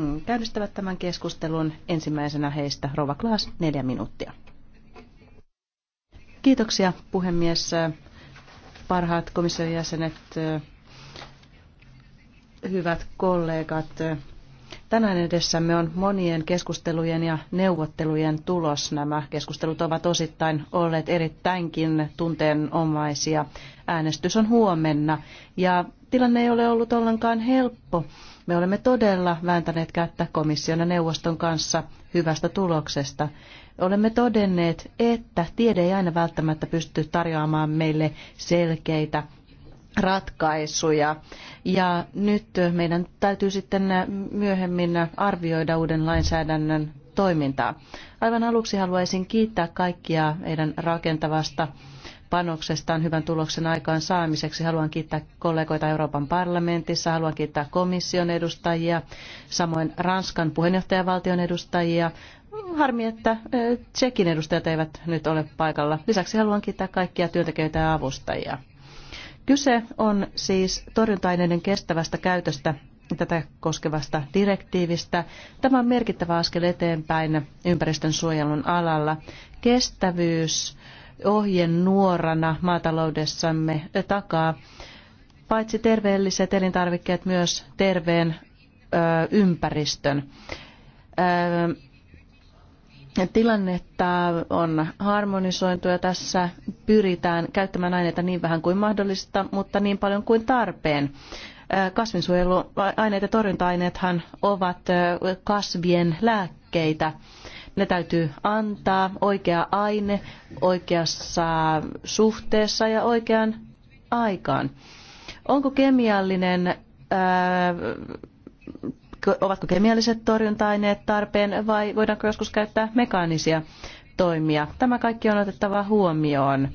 Mm, käynnistävät tämän keskustelun. Ensimmäisenä heistä Rova Klaas, neljä minuuttia. Kiitoksia puhemies, parhaat komission jäsenet, hyvät kollegat. Tänään edessämme on monien keskustelujen ja neuvottelujen tulos. Nämä keskustelut ovat osittain olleet erittäinkin tunteenomaisia. Äänestys on huomenna ja tilanne ei ole ollut ollenkaan helppo. Me olemme todella vääntäneet kättä komission ja neuvoston kanssa hyvästä tuloksesta. Olemme todenneet, että tiede ei aina välttämättä pysty tarjoamaan meille selkeitä ratkaisuja. Ja nyt meidän täytyy sitten myöhemmin arvioida uuden lainsäädännön toimintaa. Aivan aluksi haluaisin kiittää kaikkia meidän rakentavasta panoksestaan hyvän tuloksen aikaan saamiseksi. Haluan kiittää kollegoita Euroopan parlamentissa, haluan kiittää komission edustajia, samoin Ranskan puheenjohtajavaltion edustajia. Harmi, että Tsekin edustajat eivät nyt ole paikalla. Lisäksi haluan kiittää kaikkia työntekijöitä ja avustajia. Kyse on siis torjunta-aineiden kestävästä käytöstä tätä koskevasta direktiivistä. Tämä on merkittävä askel eteenpäin ympäristön suojelun alalla. Kestävyys ohjenuorana maataloudessamme takaa paitsi terveelliset elintarvikkeet myös terveen ympäristön. Tilannetta on harmonisoitu ja tässä pyritään käyttämään aineita niin vähän kuin mahdollista, mutta niin paljon kuin tarpeen. Kasvinsuojeluaineet ja torjunta-aineethan ovat kasvien lääkkeitä ne täytyy antaa oikea aine oikeassa suhteessa ja oikeaan aikaan. Onko kemiallinen, ää, ovatko kemialliset torjunta-aineet tarpeen vai voidaanko joskus käyttää mekaanisia toimia? Tämä kaikki on otettava huomioon.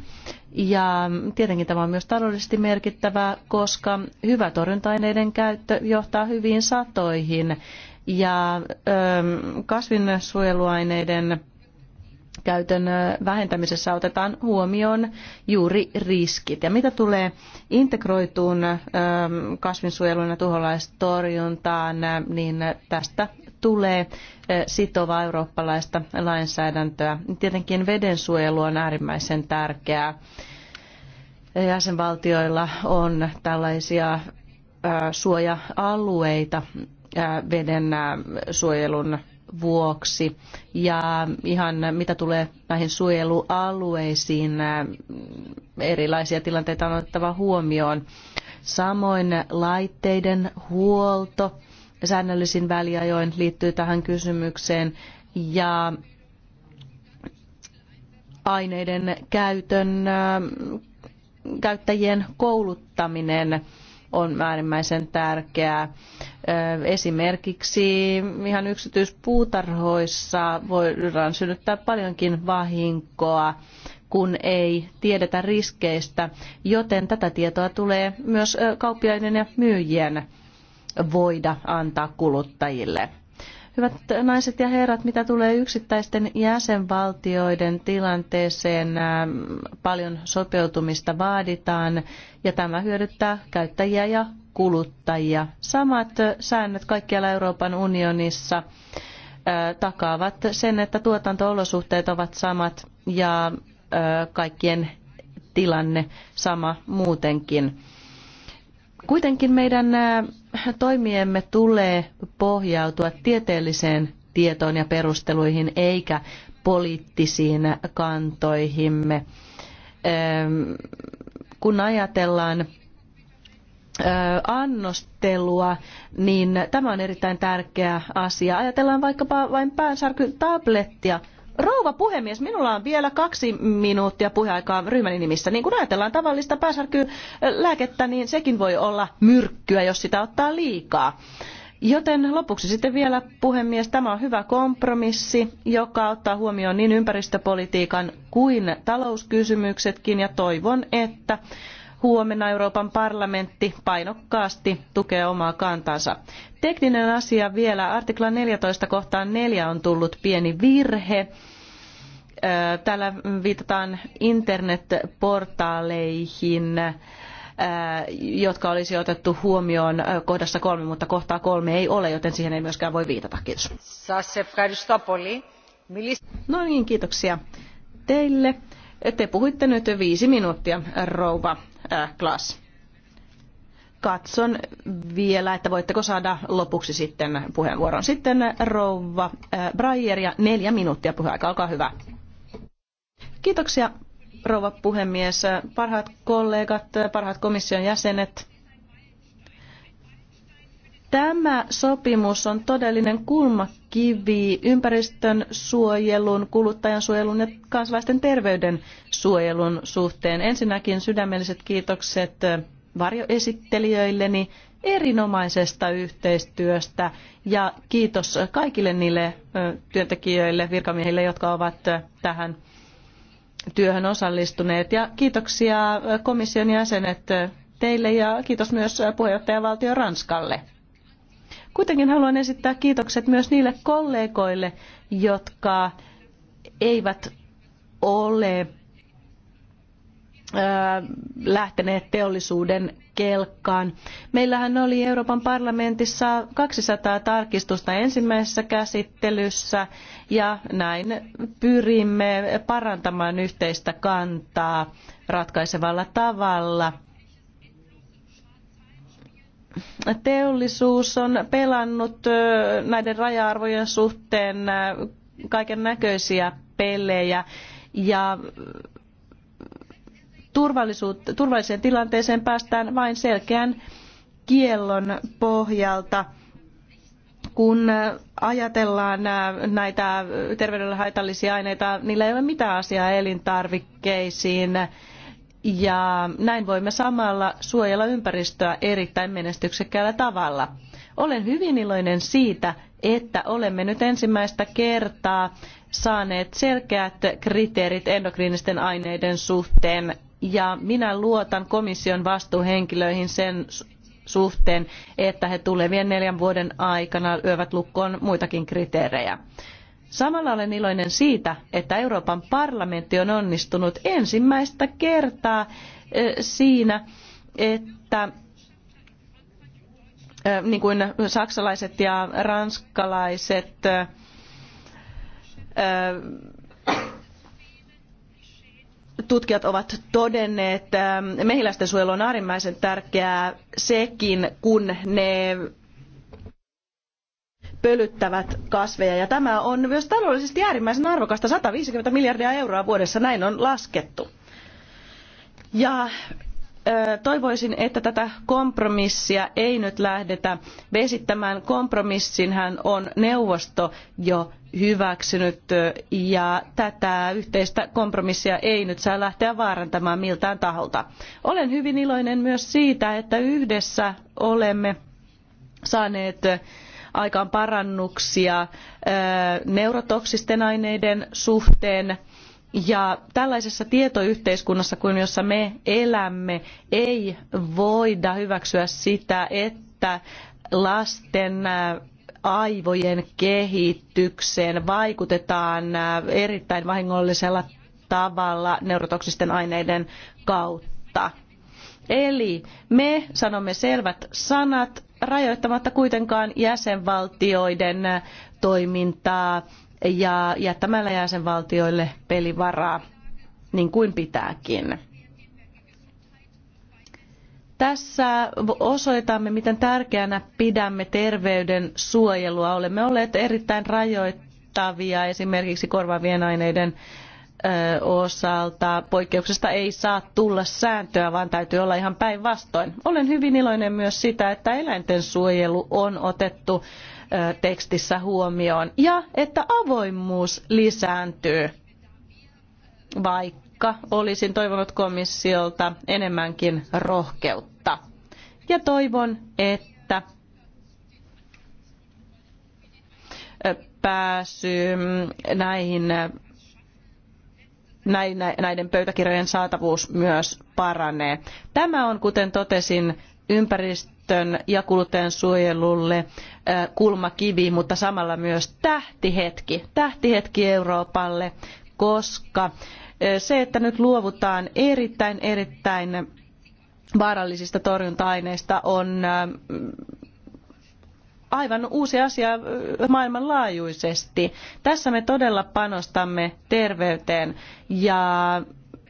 Ja tietenkin tämä on myös taloudellisesti merkittävää, koska hyvä torjunta-aineiden käyttö johtaa hyviin satoihin ja ähm, kasvinsuojeluaineiden käytön äh, vähentämisessä otetaan huomioon juuri riskit. Ja mitä tulee integroituun ähm, kasvinsuojeluun ja tuholaistorjuntaan, äh, niin tästä tulee äh, sitovaa eurooppalaista lainsäädäntöä. Tietenkin vedensuojelu on äärimmäisen tärkeää. Jäsenvaltioilla on tällaisia suoja-alueita Äh, veden äh, suojelun vuoksi. Ja ihan mitä tulee näihin suojelualueisiin, äh, erilaisia tilanteita on otettava huomioon. Samoin laitteiden huolto säännöllisin väliajoin liittyy tähän kysymykseen ja aineiden käytön käyttäjien kouluttaminen on äärimmäisen tärkeää. Esimerkiksi ihan yksityispuutarhoissa voidaan synnyttää paljonkin vahinkoa, kun ei tiedetä riskeistä, joten tätä tietoa tulee myös kauppiaiden ja myyjien voida antaa kuluttajille. Hyvät naiset ja herrat, mitä tulee yksittäisten jäsenvaltioiden tilanteeseen, paljon sopeutumista vaaditaan ja tämä hyödyttää käyttäjiä ja kuluttajia. Samat säännöt kaikkialla Euroopan unionissa takaavat sen, että tuotanto-olosuhteet ovat samat ja kaikkien tilanne sama muutenkin. Kuitenkin meidän toimiemme tulee pohjautua tieteelliseen tietoon ja perusteluihin eikä poliittisiin kantoihimme. Kun ajatellaan annostelua, niin tämä on erittäin tärkeä asia. Ajatellaan vaikkapa vain päänsärkytablettia, tablettia Rouva puhemies, minulla on vielä kaksi minuuttia puheaikaa ryhmäni nimissä. Niin kun ajatellaan tavallista pääsärkylääkettä, niin sekin voi olla myrkkyä, jos sitä ottaa liikaa. Joten lopuksi sitten vielä, puhemies, tämä on hyvä kompromissi, joka ottaa huomioon niin ympäristöpolitiikan kuin talouskysymyksetkin ja toivon, että huomenna Euroopan parlamentti painokkaasti tukee omaa kantansa. Tekninen asia vielä. Artikla 14 kohtaan 4 on tullut pieni virhe. Täällä viitataan internetportaaleihin jotka olisi otettu huomioon kohdassa kolme, mutta kohtaa kolme ei ole, joten siihen ei myöskään voi viitata. Kiitos. No niin, kiitoksia teille. Te puhuitte nyt viisi minuuttia, rouva Glass. Katson vielä, että voitteko saada lopuksi sitten puheenvuoron. Sitten rouva Breyer ja neljä minuuttia puheaika, olkaa hyvä. Kiitoksia rouva puhemies, parhaat kollegat, parhaat komission jäsenet. Tämä sopimus on todellinen kulmakivi ympäristön suojelun, kuluttajan suojelun ja kansalaisten terveyden suojelun suhteen. Ensinnäkin sydämelliset kiitokset varjoesittelijöilleni erinomaisesta yhteistyöstä ja kiitos kaikille niille työntekijöille, virkamiehille, jotka ovat tähän työhön osallistuneet. Ja kiitoksia komission jäsenet teille ja kiitos myös puheenjohtajavaltio Ranskalle. Kuitenkin haluan esittää kiitokset myös niille kollegoille, jotka eivät ole lähteneet teollisuuden kelkkaan. Meillähän oli Euroopan parlamentissa 200 tarkistusta ensimmäisessä käsittelyssä ja näin pyrimme parantamaan yhteistä kantaa ratkaisevalla tavalla – teollisuus on pelannut näiden raja-arvojen suhteen kaiken näköisiä pelejä ja turvalliseen tilanteeseen päästään vain selkeän kiellon pohjalta. Kun ajatellaan näitä terveydelle haitallisia aineita, niillä ei ole mitään asiaa elintarvikkeisiin. Ja näin voimme samalla suojella ympäristöä erittäin menestyksekkäällä tavalla. Olen hyvin iloinen siitä, että olemme nyt ensimmäistä kertaa saaneet selkeät kriteerit endokriinisten aineiden suhteen ja minä luotan komission vastuuhenkilöihin sen suhteen, että he tulevien neljän vuoden aikana lyövät lukkoon muitakin kriteerejä. Samalla olen iloinen siitä, että Euroopan parlamentti on onnistunut ensimmäistä kertaa siinä, että niin kuin saksalaiset ja ranskalaiset tutkijat ovat todenneet, mehiläisten suojelu on äärimmäisen tärkeää sekin, kun ne pölyttävät kasveja. Ja tämä on myös taloudellisesti äärimmäisen arvokasta, 150 miljardia euroa vuodessa, näin on laskettu. Ja toivoisin, että tätä kompromissia ei nyt lähdetä vesittämään. Kompromissinhän on neuvosto jo hyväksynyt ja tätä yhteistä kompromissia ei nyt saa lähteä vaarantamaan miltään taholta. Olen hyvin iloinen myös siitä, että yhdessä olemme saaneet aikaan parannuksia neurotoksisten aineiden suhteen. Ja tällaisessa tietoyhteiskunnassa kuin jossa me elämme, ei voida hyväksyä sitä, että lasten aivojen kehitykseen vaikutetaan erittäin vahingollisella tavalla neurotoksisten aineiden kautta. Eli me sanomme selvät sanat rajoittamatta kuitenkaan jäsenvaltioiden äh, toimintaa ja jättämällä jäsenvaltioille pelivaraa, niin kuin pitääkin. Tässä osoitamme, miten tärkeänä pidämme terveyden suojelua. Olemme olleet erittäin rajoittavia esimerkiksi korvaavien aineiden osalta poikkeuksesta ei saa tulla sääntöä, vaan täytyy olla ihan päinvastoin. Olen hyvin iloinen myös sitä, että eläinten suojelu on otettu tekstissä huomioon ja että avoimuus lisääntyy, vaikka olisin toivonut komissiolta enemmänkin rohkeutta. Ja toivon, että pääsy näihin näiden pöytäkirjojen saatavuus myös paranee. Tämä on, kuten totesin, ympäristön ja kuluttajansuojelulle kulmakivi, mutta samalla myös tähtihetki, tähtihetki Euroopalle, koska se, että nyt luovutaan erittäin, erittäin vaarallisista torjunta-aineista on aivan uusi asia maailmanlaajuisesti. Tässä me todella panostamme terveyteen ja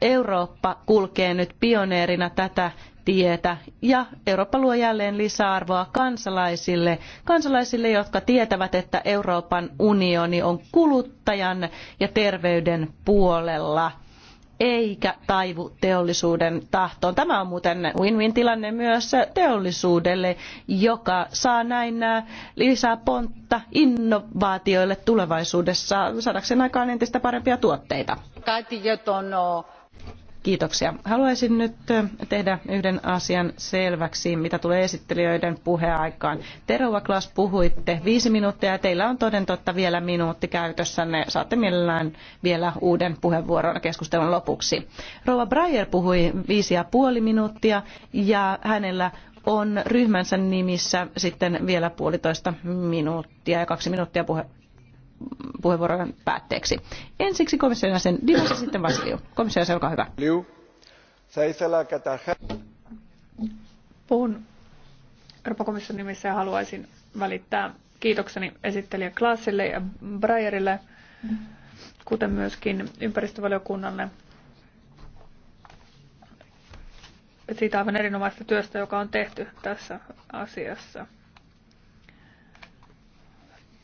Eurooppa kulkee nyt pioneerina tätä tietä ja Eurooppa luo jälleen lisäarvoa kansalaisille, kansalaisille, jotka tietävät, että Euroopan unioni on kuluttajan ja terveyden puolella eikä taivu teollisuuden tahtoon. Tämä on muuten win-win tilanne myös teollisuudelle, joka saa näin äh, lisää pontta innovaatioille tulevaisuudessa saadakseen aikaan entistä parempia tuotteita. Κάτι για Kiitoksia. Haluaisin nyt tehdä yhden asian selväksi, mitä tulee esittelijöiden puheaikaan. Terova Klas, puhuitte viisi minuuttia ja teillä on toden totta vielä minuutti käytössänne. Saatte mielellään vielä uuden puheenvuoron keskustelun lopuksi. Rova Breyer puhui viisi ja puoli minuuttia ja hänellä on ryhmänsä nimissä sitten vielä puolitoista minuuttia ja kaksi minuuttia puhe- puheenvuorojen päätteeksi. Ensiksi komission jäsen Dimas ja sitten Vasiliu. Komission jäsen, olkaa hyvä. Puhun Euroopan komission nimissä ja haluaisin välittää kiitokseni esittelijä Klaasille ja Breyerille, kuten myöskin ympäristövaliokunnalle siitä aivan erinomaista työstä, joka on tehty tässä asiassa.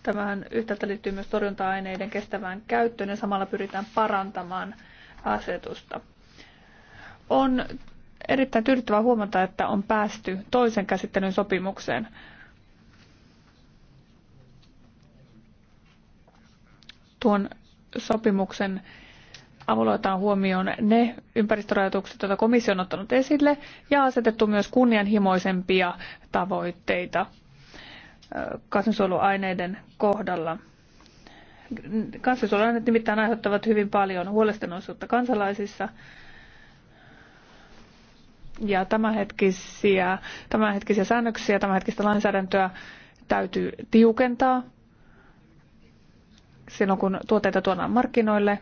Tämähän yhtäältä liittyy myös torjunta-aineiden kestävään käyttöön ja samalla pyritään parantamaan asetusta. On erittäin tyydyttävää huomata, että on päästy toisen käsittelyn sopimukseen. Tuon sopimuksen avulla otetaan huomioon ne ympäristörajoitukset, joita komissio on ottanut esille, ja asetettu myös kunnianhimoisempia tavoitteita – kasvinsuojeluaineiden kohdalla. Kasvinsuojeluaineet nimittäin aiheuttavat hyvin paljon huolestunutta kansalaisissa. Ja tämänhetkisiä, tämänhetkisiä säännöksiä, tämänhetkistä lainsäädäntöä täytyy tiukentaa silloin, kun tuotteita tuodaan markkinoille.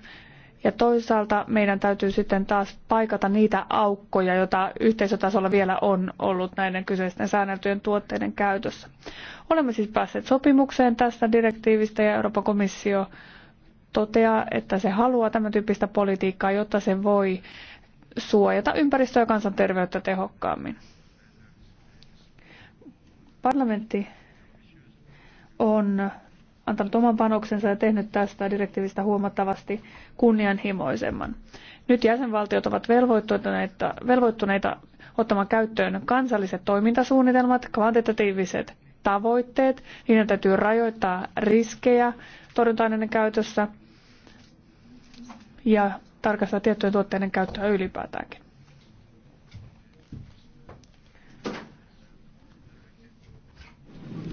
Ja toisaalta meidän täytyy sitten taas paikata niitä aukkoja, joita yhteisötasolla vielä on ollut näiden kyseisten säänneltyjen tuotteiden käytössä. Olemme siis päässeet sopimukseen tästä direktiivistä ja Euroopan komissio toteaa, että se haluaa tämän tyyppistä politiikkaa, jotta se voi suojata ympäristöä ja kansanterveyttä tehokkaammin. Parlamentti on antanut oman panoksensa ja tehnyt tästä direktiivistä huomattavasti kunnianhimoisemman. Nyt jäsenvaltiot ovat velvoittuneita, velvoittuneita ottamaan käyttöön kansalliset toimintasuunnitelmat, kvantitatiiviset tavoitteet, niiden täytyy rajoittaa riskejä torjunta-aineiden käytössä ja tarkastaa tiettyjen tuotteiden käyttöä ylipäätäänkin.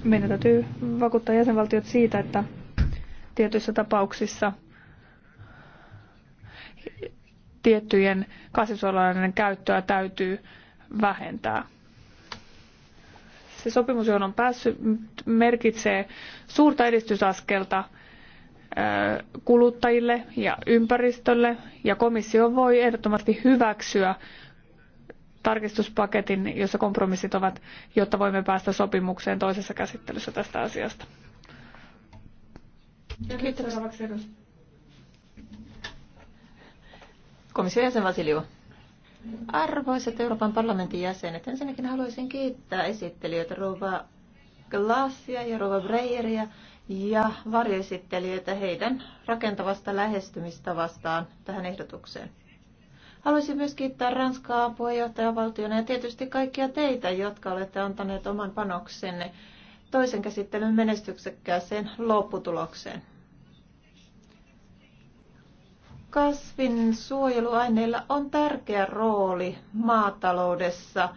meidän täytyy vakuuttaa jäsenvaltiot siitä, että tietyissä tapauksissa tiettyjen kasvisuolainen käyttöä täytyy vähentää. Se sopimus, johon on päässyt, merkitsee suurta edistysaskelta kuluttajille ja ympäristölle, ja komissio voi ehdottomasti hyväksyä tarkistuspaketin, jossa kompromissit ovat, jotta voimme päästä sopimukseen toisessa käsittelyssä tästä asiasta. Kiitos. Komission jäsen Vasiliu. Arvoisat Euroopan parlamentin jäsenet, ensinnäkin haluaisin kiittää esittelijöitä Rova Glassia ja Rova Breyeria ja varjoesittelijöitä heidän rakentavasta lähestymistavastaan tähän ehdotukseen. Haluaisin myös kiittää Ranskaa puheenjohtajavaltiona ja tietysti kaikkia teitä, jotka olette antaneet oman panoksenne toisen käsittelyn menestyksekkääseen lopputulokseen. Kasvin suojeluaineilla on tärkeä rooli maataloudessa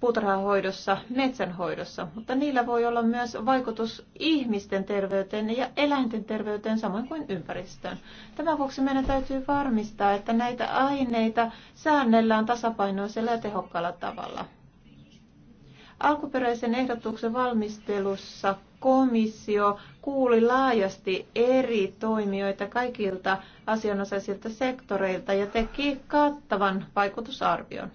puutarhahoidossa, metsänhoidossa, mutta niillä voi olla myös vaikutus ihmisten terveyteen ja eläinten terveyteen samoin kuin ympäristöön. Tämän vuoksi meidän täytyy varmistaa, että näitä aineita säännellään tasapainoisella ja tehokkaalla tavalla. Alkuperäisen ehdotuksen valmistelussa komissio kuuli laajasti eri toimijoita kaikilta asianosaisilta sektoreilta ja teki kattavan vaikutusarvion.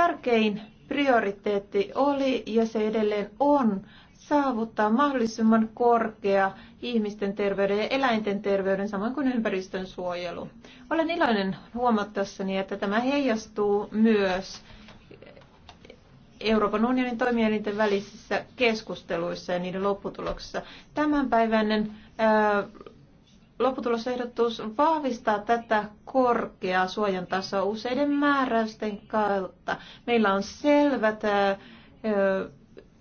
Tärkein prioriteetti oli ja se edelleen on saavuttaa mahdollisimman korkea ihmisten terveyden ja eläinten terveyden samoin kuin ympäristön suojelu. Olen iloinen huomattaessani, että tämä heijastuu myös Euroopan unionin toimielinten välisissä keskusteluissa ja niiden lopputuloksissa. Tämänpäiväinen lopputulosehdotus vahvistaa tätä korkeaa suojan tasoa useiden määräysten kautta. Meillä on selvät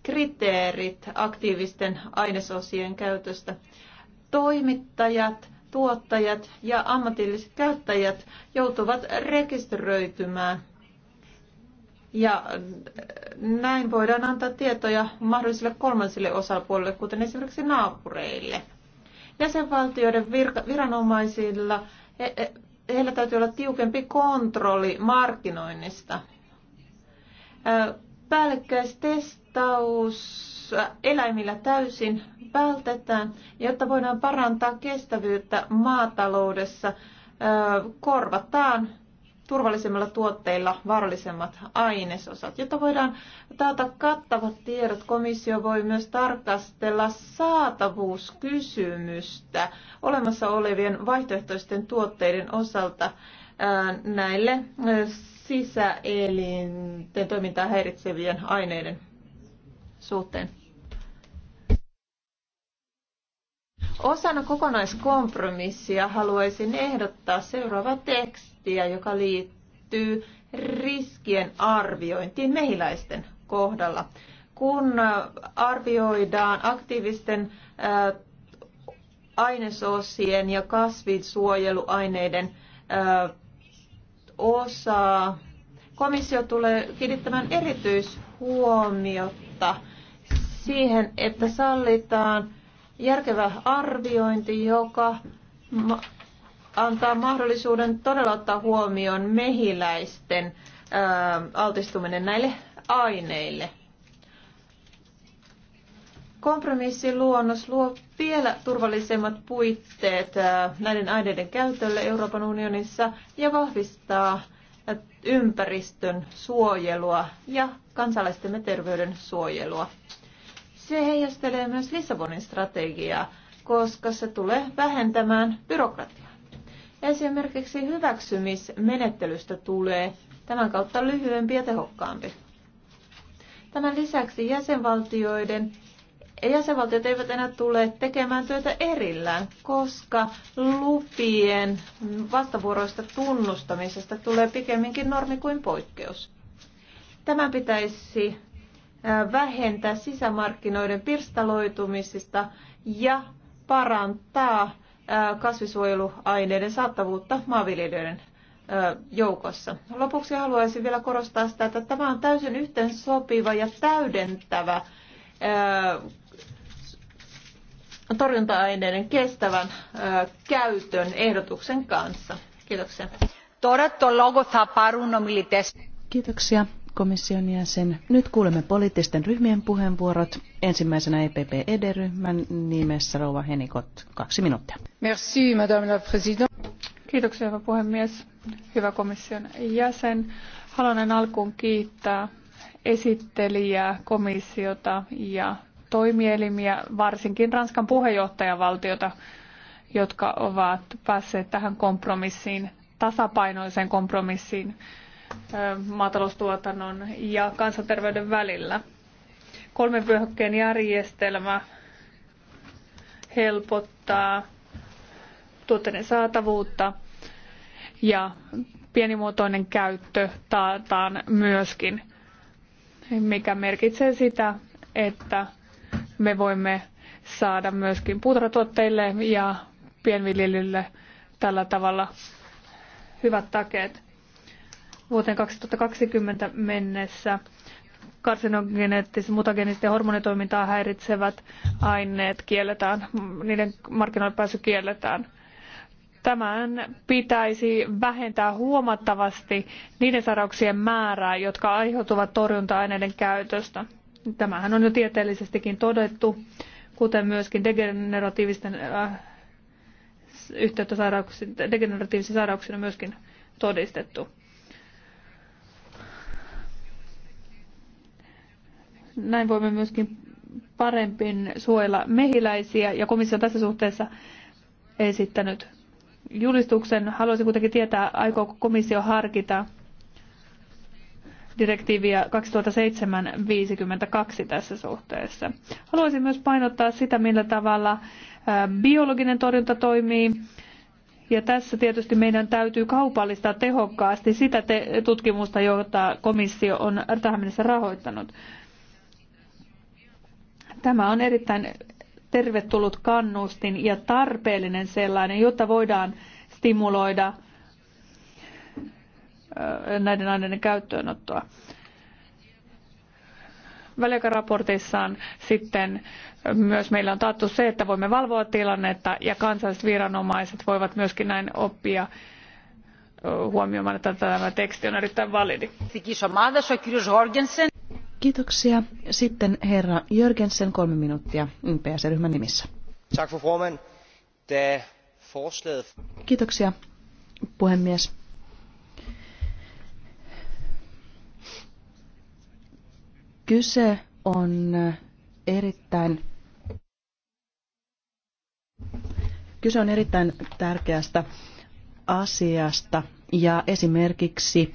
kriteerit aktiivisten ainesosien käytöstä. Toimittajat, tuottajat ja ammatilliset käyttäjät joutuvat rekisteröitymään. Ja näin voidaan antaa tietoja mahdollisille kolmansille osapuolille, kuten esimerkiksi naapureille. Jäsenvaltioiden virka, viranomaisilla heillä täytyy olla tiukempi kontrolli markkinoinnista. Päällekkäistestaus eläimillä täysin vältetään, jotta voidaan parantaa kestävyyttä maataloudessa. Korvataan turvallisemmilla tuotteilla vaarallisemmat ainesosat. Jotta voidaan taata kattavat tiedot, komissio voi myös tarkastella saatavuuskysymystä olemassa olevien vaihtoehtoisten tuotteiden osalta näille sisäelinten toimintaa häiritsevien aineiden suhteen. Osana kokonaiskompromissia haluaisin ehdottaa seuraava teksti kommenttia, joka liittyy riskien arviointiin mehiläisten kohdalla. Kun arvioidaan aktiivisten ainesosien ja kasvinsuojeluaineiden osaa, komissio tulee kiinnittämään erityishuomiota siihen, että sallitaan järkevä arviointi, joka antaa mahdollisuuden todella ottaa huomioon mehiläisten altistuminen näille aineille. luonnos luo vielä turvallisemmat puitteet näiden aineiden käytölle Euroopan unionissa ja vahvistaa ympäristön suojelua ja kansalaistemme terveyden suojelua. Se heijastelee myös Lissabonin strategiaa, koska se tulee vähentämään byrokratiaa. Esimerkiksi hyväksymismenettelystä tulee tämän kautta lyhyempi ja tehokkaampi. Tämän lisäksi jäsenvaltioiden jäsenvaltiot eivät enää tule tekemään työtä erillään, koska lupien vastavuoroista tunnustamisesta tulee pikemminkin normi kuin poikkeus. Tämän pitäisi vähentää sisämarkkinoiden pirstaloitumisista ja parantaa kasvisuojeluaineiden saattavuutta maanviljelijöiden joukossa. Lopuksi haluaisin vielä korostaa sitä, että tämä on täysin yhteen sopiva ja täydentävä torjunta-aineiden kestävän käytön ehdotuksen kanssa. Kiitoksia. Kiitoksia komission jäsen. Nyt kuulemme poliittisten ryhmien puheenvuorot. Ensimmäisenä EPP-ED-ryhmän e nimessä Rouva Henikot, kaksi minuuttia. Merci, madame la présidente. Kiitoksia, hyvä puhemies. Hyvä komission jäsen. Haluan alkuun kiittää esittelijää, komissiota ja toimielimiä, varsinkin Ranskan puheenjohtajavaltiota, jotka ovat päässeet tähän kompromissiin, tasapainoiseen kompromissiin maataloustuotannon ja kansanterveyden välillä. Kolmen vyöhykkeen järjestelmä helpottaa tuotteiden saatavuutta ja pienimuotoinen käyttö taataan myöskin, mikä merkitsee sitä, että me voimme saada myöskin puutarhatuotteille ja pienviljelylle tällä tavalla hyvät takeet vuoteen 2020 mennessä karsinogeneettiset, mutageeniset ja hormonitoimintaa häiritsevät aineet kielletään, niiden markkinoille pääsy kielletään. Tämän pitäisi vähentää huomattavasti niiden sairauksien määrää, jotka aiheutuvat torjunta-aineiden käytöstä. Tämähän on jo tieteellisestikin todettu, kuten myöskin degeneratiivisten äh, yhteyttä degeneratiivisiin sairauksiin on myöskin todistettu Näin voimme myöskin parempin suojella mehiläisiä ja komissio on tässä suhteessa esittänyt julistuksen. Haluaisin kuitenkin tietää, aikooko komissio harkita direktiiviä 2007-52 tässä suhteessa. Haluaisin myös painottaa sitä, millä tavalla biologinen torjunta toimii. Ja tässä tietysti meidän täytyy kaupallistaa tehokkaasti sitä tutkimusta, jota komissio on tähän mennessä rahoittanut. Tämä on erittäin tervetullut kannustin ja tarpeellinen sellainen, jotta voidaan stimuloida näiden aineiden käyttöönottoa. Väliaikaraportissaan sitten myös meillä on taattu se, että voimme valvoa tilannetta ja kansalliset viranomaiset voivat myöskin näin oppia huomioimaan, että tämä teksti on erittäin validi. Kiitoksia. Sitten herra Jörgensen kolme minuuttia YPS-ryhmän nimissä. Tack för formen. Kiitoksia, puhemies. Kyse on erittäin Kyse on erittäin tärkeästä asiasta ja esimerkiksi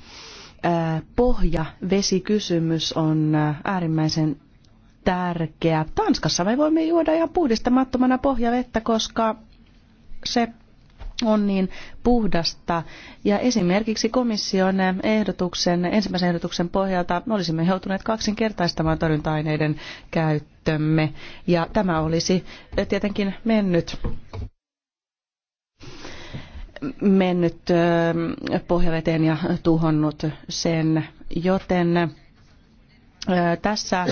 pohjavesikysymys on äh, äärimmäisen tärkeä. Tanskassa me voimme juoda ihan puhdistamattomana pohjavettä, koska se on niin puhdasta. Ja esimerkiksi komission ehdotuksen, ensimmäisen ehdotuksen pohjalta olisimme joutuneet kaksinkertaistamaan torjunta-aineiden käyttömme. Ja tämä olisi tietenkin mennyt mennyt pohjaveteen ja tuhonnut sen, joten tässä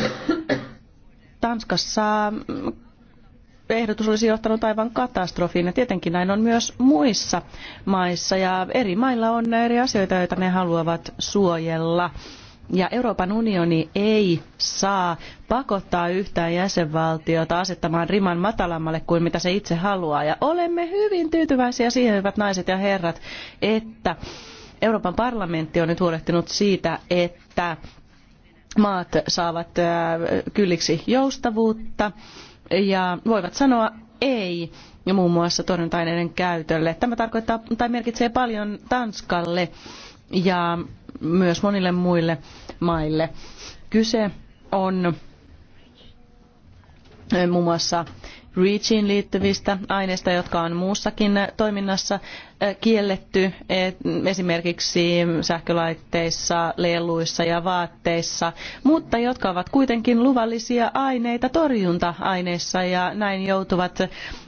Tanskassa ehdotus olisi johtanut aivan katastrofiin ja tietenkin näin on myös muissa maissa ja eri mailla on eri asioita, joita ne haluavat suojella ja Euroopan unioni ei saa pakottaa yhtään jäsenvaltiota asettamaan riman matalammalle kuin mitä se itse haluaa. Ja olemme hyvin tyytyväisiä siihen, hyvät naiset ja herrat, että Euroopan parlamentti on nyt huolehtinut siitä, että maat saavat äh, kylliksi joustavuutta ja voivat sanoa ei muun muassa torjunta-aineiden käytölle. Tämä tarkoittaa tai merkitsee paljon Tanskalle ja myös monille muille maille. Kyse on eh, muun muassa REACHiin liittyvistä aineista, jotka on muussakin toiminnassa kielletty, esimerkiksi sähkölaitteissa, leluissa ja vaatteissa, mutta jotka ovat kuitenkin luvallisia aineita torjunta-aineissa ja näin joutuvat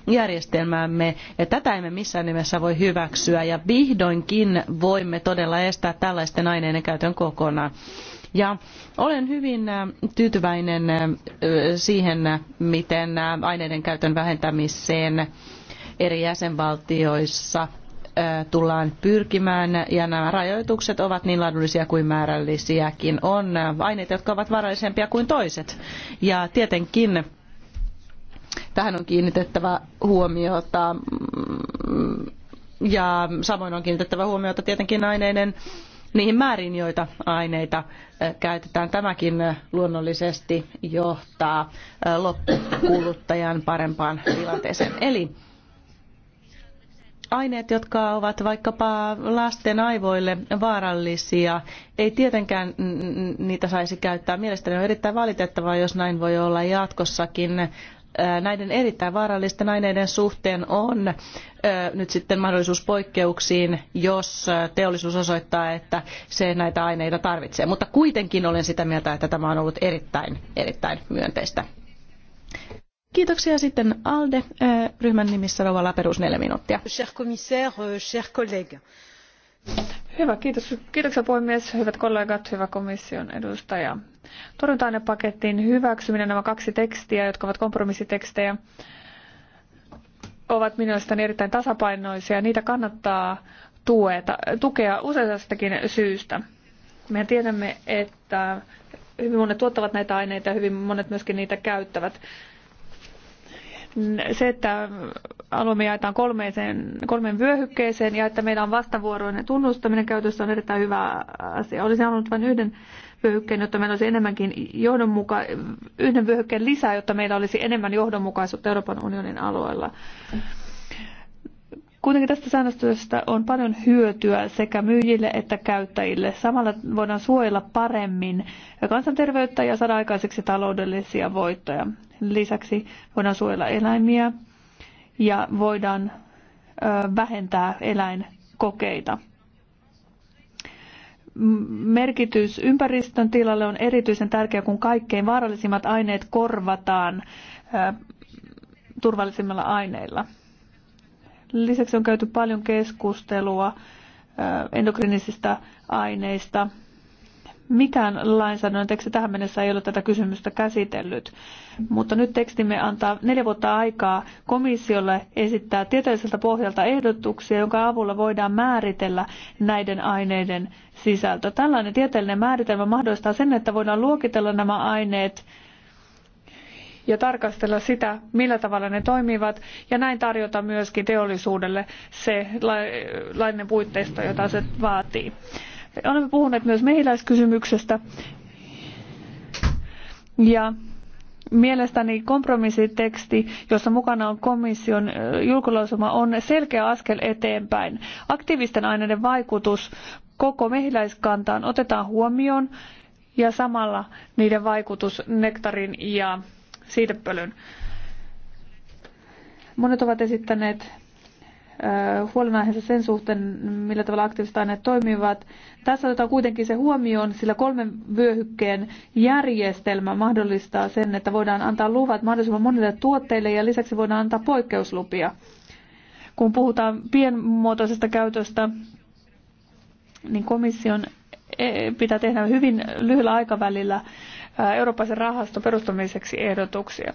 järjestelmäämme. tätä emme missään nimessä voi hyväksyä ja vihdoinkin voimme todella estää tällaisten aineiden käytön kokonaan. Ja olen hyvin äh, tyytyväinen äh, siihen, miten äh, aineiden käytön vähentämiseen eri jäsenvaltioissa tullaan pyrkimään ja nämä rajoitukset ovat niin laadullisia kuin määrällisiäkin. On aineita, jotka ovat varallisempia kuin toiset ja tietenkin tähän on kiinnitettävä huomiota mm, ja samoin on kiinnitettävä huomiota tietenkin aineiden niihin määriin, joita aineita käytetään. Tämäkin luonnollisesti johtaa loppukuluttajan parempaan tilanteeseen. Eli aineet, jotka ovat vaikkapa lasten aivoille vaarallisia, ei tietenkään niitä saisi käyttää. Mielestäni on erittäin valitettavaa, jos näin voi olla jatkossakin näiden erittäin vaarallisten aineiden suhteen on nyt sitten mahdollisuus poikkeuksiin, jos teollisuus osoittaa, että se näitä aineita tarvitsee. Mutta kuitenkin olen sitä mieltä, että tämä on ollut erittäin, erittäin myönteistä. Kiitoksia sitten ALDE-ryhmän nimissä Rova Laperus, neljä minuuttia. Cher commissaire, cher collègue. Hyvä, kiitos. Kiitoksia puhemies, hyvät kollegat, hyvä komission edustaja. torjunta pakettiin hyväksyminen nämä kaksi tekstiä, jotka ovat kompromissitekstejä, ovat minusta erittäin tasapainoisia. Niitä kannattaa tueta, tukea useastakin syystä. Me tiedämme, että hyvin monet tuottavat näitä aineita ja hyvin monet myöskin niitä käyttävät se, että alue jaetaan kolmeeseen, kolmeen vyöhykkeeseen ja että meillä on vastavuoroinen tunnustaminen käytössä on erittäin hyvä asia. Olisi halunnut vain yhden vyöhykkeen, jotta meillä olisi enemmänkin johdonmuka- yhden vyöhykkeen lisää, jotta meillä olisi enemmän johdonmukaisuutta Euroopan unionin alueella. Mm Kuitenkin tästä säännöstöstä on paljon hyötyä sekä myyjille että käyttäjille. Samalla voidaan suojella paremmin kansanterveyttä ja saada aikaiseksi taloudellisia voittoja. Lisäksi voidaan suojella eläimiä ja voidaan vähentää eläinkokeita. Merkitys ympäristön tilalle on erityisen tärkeä, kun kaikkein vaarallisimmat aineet korvataan turvallisimmilla aineilla. Lisäksi on käyty paljon keskustelua endokriinisistä aineista. Mikään lainsäädännön teksti tähän mennessä ei ole tätä kysymystä käsitellyt, mutta nyt tekstimme antaa neljä vuotta aikaa komissiolle esittää tieteelliseltä pohjalta ehdotuksia, jonka avulla voidaan määritellä näiden aineiden sisältö. Tällainen tieteellinen määritelmä mahdollistaa sen, että voidaan luokitella nämä aineet ja tarkastella sitä, millä tavalla ne toimivat ja näin tarjota myöskin teollisuudelle se lainen jota se vaatii. Olemme puhuneet myös mehiläiskysymyksestä ja mielestäni kompromissiteksti, jossa mukana on komission julkilausuma, on selkeä askel eteenpäin. Aktiivisten aineiden vaikutus koko mehiläiskantaan otetaan huomioon ja samalla niiden vaikutus nektarin ja siitepölyn. Monet ovat esittäneet huolenaiheensa sen suhteen, millä tavalla aktiiviset aineet toimivat. Tässä otetaan kuitenkin se huomioon, sillä kolmen vyöhykkeen järjestelmä mahdollistaa sen, että voidaan antaa luvat mahdollisimman monille tuotteille ja lisäksi voidaan antaa poikkeuslupia. Kun puhutaan pienmuotoisesta käytöstä, niin komission e- pitää tehdä hyvin lyhyellä aikavälillä Euroopan rahaston perustamiseksi ehdotuksia.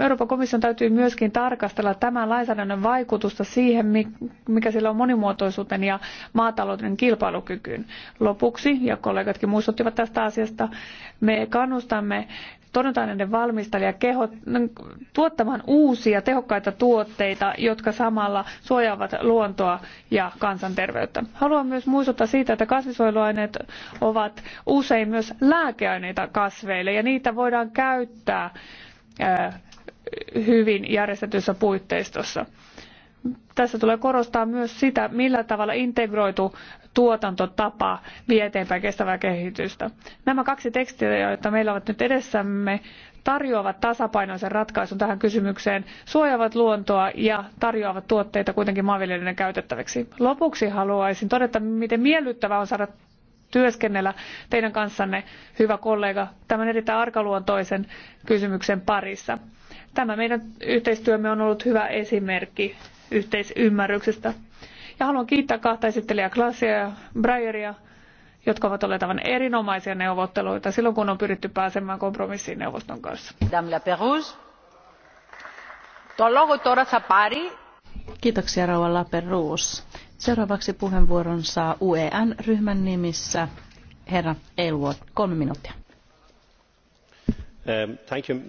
Euroopan komission täytyy myöskin tarkastella tämän lainsäädännön vaikutusta siihen, mikä sillä on monimuotoisuuteen ja maatalouden kilpailukykyyn. Lopuksi, ja kollegatkin muistuttivat tästä asiasta, me kannustamme torjunta-aineiden valmistajia kehot, tuottamaan uusia tehokkaita tuotteita, jotka samalla suojaavat luontoa ja kansanterveyttä. Haluan myös muistuttaa siitä, että kasvisuojeluaineet ovat usein myös lääkeaineita kasveille ja niitä voidaan käyttää hyvin järjestetyssä puitteistossa tässä tulee korostaa myös sitä, millä tavalla integroitu tuotantotapa vie eteenpäin kestävää kehitystä. Nämä kaksi tekstiä, joita meillä ovat nyt edessämme, tarjoavat tasapainoisen ratkaisun tähän kysymykseen, suojaavat luontoa ja tarjoavat tuotteita kuitenkin maanviljelijöiden käytettäväksi. Lopuksi haluaisin todeta, miten miellyttävää on saada työskennellä teidän kanssanne, hyvä kollega, tämän erittäin arkaluontoisen kysymyksen parissa. Tämä meidän yhteistyömme on ollut hyvä esimerkki yhteisymmärryksestä. Ja haluan kiittää kahta esittelijää Klasia ja Breyeria, jotka ovat olleet aivan erinomaisia neuvotteluita silloin, kun on pyritty pääsemään kompromissiin neuvoston kanssa. Kiitoksia Rauha Laperuus. Seuraavaksi puheenvuoron saa UEN-ryhmän nimissä herra Elwood. Kolme minuuttia. Um,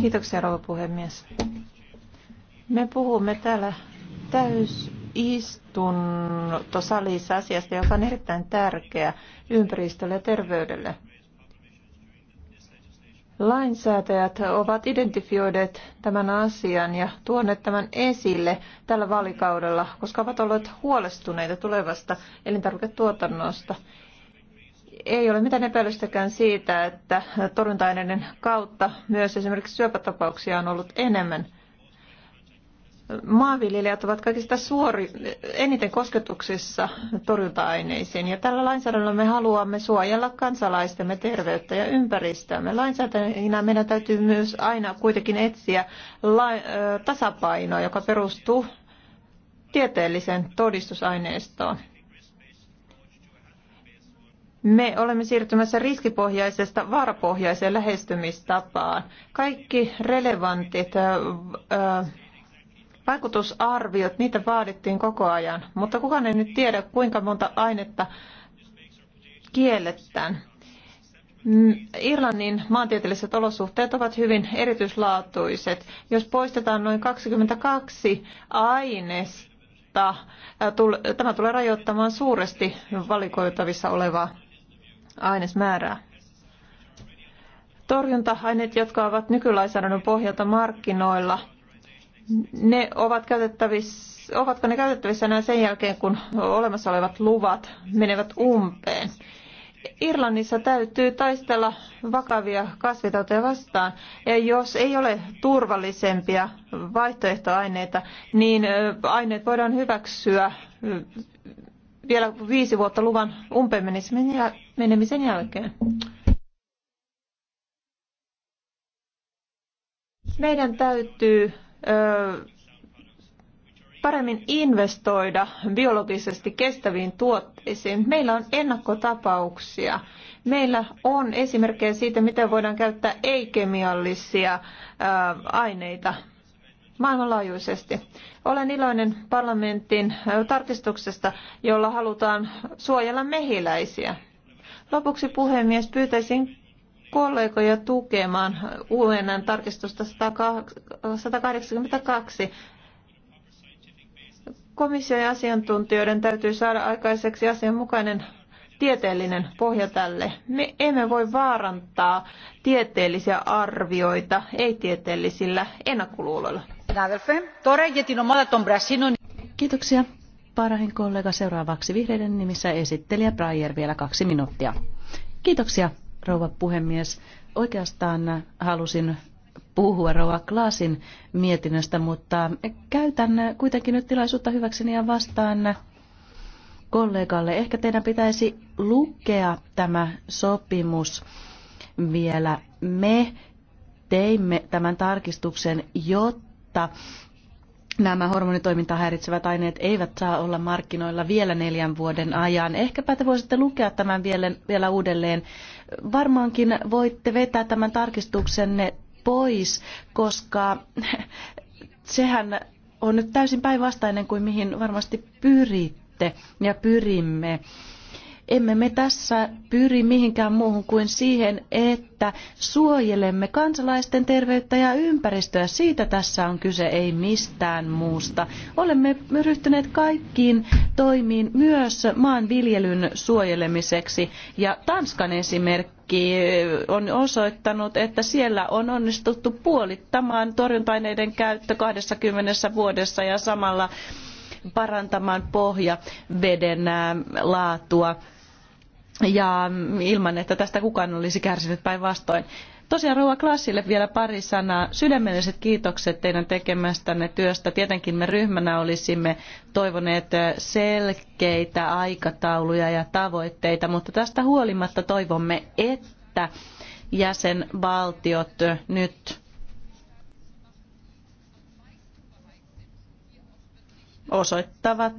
Kiitoksia rouva puhemies. Me puhumme täällä täysistuntosalissa asiasta, joka on erittäin tärkeä ympäristölle ja terveydelle. Lainsäätäjät ovat identifioineet tämän asian ja tuoneet tämän esille tällä vaalikaudella, koska ovat olleet huolestuneita tulevasta elintarviketuotannosta. Ei ole mitään epäilystäkään siitä, että torjunta-aineiden kautta myös esimerkiksi syöpätapauksia on ollut enemmän – maanviljelijät ovat kaikista suori, eniten kosketuksissa torjunta-aineisiin. Ja tällä lainsäädännöllä me haluamme suojella kansalaistemme terveyttä ja ympäristöämme. Lainsäätäjinä meidän täytyy myös aina kuitenkin etsiä tasapainoa, joka perustuu tieteelliseen todistusaineistoon. Me olemme siirtymässä riskipohjaisesta vaarapohjaiseen lähestymistapaan. Kaikki relevantit äh, Vaikutusarviot, niitä vaadittiin koko ajan, mutta kukaan ei nyt tiedä, kuinka monta ainetta kielletään. Mm, Irlannin maantieteelliset olosuhteet ovat hyvin erityislaatuiset. Jos poistetaan noin 22 ainesta, tämä tulee rajoittamaan suuresti valikoitavissa olevaa ainesmäärää. Torjunta-aineet, jotka ovat nykylainsäädännön pohjalta markkinoilla, ne ovat käytettävissä, ovatko ne käytettävissä enää sen jälkeen, kun olemassa olevat luvat menevät umpeen? Irlannissa täytyy taistella vakavia kasvitauteja vastaan. Ja jos ei ole turvallisempia vaihtoehtoaineita, niin aineet voidaan hyväksyä vielä viisi vuotta luvan umpeen menemisen jälkeen. Meidän täytyy paremmin investoida biologisesti kestäviin tuotteisiin. Meillä on ennakkotapauksia. Meillä on esimerkkejä siitä, miten voidaan käyttää ei-kemiallisia aineita maailmanlaajuisesti. Olen iloinen parlamentin tarkistuksesta, jolla halutaan suojella mehiläisiä. Lopuksi puhemies pyytäisin kollegoja tukemaan UNN tarkistusta 182. Komission ja asiantuntijoiden täytyy saada aikaiseksi asianmukainen tieteellinen pohja tälle. Me emme voi vaarantaa tieteellisiä arvioita ei-tieteellisillä ennakkoluuloilla. Kiitoksia. Parahin kollega seuraavaksi vihreiden nimissä esittelijä Breyer vielä kaksi minuuttia. Kiitoksia rouva puhemies. Oikeastaan halusin puhua rouva Klaasin mietinnöstä, mutta käytän kuitenkin nyt tilaisuutta hyväkseni ja vastaan kollegalle. Ehkä teidän pitäisi lukea tämä sopimus vielä. Me teimme tämän tarkistuksen, jotta Nämä hormonitoimintaa häiritsevät aineet eivät saa olla markkinoilla vielä neljän vuoden ajan. Ehkäpä te voisitte lukea tämän vielä, vielä uudelleen. Varmaankin voitte vetää tämän tarkistuksenne pois, koska sehän on nyt täysin päinvastainen kuin mihin varmasti pyritte ja pyrimme emme me tässä pyri mihinkään muuhun kuin siihen, että suojelemme kansalaisten terveyttä ja ympäristöä. Siitä tässä on kyse, ei mistään muusta. Olemme ryhtyneet kaikkiin toimiin myös maanviljelyn suojelemiseksi. Ja Tanskan esimerkki on osoittanut, että siellä on onnistuttu puolittamaan torjunta-aineiden käyttö 20 vuodessa ja samalla parantamaan pohjaveden laatua ja ilman, että tästä kukaan olisi kärsinyt päinvastoin. Tosiaan Rouva Klassille vielä pari sanaa. Sydämelliset kiitokset teidän tekemästänne työstä. Tietenkin me ryhmänä olisimme toivoneet selkeitä aikatauluja ja tavoitteita, mutta tästä huolimatta toivomme, että jäsenvaltiot nyt osoittavat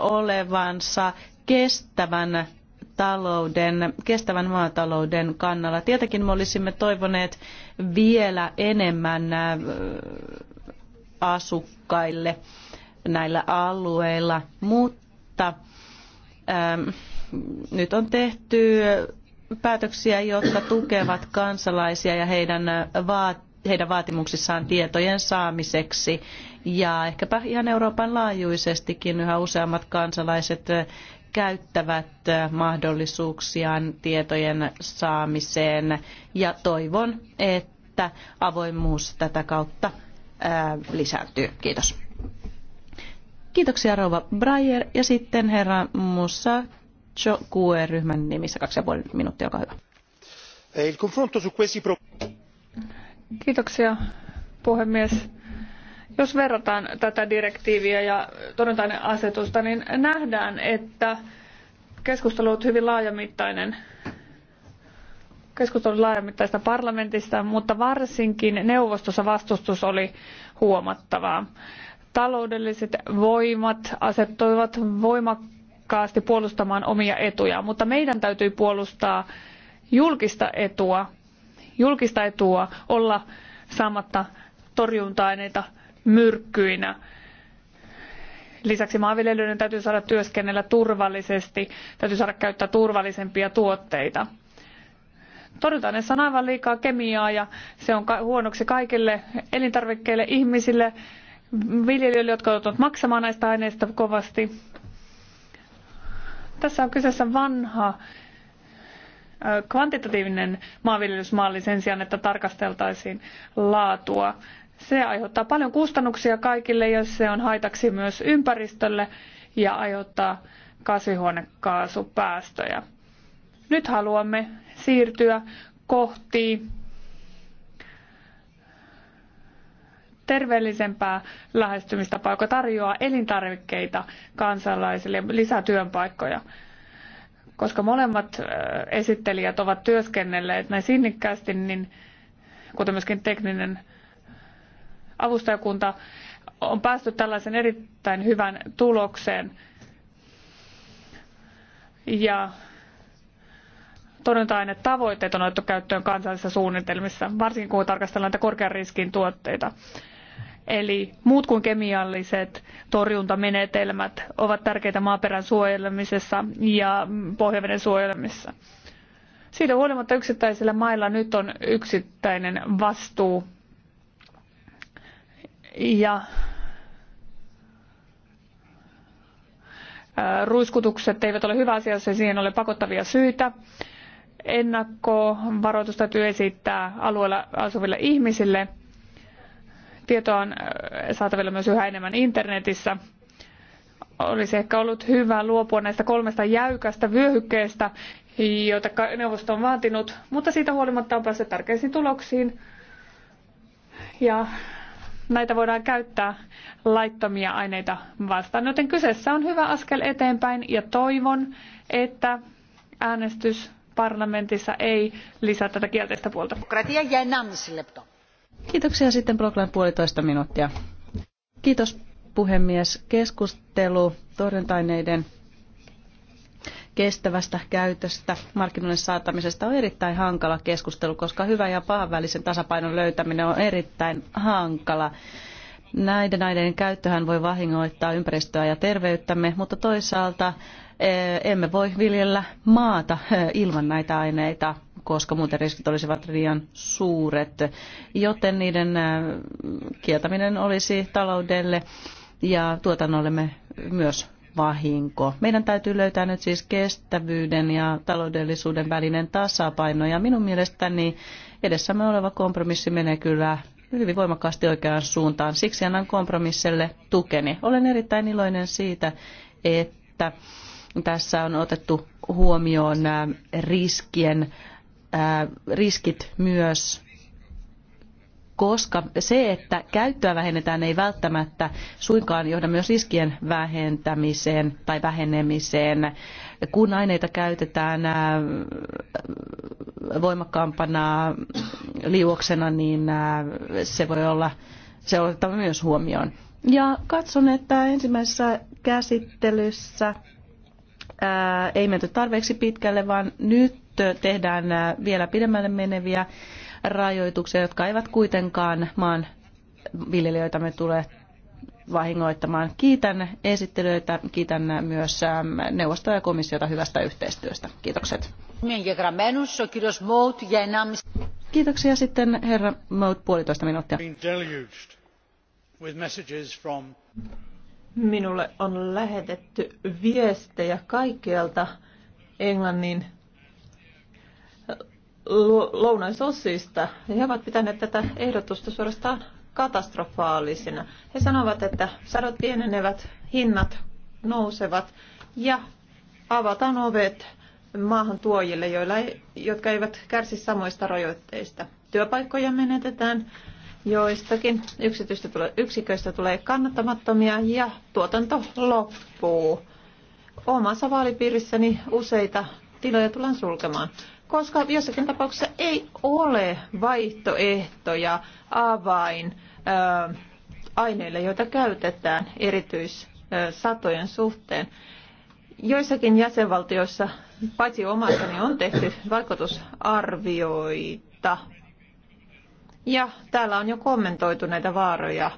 olevansa kestävän talouden kestävän maatalouden kannalla. Tietenkin me olisimme toivoneet vielä enemmän äh, asukkaille näillä alueilla, mutta ähm, nyt on tehty päätöksiä, jotka tukevat kansalaisia ja heidän, äh, vaat, heidän vaatimuksissaan tietojen saamiseksi. Ja ehkäpä ihan Euroopan laajuisestikin yhä useammat kansalaiset äh, käyttävät mahdollisuuksiaan tietojen saamiseen ja toivon, että avoimuus tätä kautta lisääntyy. Kiitos. Kiitoksia Rova Breyer ja sitten herra Musa Cho QE-ryhmän nimissä kaksi ja puoli minuuttia, olkaa hyvä. Eh, Kiitoksia puhemies jos verrataan tätä direktiiviä ja torjuntain asetusta, niin nähdään, että keskustelu on hyvin laajamittainen keskustelu laajamittaista parlamentista, mutta varsinkin neuvostossa vastustus oli huomattavaa. Taloudelliset voimat asettuivat voimakkaasti puolustamaan omia etujaan, mutta meidän täytyy puolustaa julkista etua, julkista etua olla saamatta torjunta-aineita myrkkyinä. Lisäksi maanviljelijöiden täytyy saada työskennellä turvallisesti, täytyy saada käyttää turvallisempia tuotteita. Torjunta-aineissa on aivan liikaa kemiaa ja se on huonoksi kaikille elintarvikkeille, ihmisille, viljelijöille, jotka joutuvat maksamaan näistä aineista kovasti. Tässä on kyseessä vanha kvantitatiivinen maanviljelysmalli sen sijaan, että tarkasteltaisiin laatua se aiheuttaa paljon kustannuksia kaikille ja se on haitaksi myös ympäristölle ja aiheuttaa kasvihuonekaasupäästöjä. Nyt haluamme siirtyä kohti terveellisempää lähestymistapaa, joka tarjoaa elintarvikkeita kansalaisille lisää työpaikkoja. Koska molemmat esittelijät ovat työskennelleet näin sinnikkäästi, niin kuten myöskin tekninen avustajakunta on päästy tällaisen erittäin hyvän tulokseen. Ja torjunta-ainetavoitteet on otettu käyttöön kansallisissa suunnitelmissa, varsinkin kun tarkastellaan näitä korkean riskin tuotteita. Eli muut kuin kemialliset torjuntamenetelmät ovat tärkeitä maaperän suojelemisessa ja pohjaveden suojelemisessa. Siitä huolimatta yksittäisillä mailla nyt on yksittäinen vastuu ja ruiskutukset eivät ole hyvä asia, jos ei siihen ole pakottavia syitä. Ennakkovaroitus täytyy esittää alueella asuville ihmisille. Tietoa on saatavilla myös yhä enemmän internetissä. Olisi ehkä ollut hyvä luopua näistä kolmesta jäykästä vyöhykkeestä, joita neuvosto on vaatinut, mutta siitä huolimatta on päässyt tärkeisiin tuloksiin. Ja näitä voidaan käyttää laittomia aineita vastaan. Joten kyseessä on hyvä askel eteenpäin ja toivon, että äänestys parlamentissa ei lisää tätä kielteistä puolta. Kiitoksia sitten Proklan puolitoista minuuttia. Kiitos puhemies. Keskustelu torjuntaineiden kestävästä käytöstä, markkinoille saattamisesta on erittäin hankala keskustelu, koska hyvän ja pahan välisen tasapainon löytäminen on erittäin hankala. Näiden aineiden käyttöhän voi vahingoittaa ympäristöä ja terveyttämme, mutta toisaalta eh, emme voi viljellä maata eh, ilman näitä aineita, koska muuten riskit olisivat liian suuret, joten niiden eh, kieltäminen olisi taloudelle ja tuotannollemme myös vahinko. Meidän täytyy löytää nyt siis kestävyyden ja taloudellisuuden välinen tasapaino. Ja minun mielestäni edessämme oleva kompromissi menee kyllä hyvin voimakkaasti oikeaan suuntaan. Siksi annan kompromisselle tukeni. Olen erittäin iloinen siitä, että tässä on otettu huomioon äh, riskien, äh, riskit myös koska se, että käyttöä vähennetään, ei välttämättä suinkaan johda myös riskien vähentämiseen tai vähenemiseen. Kun aineita käytetään äh, voimakkaampana liuoksena, niin äh, se voi olla se otettava myös huomioon. Ja katson, että ensimmäisessä käsittelyssä ää, äh, ei menty tarpeeksi pitkälle, vaan nyt tehdään vielä pidemmälle meneviä rajoituksia, jotka eivät kuitenkaan maan viljelijöitämme tule vahingoittamaan. Kiitän esittelyitä, kiitän myös ähm, neuvostoa ja komissiota hyvästä yhteistyöstä. Kiitokset. Kiitoksia sitten herra Mout puolitoista minuuttia. Minulle on lähetetty viestejä kaikkialta Englannin lounaisosista. He ovat pitäneet tätä ehdotusta suorastaan katastrofaalisena. He sanovat, että sadot pienenevät, hinnat nousevat ja avataan ovet maahan tuojille, joilla ei, jotka eivät kärsi samoista rajoitteista. Työpaikkoja menetetään, joistakin yksityistä tule, yksiköistä tulee kannattamattomia ja tuotanto loppuu. Omassa vaalipiirissäni useita tiloja tullaan sulkemaan koska jossakin tapauksessa ei ole vaihtoehtoja avain aineille, joita käytetään erityissatojen suhteen. Joissakin jäsenvaltioissa, paitsi omassa, niin on tehty vaikutusarvioita. Ja täällä on jo kommentoitu näitä vaaroja.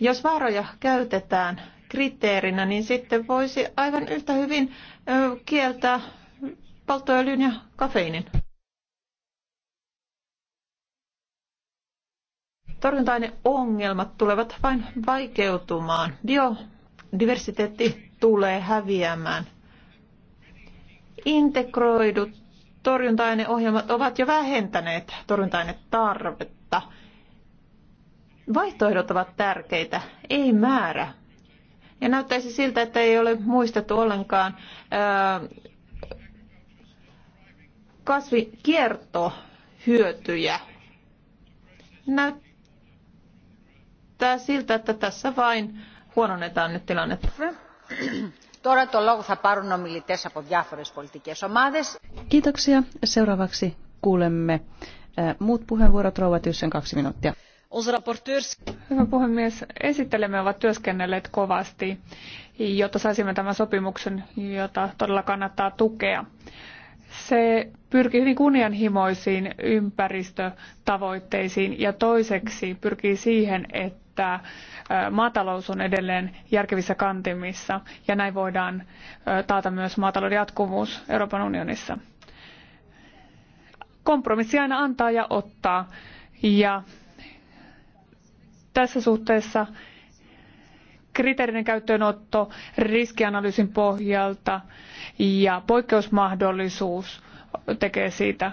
Jos vaaroja käytetään kriteerinä, niin sitten voisi aivan yhtä hyvin kieltää palttoöljyn ja kafeiinin. Torjunta-aineongelmat tulevat vain vaikeutumaan. Biodiversiteetti tulee häviämään. Integroidut torjunta-aineohjelmat ovat jo vähentäneet torjunta tarvetta. Vaihtoehdot ovat tärkeitä, ei määrä. Ja näyttäisi siltä, että ei ole muistettu ollenkaan kiertohyötyjä. Näyttää siltä, että tässä vain huononnetaan nyt tilannetta. Τώρα το λόγο θα πάρουν από Kiitoksia. Seuraavaksi kuulemme muut puheenvuorot. Rouva Tyssen, kaksi minuuttia. Hyvä puhemies, esittelemme ovat työskennelleet kovasti, jotta saisimme tämän sopimuksen, jota todella kannattaa tukea se pyrkii hyvin kunnianhimoisiin ympäristötavoitteisiin ja toiseksi pyrkii siihen, että maatalous on edelleen järkevissä kantimissa ja näin voidaan taata myös maatalouden jatkuvuus Euroopan unionissa. Kompromissi aina antaa ja ottaa ja tässä suhteessa kriteerinen käyttöönotto riskianalyysin pohjalta ja poikkeusmahdollisuus tekee siitä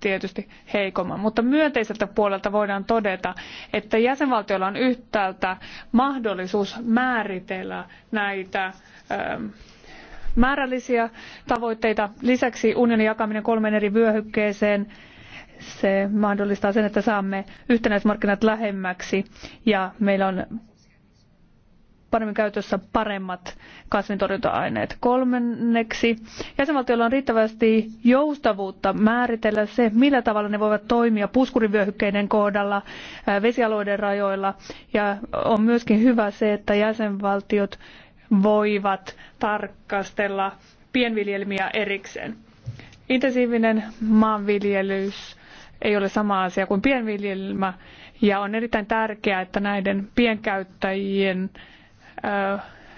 tietysti heikomman. Mutta myönteiseltä puolelta voidaan todeta, että jäsenvaltioilla on yhtäältä mahdollisuus määritellä näitä ähm, määrällisiä tavoitteita. Lisäksi unionin jakaminen kolmeen eri vyöhykkeeseen se mahdollistaa sen, että saamme yhtenäismarkkinat lähemmäksi ja meillä on paremmin käytössä paremmat kasvintorjunta-aineet. Kolmanneksi, jäsenvaltioilla on riittävästi joustavuutta määritellä se, millä tavalla ne voivat toimia puskurivyöhykkeiden kohdalla, vesialueiden rajoilla. Ja on myöskin hyvä se, että jäsenvaltiot voivat tarkastella pienviljelmiä erikseen. Intensiivinen maanviljelys ei ole sama asia kuin pienviljelmä ja on erittäin tärkeää, että näiden pienkäyttäjien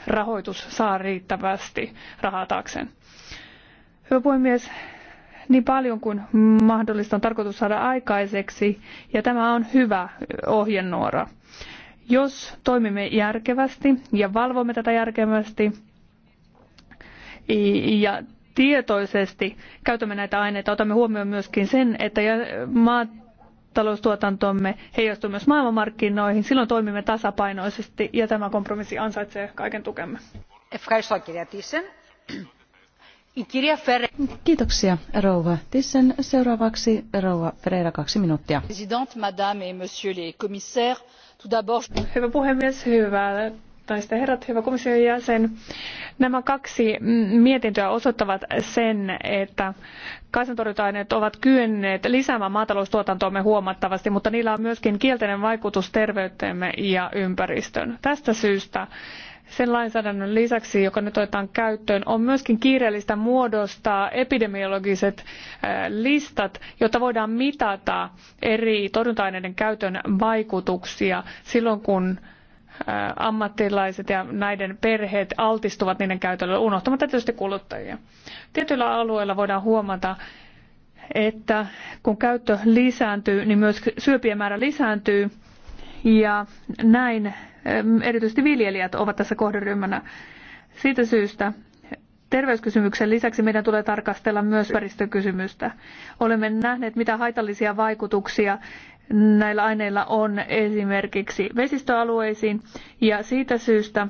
rahoitus saa riittävästi rahaa taakseen. Hyvä puhemies, niin paljon kuin mahdollista on tarkoitus saada aikaiseksi, ja tämä on hyvä ohjenuora. Jos toimimme järkevästi ja valvomme tätä järkevästi ja tietoisesti käytämme näitä aineita, otamme huomioon myöskin sen, että maat taloustuotantomme heijastuu myös maailmanmarkkinoihin. Silloin toimimme tasapainoisesti ja tämä kompromissi ansaitsee kaiken tukemme. Kiitoksia, rouva Tissen. Seuraavaksi rouva Ferreira, kaksi minuuttia. Hyvä puhemies, hyvät naiset ja herrat, hyvä komission jäsen. Nämä kaksi mietintöä osoittavat sen, että kasvintorjunta-aineet ovat kyenneet lisäämään maataloustuotantoamme huomattavasti, mutta niillä on myöskin kielteinen vaikutus terveyteemme ja ympäristöön. Tästä syystä sen lainsäädännön lisäksi, joka nyt otetaan käyttöön, on myöskin kiireellistä muodostaa epidemiologiset äh, listat, jotta voidaan mitata eri torjunta-aineiden käytön vaikutuksia silloin, kun ammattilaiset ja näiden perheet altistuvat niiden käytölle, unohtamatta tietysti kuluttajia. Tietyillä alueilla voidaan huomata, että kun käyttö lisääntyy, niin myös syöpien määrä lisääntyy ja näin erityisesti viljelijät ovat tässä kohderyhmänä. Siitä syystä terveyskysymyksen lisäksi meidän tulee tarkastella myös ympäristökysymystä. Olemme nähneet, mitä haitallisia vaikutuksia näillä aineilla on esimerkiksi vesistöalueisiin ja siitä syystä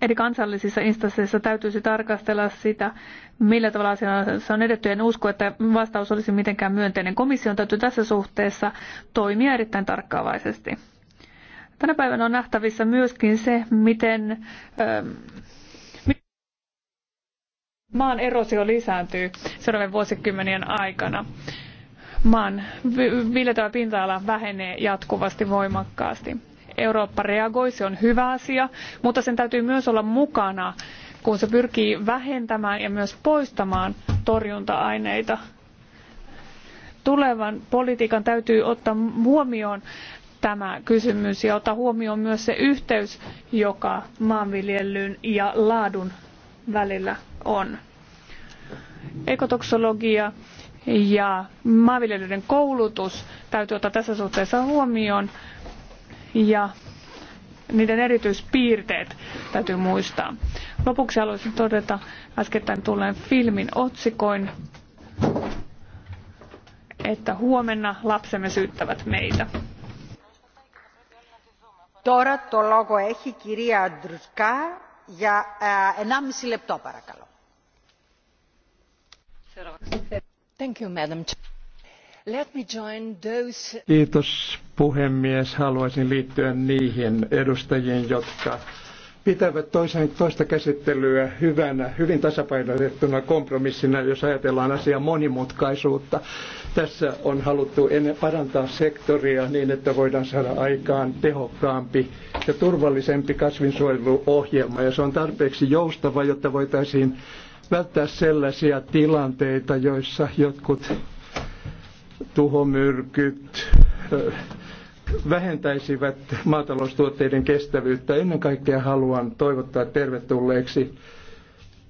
eri kansallisissa instansseissa täytyisi tarkastella sitä, millä tavalla asiassa on edetty. En usko, että vastaus olisi mitenkään myönteinen. Komission täytyy tässä suhteessa toimia erittäin tarkkaavaisesti. Tänä päivänä on nähtävissä myöskin se, miten ähm, maan erosio lisääntyy seuraavien vuosikymmenien aikana maan viljeltävä pinta-ala vähenee jatkuvasti voimakkaasti. Eurooppa reagoi, se on hyvä asia, mutta sen täytyy myös olla mukana, kun se pyrkii vähentämään ja myös poistamaan torjunta-aineita. Tulevan politiikan täytyy ottaa huomioon tämä kysymys ja ottaa huomioon myös se yhteys, joka maanviljelyn ja laadun välillä on. Ekotoksologia ja maanviljelijöiden koulutus täytyy ottaa tässä suhteessa huomioon ja niiden erityispiirteet täytyy muistaa. Lopuksi haluaisin todeta äskettäin tulleen filmin otsikoin, että huomenna lapsemme syyttävät meitä. Τώρα το λόγο έχει κυρία Αντρουσκά για 1,5 λεπτό παρακαλώ. Thank Kiitos puhemies. Haluaisin liittyä niihin edustajiin, jotka pitävät toisen, toista käsittelyä hyvänä, hyvin tasapainotettuna kompromissina, jos ajatellaan asian monimutkaisuutta. Tässä on haluttu ennen parantaa sektoria niin, että voidaan saada aikaan tehokkaampi ja turvallisempi kasvinsuojeluohjelma. Ja se on tarpeeksi joustava, jotta voitaisiin välttää sellaisia tilanteita, joissa jotkut tuhomyrkyt vähentäisivät maataloustuotteiden kestävyyttä. Ennen kaikkea haluan toivottaa tervetulleeksi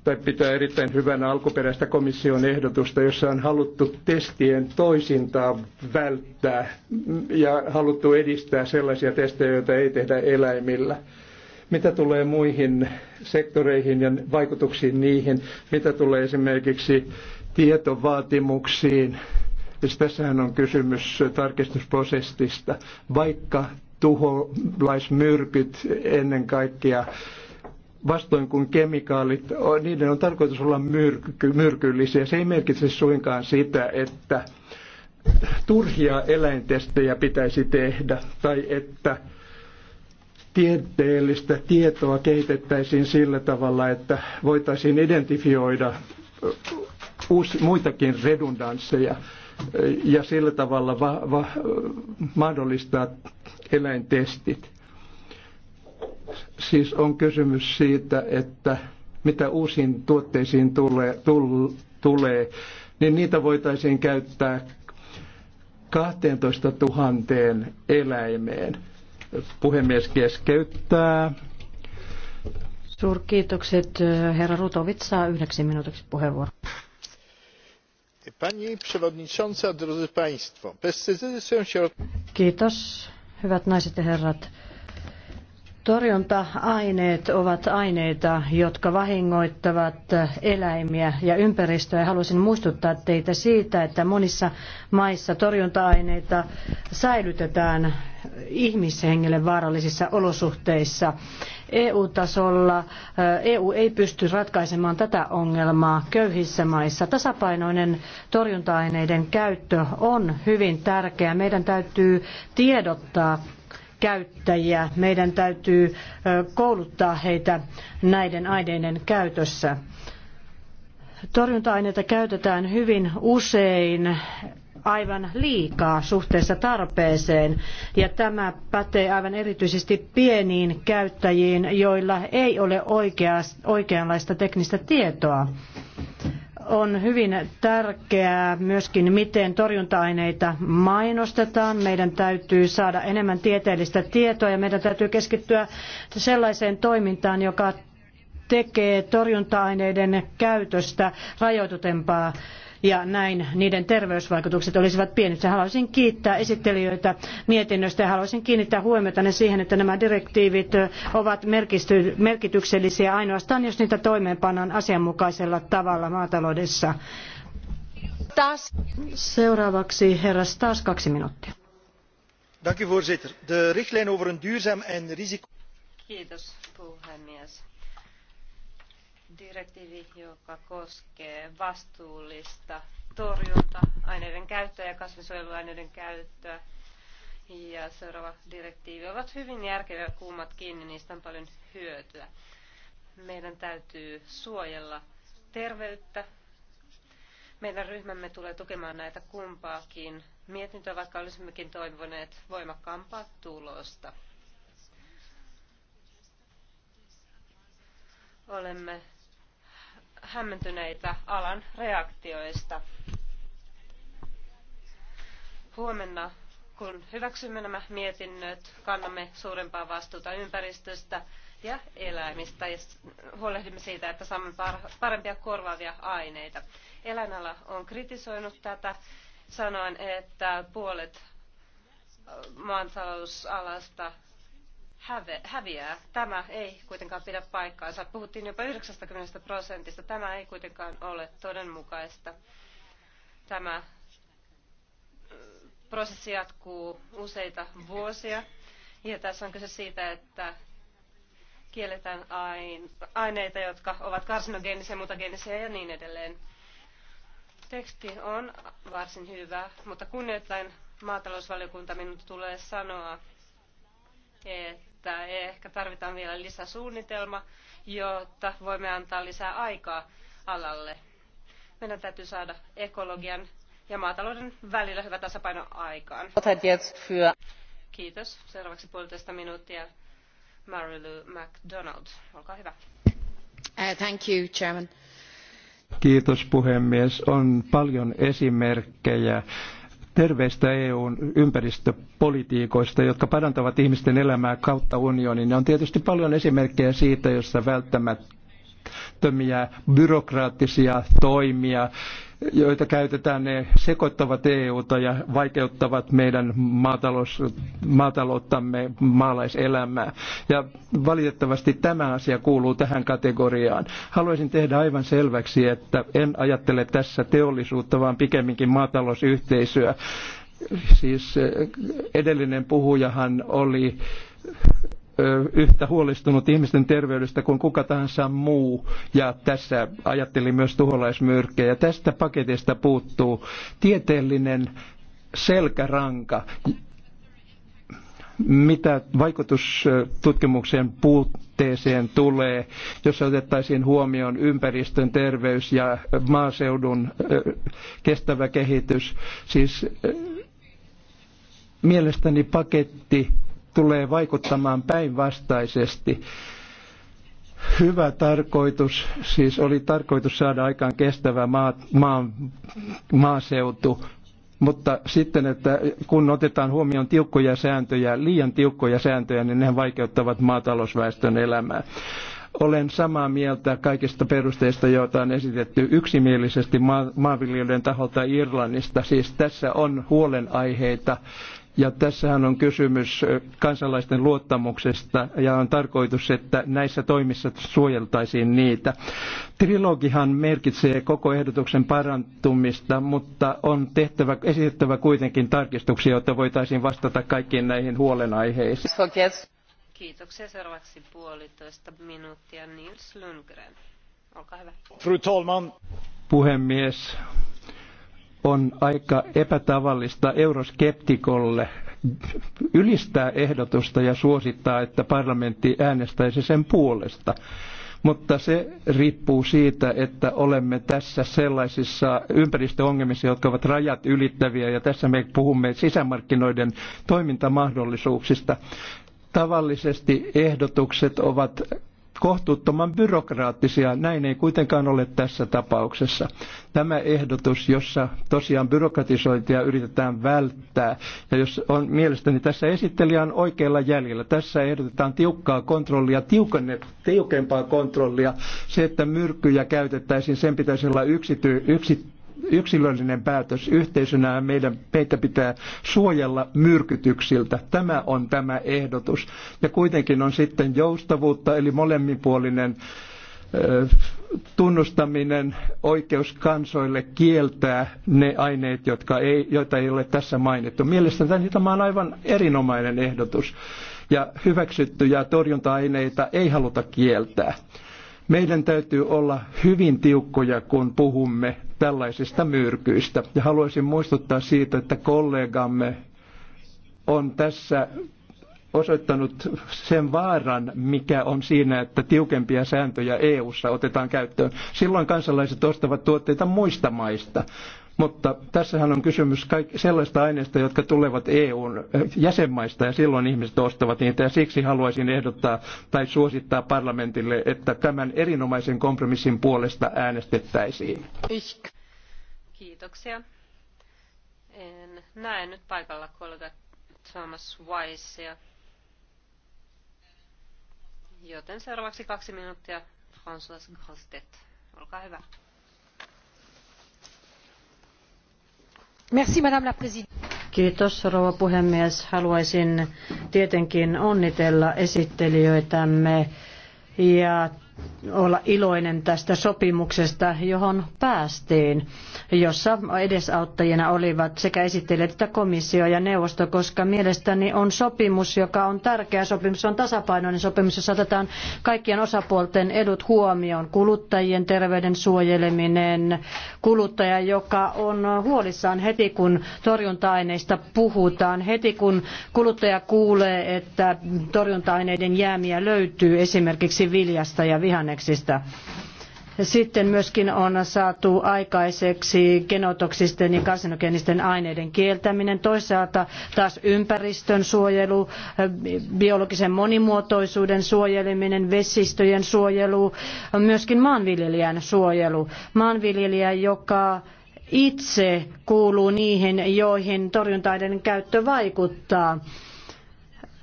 tai pitää erittäin hyvänä alkuperäistä komission ehdotusta, jossa on haluttu testien toisintaa välttää ja haluttu edistää sellaisia testejä, joita ei tehdä eläimillä. Mitä tulee muihin sektoreihin ja vaikutuksiin niihin, mitä tulee esimerkiksi tietovaatimuksiin, siis tässähän on kysymys tarkistusprosessista, vaikka tuholaismyrkyt ennen kaikkea vastoin kuin kemikaalit, niiden on tarkoitus olla myrky, myrkyllisiä. Se ei merkitse suinkaan sitä, että turhia eläintestejä pitäisi tehdä tai että tieteellistä tietoa kehitettäisiin sillä tavalla, että voitaisiin identifioida uusi, muitakin redundansseja ja sillä tavalla va, va, mahdollistaa eläintestit. Siis on kysymys siitä, että mitä uusiin tuotteisiin tulee, tull, tulee niin niitä voitaisiin käyttää 12 000 eläimeen. Puhemies keskeyttää. Suurkiitokset. Äh, herra Rutovit saa yhdeksi minuutiksi puheenvuoro. Pani przewodnicząca, drodzy państwo, pestycydy są środ... Kiitos, hyvät naiset ja herrat. Torjunta-aineet ovat aineita, jotka vahingoittavat eläimiä ja ympäristöä. Haluaisin muistuttaa teitä siitä, että monissa maissa torjunta-aineita säilytetään ihmishengelle vaarallisissa olosuhteissa. EU-tasolla EU ei pysty ratkaisemaan tätä ongelmaa köyhissä maissa. Tasapainoinen torjunta-aineiden käyttö on hyvin tärkeä. Meidän täytyy tiedottaa käyttäjiä. Meidän täytyy kouluttaa heitä näiden aineiden käytössä. Torjunta-aineita käytetään hyvin usein aivan liikaa suhteessa tarpeeseen. Ja tämä pätee aivan erityisesti pieniin käyttäjiin, joilla ei ole oikea, oikeanlaista teknistä tietoa on hyvin tärkeää myöskin, miten torjunta-aineita mainostetaan. Meidän täytyy saada enemmän tieteellistä tietoa ja meidän täytyy keskittyä sellaiseen toimintaan, joka tekee torjunta-aineiden käytöstä rajoitutempaa ja näin niiden terveysvaikutukset olisivat pienet. Haluaisin kiittää esittelijöitä mietinnöstä ja haluaisin kiinnittää huomiota siihen, että nämä direktiivit ovat merkityksellisiä ainoastaan, jos niitä toimeenpannaan asianmukaisella tavalla maataloudessa. Taas. Seuraavaksi herra Stas, kaksi minuuttia. Dank u voorzitter. De richtlijn over een duurzaam en risico... Kiitos puhemies direktiivi, joka koskee vastuullista torjunta aineiden käyttöä ja kasvinsuojeluaineiden käyttöä. Ja seuraava direktiivi ovat hyvin järkeviä kummatkin, kiinni, niistä on paljon hyötyä. Meidän täytyy suojella terveyttä. Meidän ryhmämme tulee tukemaan näitä kumpaakin mietintöä, vaikka olisimmekin toivoneet voimakkaampaa tulosta. olemme hämmentyneitä alan reaktioista. Huomenna, kun hyväksymme nämä mietinnöt, kannamme suurempaa vastuuta ympäristöstä ja eläimistä ja huolehdimme siitä, että saamme parempia korvaavia aineita. Eläinala on kritisoinut tätä sanoen, että puolet maantalousalasta häviää. Tämä ei kuitenkaan pidä paikkaansa. Puhuttiin jopa 90 prosentista. Tämä ei kuitenkaan ole todenmukaista. Tämä prosessi jatkuu useita vuosia. Ja tässä on kyse siitä, että kielletään aineita, jotka ovat karsinogeenisia, mutageenisia ja niin edelleen. Teksti on varsin hyvä, mutta kunnioittain maatalousvaliokunta minun tulee sanoa, että että Ehkä tarvitaan vielä lisäsuunnitelma, jotta voimme antaa lisää aikaa alalle. Meidän täytyy saada ekologian ja maatalouden välillä hyvä tasapaino aikaan. Kiitos. Seuraavaksi puolitoista minuuttia Marilu McDonald. Olkaa hyvä. Uh, thank you, Chairman. Kiitos puhemies. On paljon esimerkkejä terveistä EUn ympäristöpolitiikoista, jotka parantavat ihmisten elämää kautta unionin. on tietysti paljon esimerkkejä siitä, jossa välttämättömiä byrokraattisia toimia joita käytetään, ne sekoittavat EUta ja vaikeuttavat meidän maatalous, maatalouttamme, maalaiselämää. Ja valitettavasti tämä asia kuuluu tähän kategoriaan. Haluaisin tehdä aivan selväksi, että en ajattele tässä teollisuutta, vaan pikemminkin maatalousyhteisöä. Siis eh, edellinen puhujahan oli yhtä huolestunut ihmisten terveydestä kuin kuka tahansa muu. Ja tässä ajattelin myös tuholaismyrkkejä. Tästä paketista puuttuu tieteellinen selkäranka, mitä vaikutustutkimuksen puutteeseen tulee, jos otettaisiin huomioon ympäristön terveys ja maaseudun kestävä kehitys. Siis mielestäni paketti tulee vaikuttamaan päinvastaisesti. Hyvä tarkoitus, siis oli tarkoitus saada aikaan kestävä maa, maa, maaseutu, mutta sitten, että kun otetaan huomioon tiukkoja sääntöjä, liian tiukkoja sääntöjä, niin ne vaikeuttavat maatalousväestön elämää. Olen samaa mieltä kaikista perusteista, joita on esitetty yksimielisesti maanviljelijöiden taholta Irlannista. Siis tässä on huolenaiheita ja tässähän on kysymys kansalaisten luottamuksesta ja on tarkoitus, että näissä toimissa suojeltaisiin niitä. Trilogihan merkitsee koko ehdotuksen parantumista, mutta on tehtävä, esitettävä kuitenkin tarkistuksia, jotta voitaisiin vastata kaikkiin näihin huolenaiheisiin. Kiitoksia. Seuraavaksi puolitoista minuuttia Nils Lundgren. Olkaa hyvä. Fru talman. Puhemies, on aika epätavallista euroskeptikolle ylistää ehdotusta ja suosittaa, että parlamentti äänestäisi sen puolesta. Mutta se riippuu siitä, että olemme tässä sellaisissa ympäristöongelmissa, jotka ovat rajat ylittäviä, ja tässä me puhumme sisämarkkinoiden toimintamahdollisuuksista tavallisesti ehdotukset ovat kohtuuttoman byrokraattisia. Näin ei kuitenkaan ole tässä tapauksessa. Tämä ehdotus, jossa tosiaan byrokratisointia yritetään välttää, ja jos on mielestäni tässä esittelijä on oikealla jäljellä. Tässä ehdotetaan tiukkaa kontrollia, tiukempaa kontrollia. Se, että myrkkyjä käytettäisiin, sen pitäisi olla yksity, yksity yksilöllinen päätös. Yhteisönä meidän, meitä pitää suojella myrkytyksiltä. Tämä on tämä ehdotus. Ja kuitenkin on sitten joustavuutta, eli molemminpuolinen tunnustaminen oikeus kansoille kieltää ne aineet, jotka ei, joita ei ole tässä mainittu. Mielestäni tämä on aivan erinomainen ehdotus ja hyväksyttyjä torjunta-aineita ei haluta kieltää. Meidän täytyy olla hyvin tiukkoja, kun puhumme tällaisista myrkyistä. Ja haluaisin muistuttaa siitä, että kollegamme on tässä osoittanut sen vaaran, mikä on siinä, että tiukempia sääntöjä EU:ssa otetaan käyttöön. Silloin kansalaiset ostavat tuotteita muista maista. Mutta tässähän on kysymys kaikki sellaista aineista, jotka tulevat EUn eh, jäsenmaista ja silloin ihmiset ostavat niitä. Ja siksi haluaisin ehdottaa tai suosittaa parlamentille, että tämän erinomaisen kompromissin puolesta äänestettäisiin. Kiitoksia. En näe nyt paikalla kollega Thomas Weissia. Joten seuraavaksi kaksi minuuttia François Grostet. Olkaa hyvä. Kiitos rouva puhemies. Haluaisin tietenkin onnitella esittelijöitämme ja olla iloinen tästä sopimuksesta, johon päästiin, jossa edesauttajina olivat sekä esittelijät että komissio ja neuvosto, koska mielestäni on sopimus, joka on tärkeä sopimus, on tasapainoinen sopimus, jossa otetaan kaikkien osapuolten edut huomioon, kuluttajien terveyden suojeleminen, kuluttaja, joka on huolissaan heti, kun torjunta-aineista puhutaan, heti kun kuluttaja kuulee, että torjunta-aineiden jäämiä löytyy esimerkiksi viljasta ja viljasta, vihanneksista. Sitten myöskin on saatu aikaiseksi genotoksisten ja karsinogenisten aineiden kieltäminen. Toisaalta taas ympäristön suojelu, biologisen monimuotoisuuden suojeleminen, vesistöjen suojelu, myöskin maanviljelijän suojelu. Maanviljelijä, joka itse kuuluu niihin, joihin torjuntaiden käyttö vaikuttaa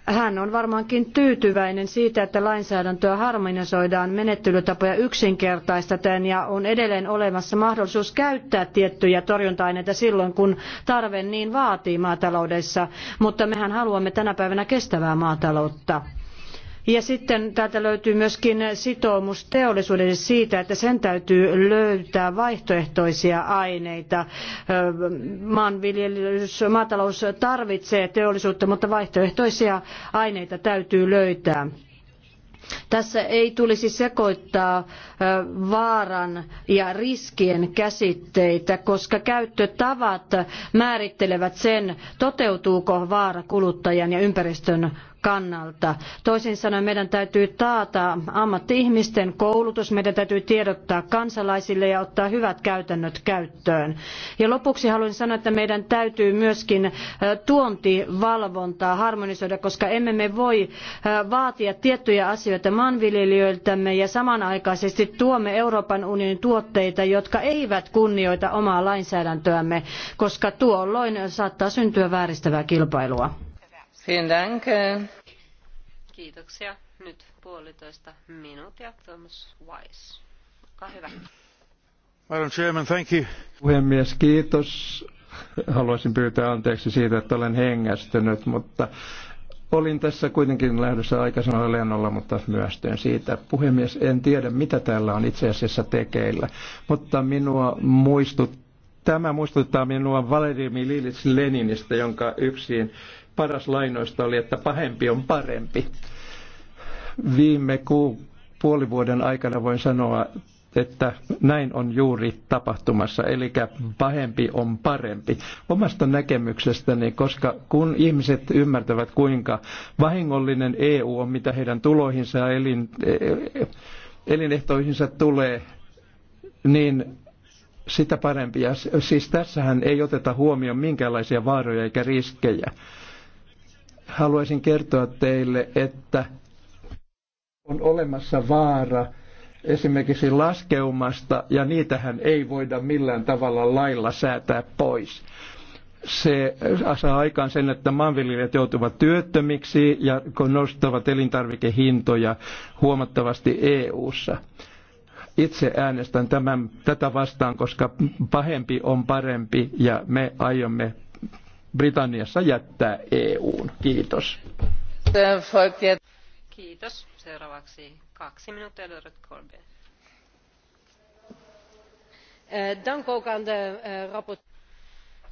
hän on varmaankin tyytyväinen siitä, että lainsäädäntöä harmonisoidaan menettelytapoja yksinkertaistaten ja on edelleen olemassa mahdollisuus käyttää tiettyjä torjunta-aineita silloin, kun tarve niin vaatii maataloudessa, mutta mehän haluamme tänä päivänä kestävää maataloutta. Ja sitten täältä löytyy myöskin sitoumus teollisuudelle siitä, että sen täytyy löytää vaihtoehtoisia aineita. Maanviljelys, maatalous tarvitsee teollisuutta, mutta vaihtoehtoisia aineita täytyy löytää. Tässä ei tulisi sekoittaa vaaran ja riskien käsitteitä, koska käyttötavat määrittelevät sen, toteutuuko vaara kuluttajan ja ympäristön kannalta. Toisin sanoen meidän täytyy taata ammatti-ihmisten koulutus, meidän täytyy tiedottaa kansalaisille ja ottaa hyvät käytännöt käyttöön. Ja lopuksi haluan sanoa, että meidän täytyy myöskin tuontivalvontaa harmonisoida, koska emme me voi vaatia tiettyjä asioita maanviljelijöiltämme ja samanaikaisesti tuomme Euroopan unionin tuotteita, jotka eivät kunnioita omaa lainsäädäntöämme, koska tuolloin saattaa syntyä vääristävää kilpailua. Vielen Kiitoksia. Nyt puolitoista minuuttia. Thomas Wise. Olkaa hyvä. Madam Chairman, thank you. Puhemies, kiitos. Haluaisin pyytää anteeksi siitä, että olen hengästynyt, mutta olin tässä kuitenkin lähdössä aikaisemmin lennolla, mutta myöstyin siitä. Puhemies, en tiedä mitä täällä on itse asiassa tekeillä, mutta minua muistut Tämä muistuttaa minua Valerimi Mililits Leninistä, jonka yksin paras lainoista oli, että pahempi on parempi. Viime kuun puoli vuoden aikana voin sanoa, että näin on juuri tapahtumassa, eli pahempi on parempi. Omasta näkemyksestäni, koska kun ihmiset ymmärtävät, kuinka vahingollinen EU on, mitä heidän tuloihinsa ja elin, e, elinehtoihinsa tulee, niin sitä parempi. Ja siis tässähän ei oteta huomioon minkäänlaisia vaaroja eikä riskejä haluaisin kertoa teille, että on olemassa vaara esimerkiksi laskeumasta, ja niitähän ei voida millään tavalla lailla säätää pois. Se saa aikaan sen, että maanviljelijät joutuvat työttömiksi ja nostavat elintarvikehintoja huomattavasti EU-ssa itse äänestän tämän, tätä vastaan, koska pahempi on parempi ja me aiomme Britanniassa jättää EUn. Kiitos. Kiitos. Seuraavaksi kaksi minuuttia, Dorot Corbyn.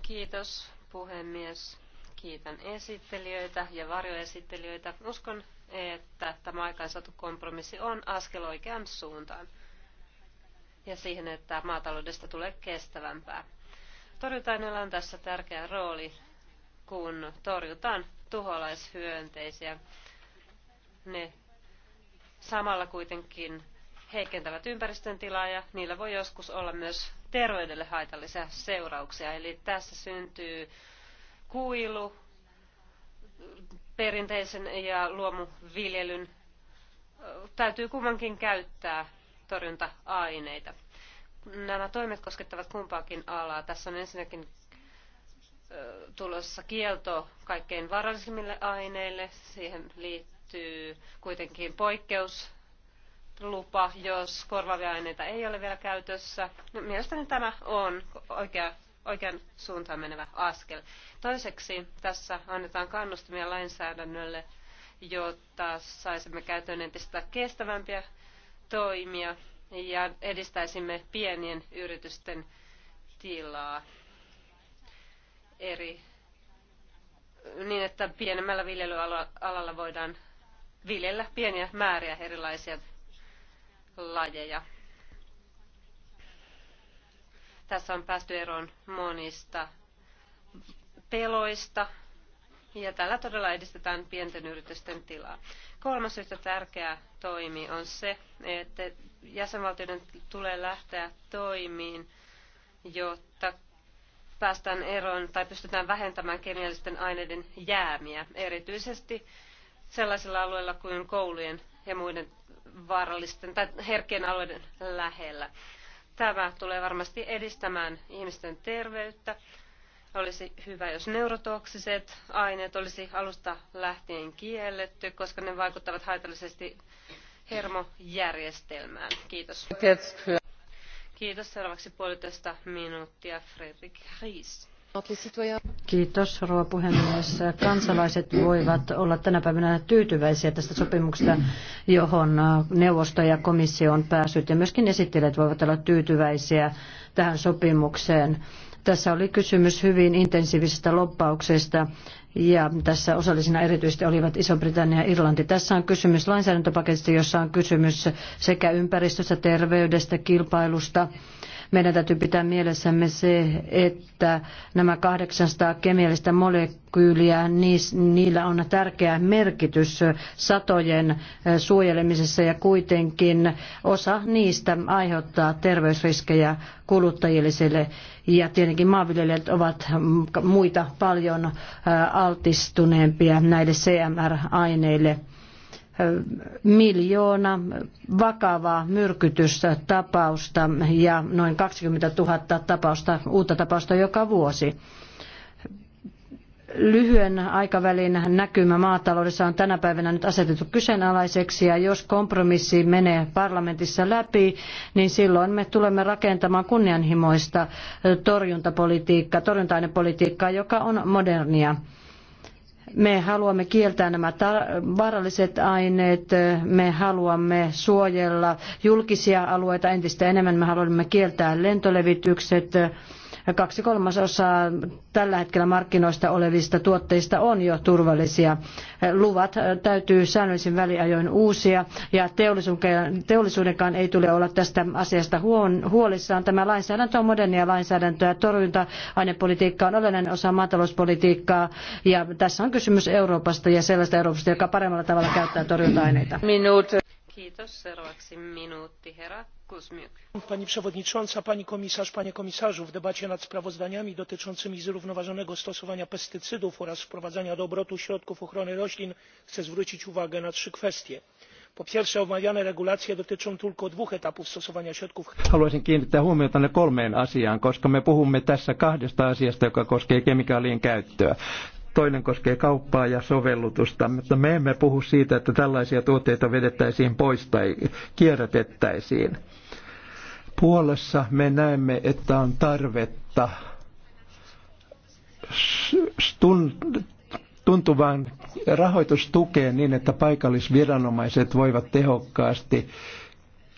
Kiitos puhemies. Kiitän esittelijöitä ja varjoesittelijöitä. Uskon, että tämä aikaansaatu kompromissi on askel oikeaan suuntaan ja siihen, että maataloudesta tulee kestävämpää. Torjunta-aineilla on tässä tärkeä rooli kun torjutaan tuholaishyönteisiä. Ne samalla kuitenkin heikentävät ympäristön tilaa ja niillä voi joskus olla myös terveydelle haitallisia seurauksia. Eli tässä syntyy kuilu perinteisen ja luomuviljelyn täytyy kummankin käyttää torjunta-aineita. Nämä toimet koskettavat kumpaakin alaa. Tässä on ensinnäkin tulossa kielto kaikkein varallisimmille aineille. Siihen liittyy kuitenkin poikkeuslupa, jos korvaavia aineita ei ole vielä käytössä. No, mielestäni tämä on oikea, oikean suuntaan menevä askel. Toiseksi tässä annetaan kannustamia lainsäädännölle, jotta saisimme käytön entistä kestävämpiä toimia ja edistäisimme pienien yritysten tilaa eri niin, että pienemmällä viljelyalalla voidaan viljellä pieniä määriä erilaisia lajeja. Tässä on päästy eroon monista peloista, ja tällä todella edistetään pienten yritysten tilaa. Kolmas yhtä tärkeä toimi on se, että jäsenvaltioiden tulee lähteä toimiin, jotta päästään eroon tai pystytään vähentämään kemiallisten aineiden jäämiä, erityisesti sellaisilla alueilla kuin koulujen ja muiden vaarallisten tai herkkien alueiden lähellä. Tämä tulee varmasti edistämään ihmisten terveyttä. Olisi hyvä, jos neurotoksiset aineet olisi alusta lähtien kielletty, koska ne vaikuttavat haitallisesti hermojärjestelmään. Kiitos. Kiitos. Seuraavaksi puolitoista minuuttia Fredrik Ries. Kiitos, rouva puhemies. Kansalaiset voivat olla tänä päivänä tyytyväisiä tästä sopimuksesta, johon neuvosto ja komissio on päässyt, ja myöskin esittelijät voivat olla tyytyväisiä tähän sopimukseen. Tässä oli kysymys hyvin intensiivisestä loppauksesta, ja tässä osallisina erityisesti olivat Iso-Britannia ja Irlanti. Tässä on kysymys lainsäädäntöpaketista, jossa on kysymys sekä ympäristöstä, terveydestä, kilpailusta, meidän täytyy pitää mielessämme se, että nämä 800 kemiallista molekyyliä, niillä on tärkeä merkitys satojen suojelemisessa ja kuitenkin osa niistä aiheuttaa terveysriskejä kuluttajille ja tietenkin maanviljelijät ovat muita paljon altistuneempia näille CMR-aineille miljoona vakavaa myrkytystä tapausta ja noin 20 000 tapausta, uutta tapausta joka vuosi. Lyhyen aikavälin näkymä maataloudessa on tänä päivänä nyt asetettu kyseenalaiseksi ja jos kompromissi menee parlamentissa läpi, niin silloin me tulemme rakentamaan kunnianhimoista torjuntapolitiikkaa, torjunta-ainepolitiikkaa, joka on modernia me haluamme kieltää nämä vaaralliset aineet, me haluamme suojella julkisia alueita entistä enemmän, me haluamme kieltää lentolevitykset, Kaksi kolmasosaa tällä hetkellä markkinoista olevista tuotteista on jo turvallisia. Luvat täytyy säännöllisin väliajoin uusia ja teollisuudenkaan ei tule olla tästä asiasta huolissaan. Tämä lainsäädäntö on modernia lainsäädäntöä. Torjunta-ainepolitiikka on olennainen osa maatalouspolitiikkaa ja tässä on kysymys Euroopasta ja sellaista Euroopasta, joka paremmalla tavalla käyttää torjunta-aineita. Pani przewodnicząca, pani komisarz, panie komisarzu, w debacie nad sprawozdaniami dotyczącymi zrównoważonego stosowania pestycydów oraz wprowadzania do obrotu środków ochrony roślin chcę zwrócić uwagę na trzy kwestie po pierwsze omawiane regulacje dotyczą tylko dwóch etapów stosowania środków. Haluaisin kiinnittää huomiota ne kolmeen asiaan, koska me puhumme tässä kahdesta asiasta, joka koskee kemikaalien käyttöä toinen koskee kauppaa ja sovellutusta, mutta me emme puhu siitä, että tällaisia tuotteita vedettäisiin pois tai kierrätettäisiin. Puolassa me näemme, että on tarvetta tuntuvaan rahoitustukeen niin, että paikallisviranomaiset voivat tehokkaasti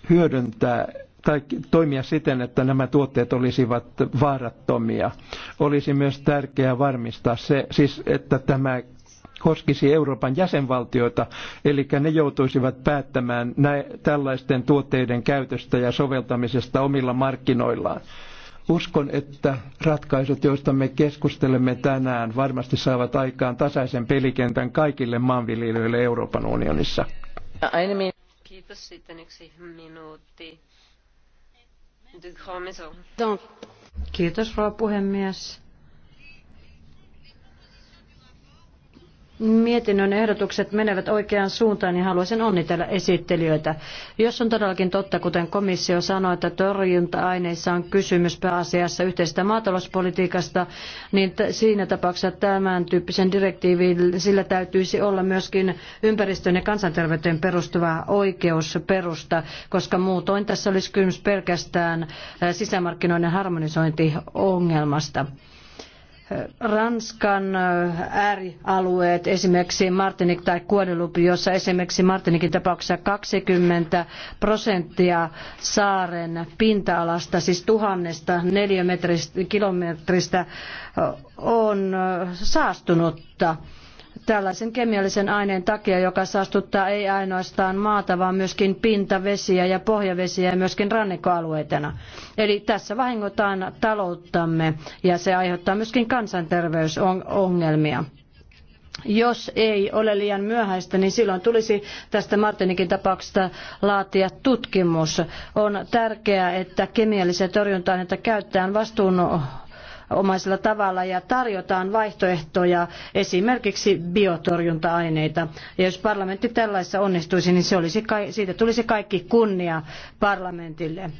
hyödyntää tai toimia siten, että nämä tuotteet olisivat vaarattomia. Olisi myös tärkeää varmistaa se, siis että tämä koskisi Euroopan jäsenvaltioita, eli ne joutuisivat päättämään nä- tällaisten tuotteiden käytöstä ja soveltamisesta omilla markkinoillaan. Uskon, että ratkaisut, joista me keskustelemme tänään, varmasti saavat aikaan tasaisen pelikentän kaikille maanviljelijöille Euroopan unionissa. Kiitos. Sitten yksi minuutti. Kiitos, rouva puhemies. Mietinnön ehdotukset menevät oikeaan suuntaan ja niin haluaisin onnitella esittelijöitä. Jos on todellakin totta, kuten komissio sanoi, että torjunta-aineissa on kysymys pääasiassa yhteisestä maatalouspolitiikasta, niin siinä tapauksessa tämän tyyppisen direktiivin sillä täytyisi olla myöskin ympäristön ja kansanterveyteen perustuva oikeusperusta, koska muutoin tässä olisi kysymys pelkästään sisämarkkinoiden harmonisointiongelmasta. ongelmasta. Ranskan äärialueet, esimerkiksi Martinik tai Guadeloupe, jossa esimerkiksi Martinikin tapauksessa 20 prosenttia saaren pinta-alasta, siis tuhannesta neliömetristä kilometristä, on saastunutta tällaisen kemiallisen aineen takia, joka saastuttaa ei ainoastaan maata, vaan myöskin pintavesiä ja pohjavesiä ja myöskin rannikkoalueitena. Eli tässä vahingotaan talouttamme ja se aiheuttaa myöskin kansanterveysongelmia jos ei ole liian myöhäistä, niin silloin tulisi tästä Martinikin tapauksesta laatia tutkimus. On tärkeää, että kemiallisia torjunta-aineita käyttäen vastuun omaisella tavalla ja tarjotaan vaihtoehtoja, esimerkiksi biotorjunta-aineita. Ja jos parlamentti tällaisessa onnistuisi, niin se olisi, siitä tulisi kaikki kunnia parlamentille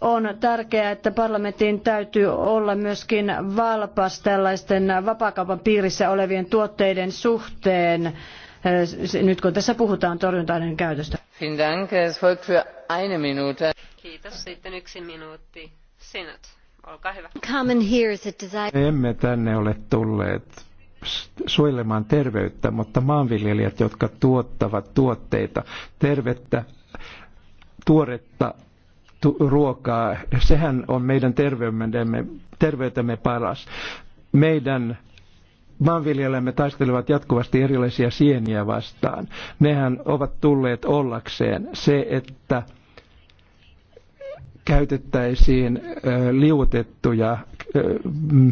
on tärkeää, että parlamentin täytyy olla myöskin valpas tällaisten vapaakaupan piirissä olevien tuotteiden suhteen, nyt kun tässä puhutaan torjunta-aineen käytöstä. Kiitos. Sitten yksi minuutti. Sinut, olkaa hyvä. is a desire. Emme tänne ole tulleet suojelemaan terveyttä, mutta maanviljelijät, jotka tuottavat tuotteita, tervettä, tuoretta tu- ruokaa, sehän on meidän terveytemme, terveytemme paras. Meidän maanviljelijämme taistelevat jatkuvasti erilaisia sieniä vastaan. Nehän ovat tulleet ollakseen. Se, että käytettäisiin liuotettuja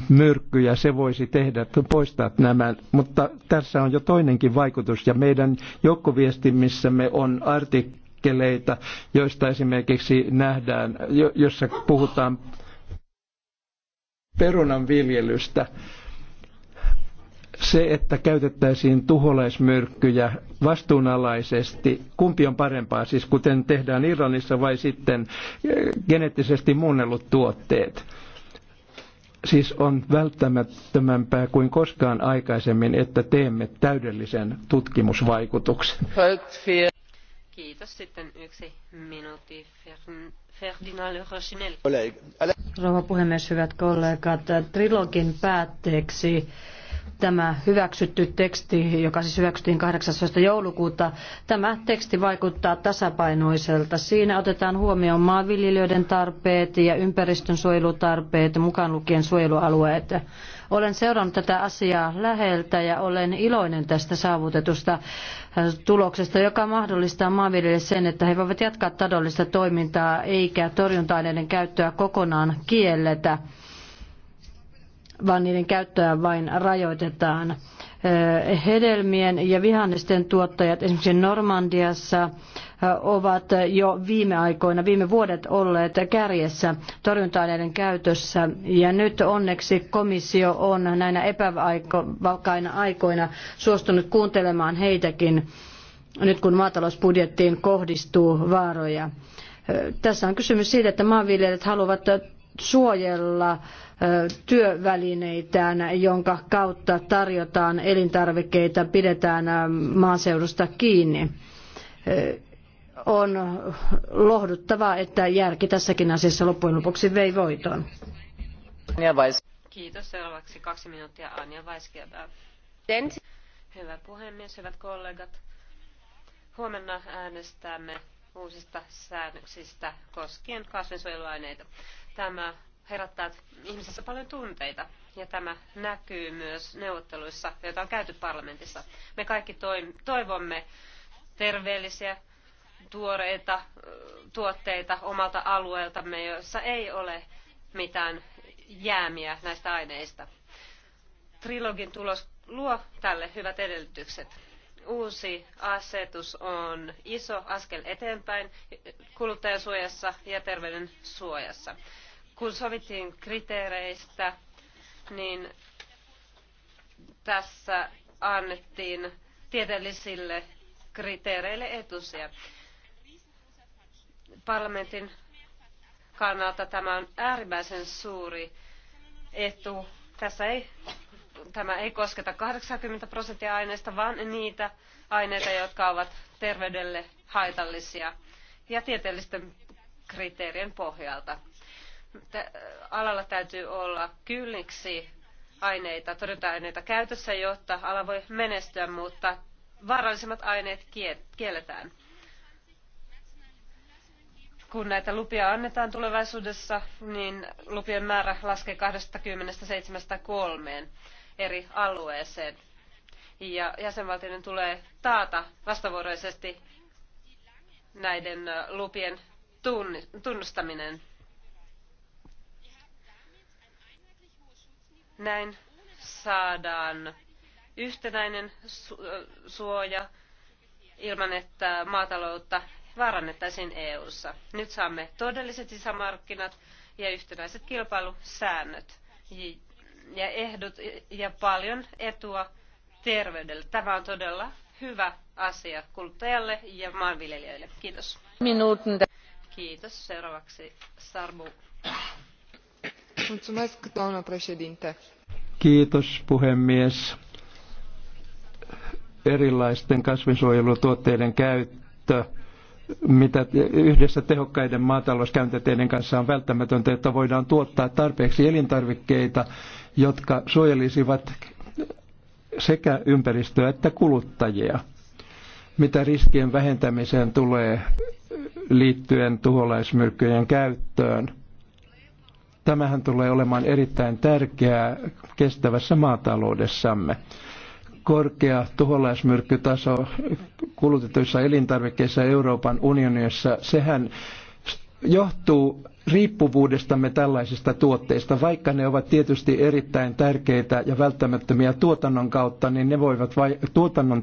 myrkkyjä, se voisi tehdä, poistaa nämä. Mutta tässä on jo toinenkin vaikutus ja meidän joukkoviestimissämme on artikkeleita, joista esimerkiksi nähdään, jossa puhutaan perunan viljelystä se, että käytettäisiin tuholaismyrkkyjä, vastuunalaisesti, kumpi on parempaa, siis kuten tehdään Iranissa vai sitten eh, geneettisesti muunnellut tuotteet siis on välttämättömämpää kuin koskaan aikaisemmin, että teemme täydellisen tutkimusvaikutuksen. Kiitos. Sitten yksi minuutti. Ferdinand Rouva puhemies, hyvät kollegat. Trilogin päätteeksi tämä hyväksytty teksti, joka siis hyväksyttiin 18. joulukuuta, tämä teksti vaikuttaa tasapainoiselta. Siinä otetaan huomioon maanviljelijöiden tarpeet ja ympäristön suojelutarpeet, mukaan lukien suojelualueet. Olen seurannut tätä asiaa läheltä ja olen iloinen tästä saavutetusta tuloksesta, joka mahdollistaa maanviljelijöille sen, että he voivat jatkaa taloudellista toimintaa eikä torjunta-aineiden käyttöä kokonaan kielletä vaan niiden käyttöä vain rajoitetaan. Hedelmien ja vihannesten tuottajat esimerkiksi Normandiassa ovat jo viime aikoina, viime vuodet olleet kärjessä torjunta-aineiden käytössä. Ja nyt onneksi komissio on näinä epävakaina aikoina suostunut kuuntelemaan heitäkin, nyt kun maatalousbudjettiin kohdistuu vaaroja. Tässä on kysymys siitä, että maanviljelijät haluavat suojella työvälineitään, jonka kautta tarjotaan elintarvikkeita, pidetään maaseudusta kiinni. On lohduttavaa, että järki tässäkin asiassa loppujen lopuksi vei voiton. Kiitos. Seuraavaksi kaksi minuuttia Anja Vaiskelbää. Hyvä puhemies, hyvät kollegat. Huomenna äänestämme uusista säännöksistä koskien kasvinsuojeluaineita. Tämä herättää ihmisissä paljon tunteita. Ja tämä näkyy myös neuvotteluissa, joita on käyty parlamentissa. Me kaikki toivomme terveellisiä, tuoreita tuotteita omalta alueeltamme, joissa ei ole mitään jäämiä näistä aineista. Trilogin tulos luo tälle hyvät edellytykset. Uusi asetus on iso askel eteenpäin kuluttajasuojassa ja terveyden suojassa kun sovittiin kriteereistä, niin tässä annettiin tieteellisille kriteereille etusia. Parlamentin kannalta tämä on äärimmäisen suuri etu. Tässä ei, tämä ei kosketa 80 prosenttia aineista, vaan niitä aineita, jotka ovat terveydelle haitallisia ja tieteellisten kriteerien pohjalta alalla täytyy olla kylliksi aineita, torjunta-aineita käytössä, jotta ala voi menestyä, mutta vaarallisimmat aineet kielletään. Kun näitä lupia annetaan tulevaisuudessa, niin lupien määrä laskee 273 eri alueeseen. Ja jäsenvaltioiden tulee taata vastavuoroisesti näiden lupien tunnustaminen. Näin saadaan yhtenäinen suoja ilman, että maataloutta vaarannettaisiin EU:ssa. Nyt saamme todelliset sisämarkkinat ja yhtenäiset kilpailusäännöt ja ehdot ja paljon etua terveydelle. Tämä on todella hyvä asia kuluttajalle ja maanviljelijöille. Kiitos. Minuutin. Kiitos. Seuraavaksi Sarbu. Kiitos puhemies. Erilaisten kasvinsuojelutuotteiden käyttö mitä yhdessä tehokkaiden maatalouskäyntiteiden kanssa on välttämätöntä, että voidaan tuottaa tarpeeksi elintarvikkeita, jotka suojelisivat sekä ympäristöä että kuluttajia. Mitä riskien vähentämiseen tulee liittyen tuholaismyrkkyjen käyttöön, Tämähän tulee olemaan erittäin tärkeää kestävässä maataloudessamme. Korkea tuholaismyrkkytaso kulutetuissa elintarvikkeissa Euroopan unionissa, sehän johtuu riippuvuudestamme tällaisista tuotteista. Vaikka ne ovat tietysti erittäin tärkeitä ja välttämättömiä tuotannon kautta, niin ne voivat vai- tuotannon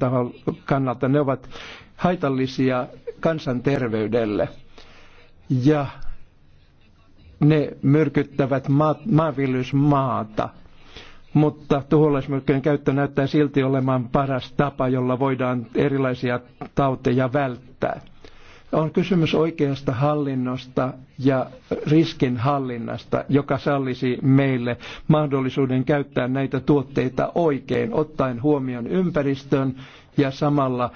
kannalta ne ovat haitallisia kansanterveydelle. Ja ne myrkyttävät ma- maanviljelysmaata. Mutta tuholaismyrkkyjen käyttö näyttää silti olemaan paras tapa, jolla voidaan erilaisia tauteja välttää. On kysymys oikeasta hallinnosta ja riskin hallinnasta, joka sallisi meille mahdollisuuden käyttää näitä tuotteita oikein, ottaen huomioon ympäristön ja samalla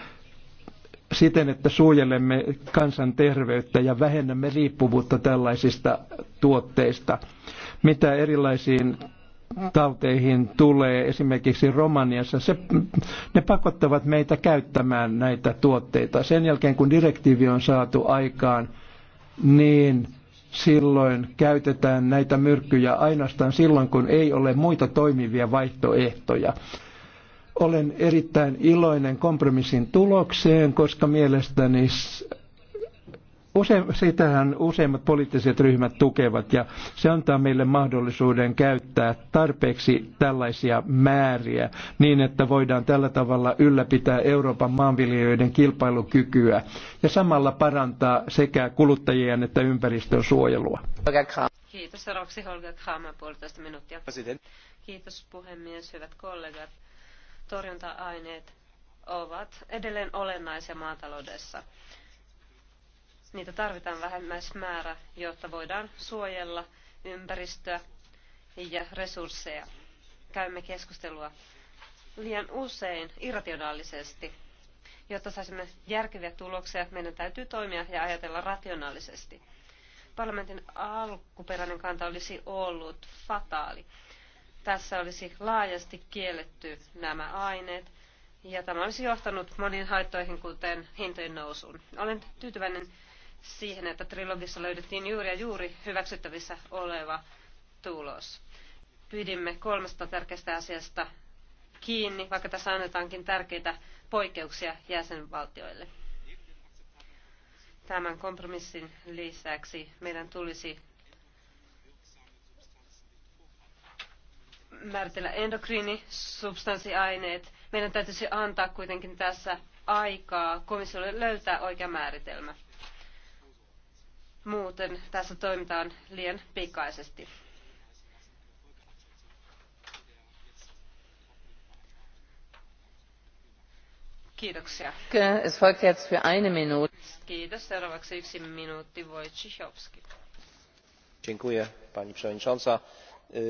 siten, että suojelemme kansanterveyttä ja vähennämme riippuvuutta tällaisista tuotteista. Mitä erilaisiin tauteihin tulee, esimerkiksi Romaniassa, se, ne pakottavat meitä käyttämään näitä tuotteita. Sen jälkeen, kun direktiivi on saatu aikaan, niin silloin käytetään näitä myrkkyjä ainoastaan silloin, kun ei ole muita toimivia vaihtoehtoja. Olen erittäin iloinen kompromissin tulokseen, koska mielestäni Use, sitähän useimmat poliittiset ryhmät tukevat ja se antaa meille mahdollisuuden käyttää tarpeeksi tällaisia määriä niin, että voidaan tällä tavalla ylläpitää Euroopan maanviljelijöiden kilpailukykyä ja samalla parantaa sekä kuluttajien että ympäristön suojelua. Kiitos. Seuraavaksi Holger Kramer, puolitoista minuuttia. Kiitos puhemies, hyvät kollegat torjunta-aineet ovat edelleen olennaisia maataloudessa. Niitä tarvitaan vähemmäismäärä, jotta voidaan suojella ympäristöä ja resursseja. Käymme keskustelua liian usein irrationaalisesti. Jotta saisimme järkeviä tuloksia, meidän täytyy toimia ja ajatella rationaalisesti. Parlamentin alkuperäinen kanta olisi ollut fataali tässä olisi laajasti kielletty nämä aineet. Ja tämä olisi johtanut moniin haittoihin, kuten hintojen nousuun. Olen tyytyväinen siihen, että trilogissa löydettiin juuri ja juuri hyväksyttävissä oleva tulos. Pyydimme kolmesta tärkeästä asiasta kiinni, vaikka tässä annetaankin tärkeitä poikkeuksia jäsenvaltioille. Tämän kompromissin lisäksi meidän tulisi määritellä endokriinisubstanssiaineet. Meidän täytyisi antaa kuitenkin tässä aikaa komissiolle löytää oikea määritelmä. Muuten tässä toimitaan liian pikaisesti. Kiitoksia. Es folgt jetzt für eine Minute. Kiitos. Seuraavaksi yksi minuutti Wojciechowski. Dziękuję, pani przewodnicząca.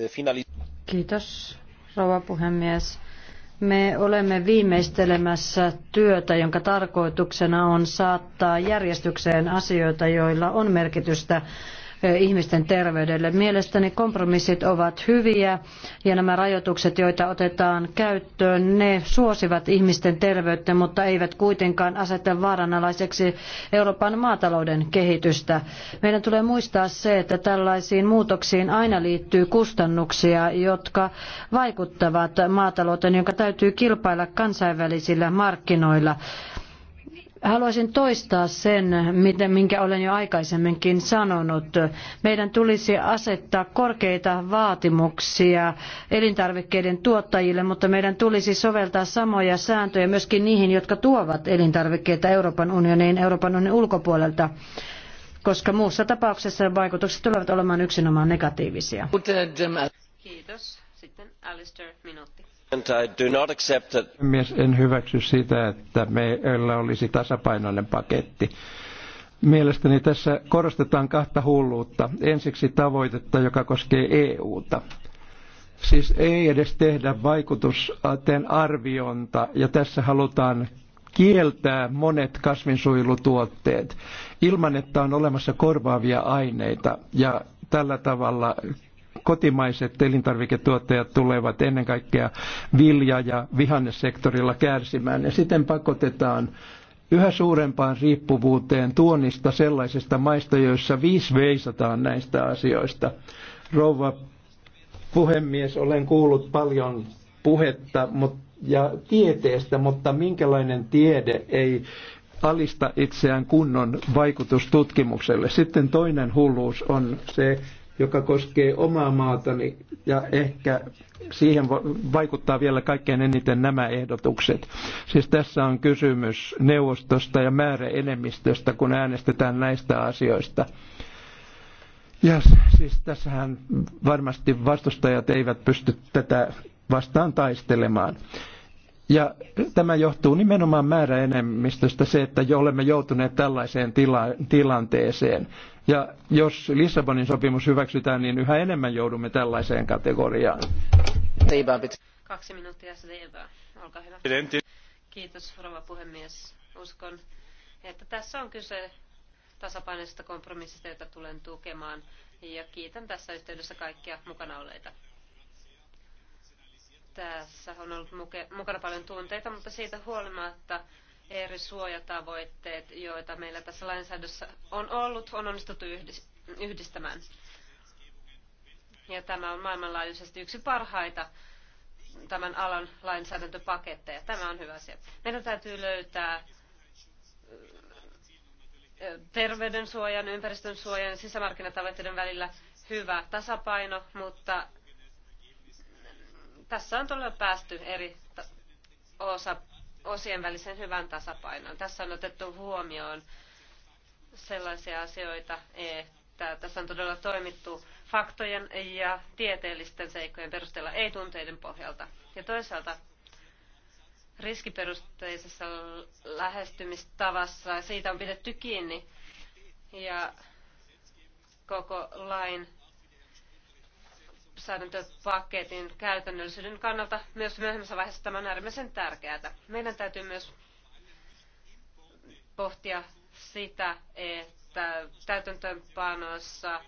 finalizuję. Kiitos, rouva puhemies. Me olemme viimeistelemässä työtä, jonka tarkoituksena on saattaa järjestykseen asioita, joilla on merkitystä ihmisten terveydelle. Mielestäni kompromissit ovat hyviä ja nämä rajoitukset, joita otetaan käyttöön, ne suosivat ihmisten terveyttä, mutta eivät kuitenkaan aseta vaaranalaiseksi Euroopan maatalouden kehitystä. Meidän tulee muistaa se, että tällaisiin muutoksiin aina liittyy kustannuksia, jotka vaikuttavat maatalouteen, jonka täytyy kilpailla kansainvälisillä markkinoilla. Haluaisin toistaa sen, minkä olen jo aikaisemminkin sanonut. Meidän tulisi asettaa korkeita vaatimuksia elintarvikkeiden tuottajille, mutta meidän tulisi soveltaa samoja sääntöjä myöskin niihin, jotka tuovat elintarvikkeita Euroopan unioniin, Euroopan unionin ulkopuolelta koska muussa tapauksessa vaikutukset tulevat olemaan yksinomaan negatiivisia. Kiitos. Sitten Alistair, minuutti. Mies, en hyväksy sitä, että meillä olisi tasapainoinen paketti. Mielestäni tässä korostetaan kahta hulluutta. Ensiksi tavoitetta, joka koskee EUta. Siis ei edes tehdä vaikutusten arviointa ja tässä halutaan kieltää monet kasvinsuojelutuotteet ilman, että on olemassa korvaavia aineita. Ja tällä tavalla kotimaiset elintarviketuottajat tulevat ennen kaikkea vilja- ja vihannesektorilla kärsimään ja siten pakotetaan yhä suurempaan riippuvuuteen tuonnista sellaisista maista, joissa viis veisataan näistä asioista. Rouva puhemies, olen kuullut paljon puhetta ja tieteestä, mutta minkälainen tiede ei alista itseään kunnon vaikutustutkimukselle. Sitten toinen hulluus on se, joka koskee omaa maatani ja ehkä siihen vaikuttaa vielä kaikkein eniten nämä ehdotukset. Siis tässä on kysymys neuvostosta ja määräenemmistöstä, kun äänestetään näistä asioista. Ja siis tässähän varmasti vastustajat eivät pysty tätä vastaan taistelemaan. Ja tämä johtuu nimenomaan määräenemmistöstä se, että jo olemme joutuneet tällaiseen tila- tilanteeseen. Ja jos Lissabonin sopimus hyväksytään, niin yhä enemmän joudumme tällaiseen kategoriaan. Kaksi minuuttia Seibää. Olkaa hyvä. Kiitos, rouva puhemies. Uskon, että tässä on kyse tasapainoisesta kompromissista, jota tulen tukemaan. Ja kiitän tässä yhteydessä kaikkia mukana olleita. Tässä on ollut mukana paljon tunteita, mutta siitä huolimatta eri suojatavoitteet, joita meillä tässä lainsäädössä on ollut, on onnistuttu yhdistämään. Ja tämä on maailmanlaajuisesti yksi parhaita tämän alan lainsäädäntöpaketteja. Tämä on hyvä asia. Meidän täytyy löytää terveyden suojan, ympäristön suojan ja sisämarkkinatavoitteiden välillä hyvä tasapaino, mutta tässä on todella päästy eri osa osien välisen hyvän tasapainon. Tässä on otettu huomioon sellaisia asioita, että tässä on todella toimittu faktojen ja tieteellisten seikkojen perusteella, ei tunteiden pohjalta. Ja toisaalta riskiperusteisessa lähestymistavassa siitä on pidetty kiinni ja koko lain lainsäädäntöpaketin käytännöllisyyden kannalta myös myöhemmässä vaiheessa tämä on äärimmäisen tärkeää. Meidän täytyy myös pohtia sitä, että täytäntöönpanossa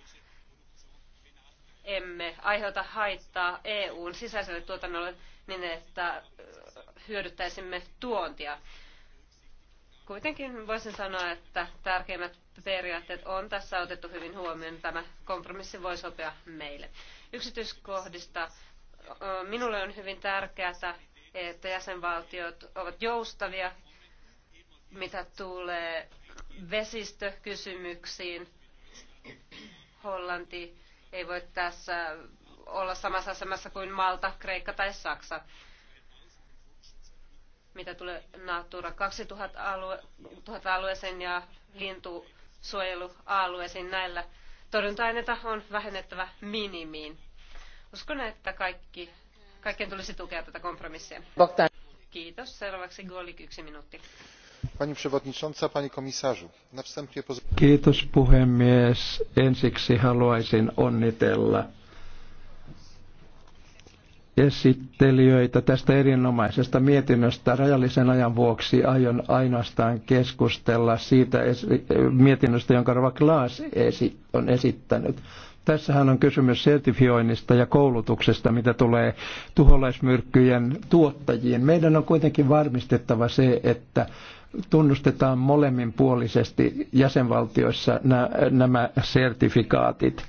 emme aiheuta haittaa EUn sisäiselle tuotannolle niin, että hyödyttäisimme tuontia. Kuitenkin voisin sanoa, että tärkeimmät periaatteet on tässä otettu hyvin huomioon. Tämä kompromissi voi sopia meille yksityiskohdista. Minulle on hyvin tärkeää, että jäsenvaltiot ovat joustavia, mitä tulee vesistökysymyksiin. Hollanti ei voi tässä olla samassa asemassa kuin Malta, Kreikka tai Saksa. Mitä tulee Natura 2000 alueeseen ja lintusuojelualueeseen näillä torjunta-aineita on vähennettävä minimiin. Uskon, että kaikki, kaikkien tulisi tukea tätä kompromissia. Kiitos. Seuraavaksi Golik yksi minuutti. Pani przewodnicząca, pani komisarzu. Na wstępie Kiitos puhemies. Ensiksi haluaisin onnitella esittelijöitä tästä erinomaisesta mietinnöstä. Rajallisen ajan vuoksi aion ainoastaan keskustella siitä mietinnöstä, jonka Rova Klaas esi- on esittänyt. Tässähän on kysymys sertifioinnista ja koulutuksesta, mitä tulee tuholaismyrkkyjen tuottajiin. Meidän on kuitenkin varmistettava se, että tunnustetaan molemminpuolisesti jäsenvaltioissa nämä sertifikaatit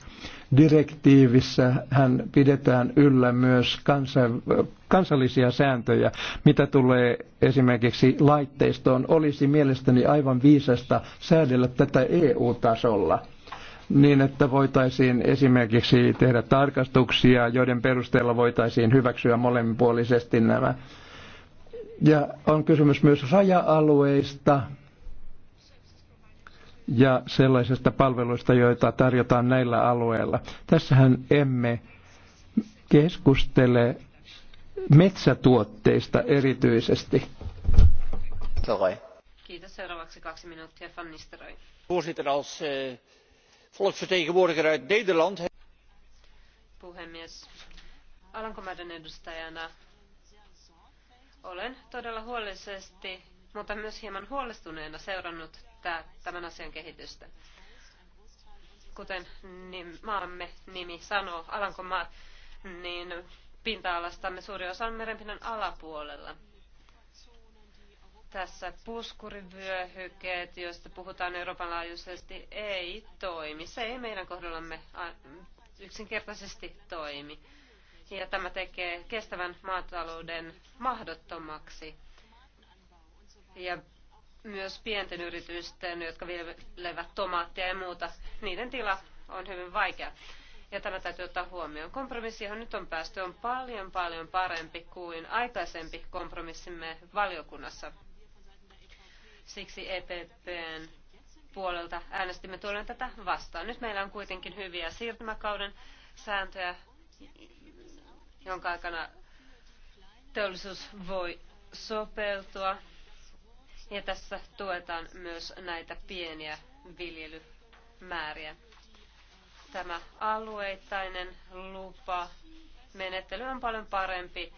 direktiivissä hän pidetään yllä myös kansa, kansallisia sääntöjä, mitä tulee esimerkiksi laitteistoon. Olisi mielestäni aivan viisasta säädellä tätä EU-tasolla niin, että voitaisiin esimerkiksi tehdä tarkastuksia, joiden perusteella voitaisiin hyväksyä molemminpuolisesti nämä. Ja on kysymys myös raja-alueista, ja sellaisista palveluista, joita tarjotaan näillä alueilla. Tässähän emme keskustele metsätuotteista erityisesti. Kiitos. Seuraavaksi kaksi minuuttia, Van Voorzitter, als eh, volksvertegenwoordiger uit Nederland... Puhemies, Alankomaiden edustajana olen todella huolellisesti, mutta myös hieman huolestuneena seurannut edistää tämän asian kehitystä. Kuten nim, maamme nimi sanoo, Alankomaat, niin pinta-alastamme suuri osa on merenpinnan alapuolella. Tässä puskurivyöhykkeet, joista puhutaan Euroopan laajuisesti, ei toimi. Se ei meidän kohdallamme yksinkertaisesti toimi. Ja tämä tekee kestävän maatalouden mahdottomaksi. Ja myös pienten yritysten, jotka viljelevät tomaattia ja muuta, niiden tila on hyvin vaikea. Ja tämä täytyy ottaa huomioon. Kompromissi, johon nyt on päästy, on paljon paljon parempi kuin aikaisempi kompromissimme valiokunnassa. Siksi EPPn puolelta äänestimme tuolloin tätä vastaan. Nyt meillä on kuitenkin hyviä siirtymäkauden sääntöjä, jonka aikana teollisuus voi sopeutua ja tässä tuetaan myös näitä pieniä viljelymääriä. Tämä alueittainen lupa menettely on paljon parempi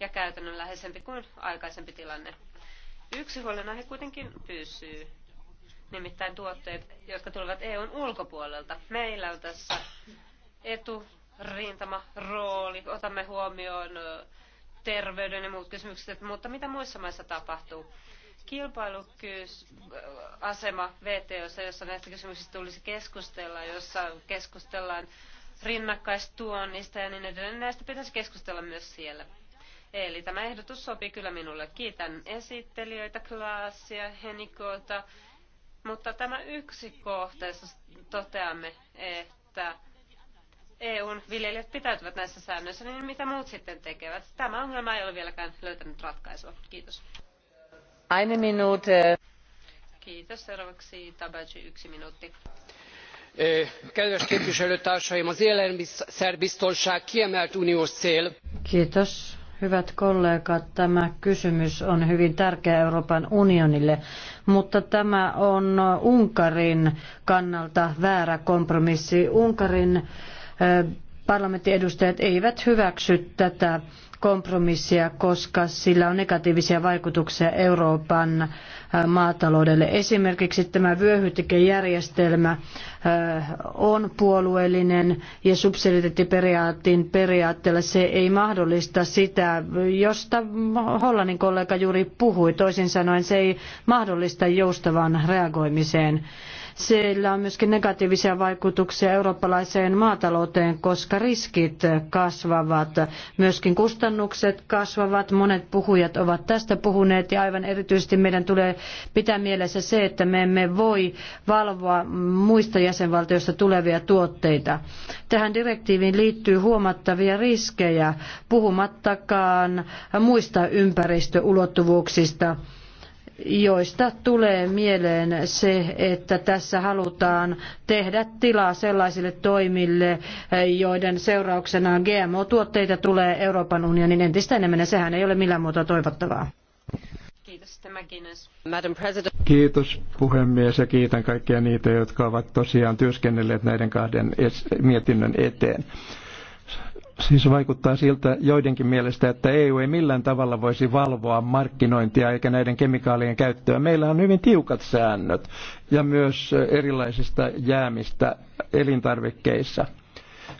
ja käytännönläheisempi kuin aikaisempi tilanne. Yksi huolenaihe kuitenkin pysyy, nimittäin tuotteet, jotka tulevat EUn ulkopuolelta. Meillä on tässä eturintama rooli, otamme huomioon terveyden ja muut kysymykset, mutta mitä muissa maissa tapahtuu? kilpailukyysasema VTOssa, jossa näistä kysymyksistä tulisi keskustella, jossa keskustellaan rinnakkaistuonnista ja niin edelleen. Näistä pitäisi keskustella myös siellä. Eli tämä ehdotus sopii kyllä minulle. Kiitän esittelijöitä, Klaasia, Henikolta. mutta tämä yksi kohta, jossa toteamme, että EUn viljelijät pitäytyvät näissä säännöissä, niin mitä muut sitten tekevät? Tämä ongelma ei ole vieläkään löytänyt ratkaisua. Kiitos. Eine Minute. Kiitos. Seuraavaksi Tabaci yksi minuutti. Kedves képviselőtársaim, az élelmiszerbiztonság kiemelt uniós cél. Kiitos. Hyvät kollegat, tämä kysymys on hyvin tärkeä Euroopan unionille, mutta tämä on Unkarin kannalta väärä kompromissi. Unkarin parlamentin edustajat eivät hyväksy tätä kompromissia, koska sillä on negatiivisia vaikutuksia Euroopan äh, maataloudelle. Esimerkiksi tämä vyöhytekejärjestelmä äh, on puolueellinen ja subsidiariteettiperiaatteen periaatteella se ei mahdollista sitä, josta Hollannin kollega juuri puhui. Toisin sanoen se ei mahdollista joustavan reagoimiseen. Sillä on myöskin negatiivisia vaikutuksia eurooppalaiseen maatalouteen, koska riskit kasvavat. Myöskin kustannukset kasvavat. Monet puhujat ovat tästä puhuneet ja aivan erityisesti meidän tulee pitää mielessä se, että me emme voi valvoa muista jäsenvaltioista tulevia tuotteita. Tähän direktiiviin liittyy huomattavia riskejä, puhumattakaan muista ympäristöulottuvuuksista joista tulee mieleen se, että tässä halutaan tehdä tilaa sellaisille toimille, joiden seurauksena GMO-tuotteita tulee Euroopan unionin entistä enemmän, ja sehän ei ole millään muuta toivottavaa. Kiitos, Kiitos puhemies ja kiitän kaikkia niitä, jotka ovat tosiaan työskennelleet näiden kahden mietinnön eteen. Siis vaikuttaa siltä joidenkin mielestä, että EU ei millään tavalla voisi valvoa markkinointia eikä näiden kemikaalien käyttöä. Meillä on hyvin tiukat säännöt ja myös erilaisista jäämistä elintarvikkeissa.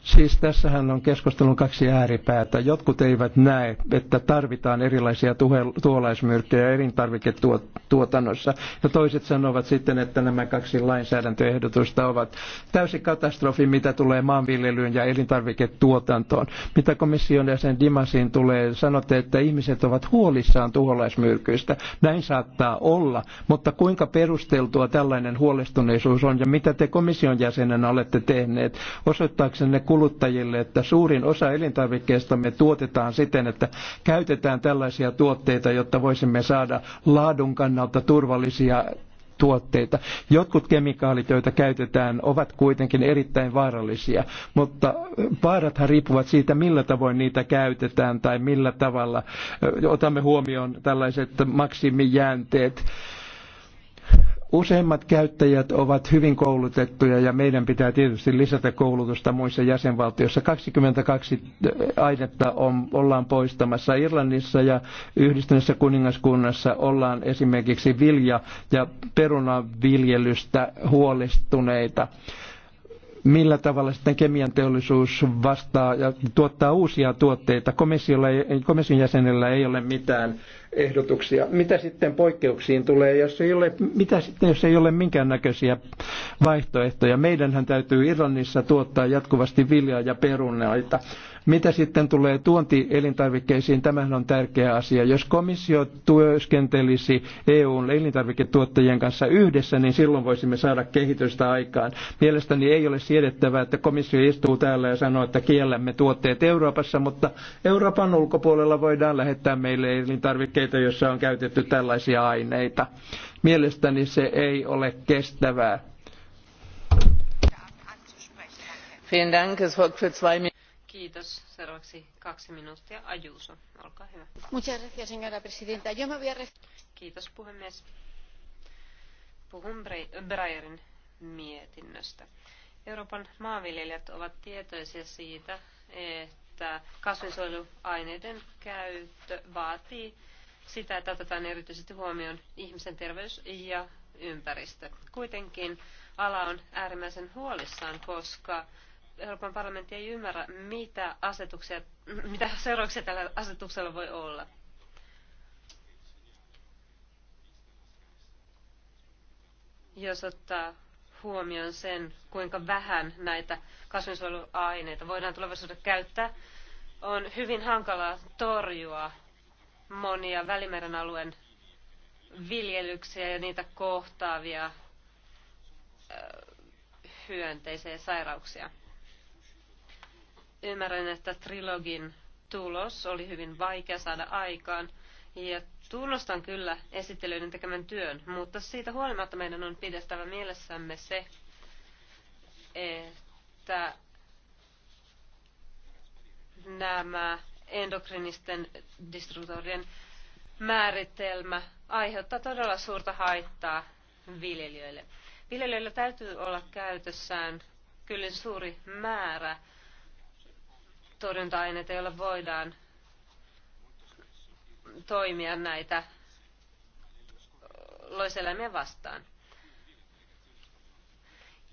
Siis tässähän on keskustelun kaksi ääripäätä. Jotkut eivät näe, että tarvitaan erilaisia tuolaismyrkkejä elintarviketuotannossa. Ja toiset sanovat sitten, että nämä kaksi lainsäädäntöehdotusta ovat täysi katastrofi, mitä tulee maanviljelyyn ja elintarviketuotantoon. Mitä komission jäsen Dimasiin tulee, sanotte, että ihmiset ovat huolissaan tuholaismyrkyistä. Näin saattaa olla, mutta kuinka perusteltua tällainen huolestuneisuus on ja mitä te komission jäsenenä olette tehneet osoittaaksenne sinne kuluttajille, että suurin osa elintarvikkeistamme tuotetaan siten, että käytetään tällaisia tuotteita, jotta voisimme saada laadun kannalta turvallisia tuotteita. Jotkut kemikaalit, joita käytetään, ovat kuitenkin erittäin vaarallisia, mutta vaarathan riippuvat siitä, millä tavoin niitä käytetään tai millä tavalla otamme huomioon tällaiset maksimijäänteet Useimmat käyttäjät ovat hyvin koulutettuja ja meidän pitää tietysti lisätä koulutusta muissa jäsenvaltioissa. 22 äh, ainetta on, ollaan poistamassa. Irlannissa ja yhdistyneessä kuningaskunnassa ollaan esimerkiksi vilja- ja perunaviljelystä huolestuneita millä tavalla sitten kemian teollisuus vastaa ja tuottaa uusia tuotteita. Komissiolla ei, komission jäsenellä ei ole mitään ehdotuksia. Mitä sitten poikkeuksiin tulee, jos ei ole, mitä sitten, jos ei ole minkäännäköisiä vaihtoehtoja? Meidänhän täytyy Irlannissa tuottaa jatkuvasti viljaa ja perunaita. Mitä sitten tulee tuontielintarvikkeisiin, tämähän on tärkeä asia. Jos komissio työskentelisi EUn elintarviketuottajien kanssa yhdessä, niin silloin voisimme saada kehitystä aikaan. Mielestäni ei ole siedettävää, että komissio istuu täällä ja sanoo, että kiellämme tuotteet Euroopassa, mutta Euroopan ulkopuolella voidaan lähettää meille elintarvikkeita, joissa on käytetty tällaisia aineita. Mielestäni se ei ole kestävää. Kiitos. Seuraavaksi kaksi minuuttia. Ajuso, olkaa hyvä. Muchas gracias, señora presidenta. Yo me voy a... Kiitos, puhemies. Puhun Breyerin mietinnöstä. Euroopan maanviljelijät ovat tietoisia siitä, että kasvinsuojeluaineiden käyttö vaatii sitä, että otetaan erityisesti huomioon ihmisen terveys ja ympäristö. Kuitenkin ala on äärimmäisen huolissaan, koska Euroopan parlamentti ei ymmärrä, mitä, asetuksia, mitä seurauksia tällä asetuksella voi olla. Jos ottaa huomioon sen, kuinka vähän näitä kasvinsuojeluaineita voidaan tulevaisuudessa käyttää, on hyvin hankalaa torjua monia Välimeren alueen viljelyksiä ja niitä kohtaavia hyönteisiä sairauksia. Ymmärrän, että trilogin tulos oli hyvin vaikea saada aikaan ja tunnustan kyllä esittelyiden tekemän työn, mutta siitä huolimatta meidän on pidettävä mielessämme se, että nämä endokrinisten distributorien määritelmä aiheuttaa todella suurta haittaa viljelijöille. Viljelijöillä täytyy olla käytössään kyllin suuri määrä torjunta-aineita, joilla voidaan toimia näitä loiseläimiä vastaan.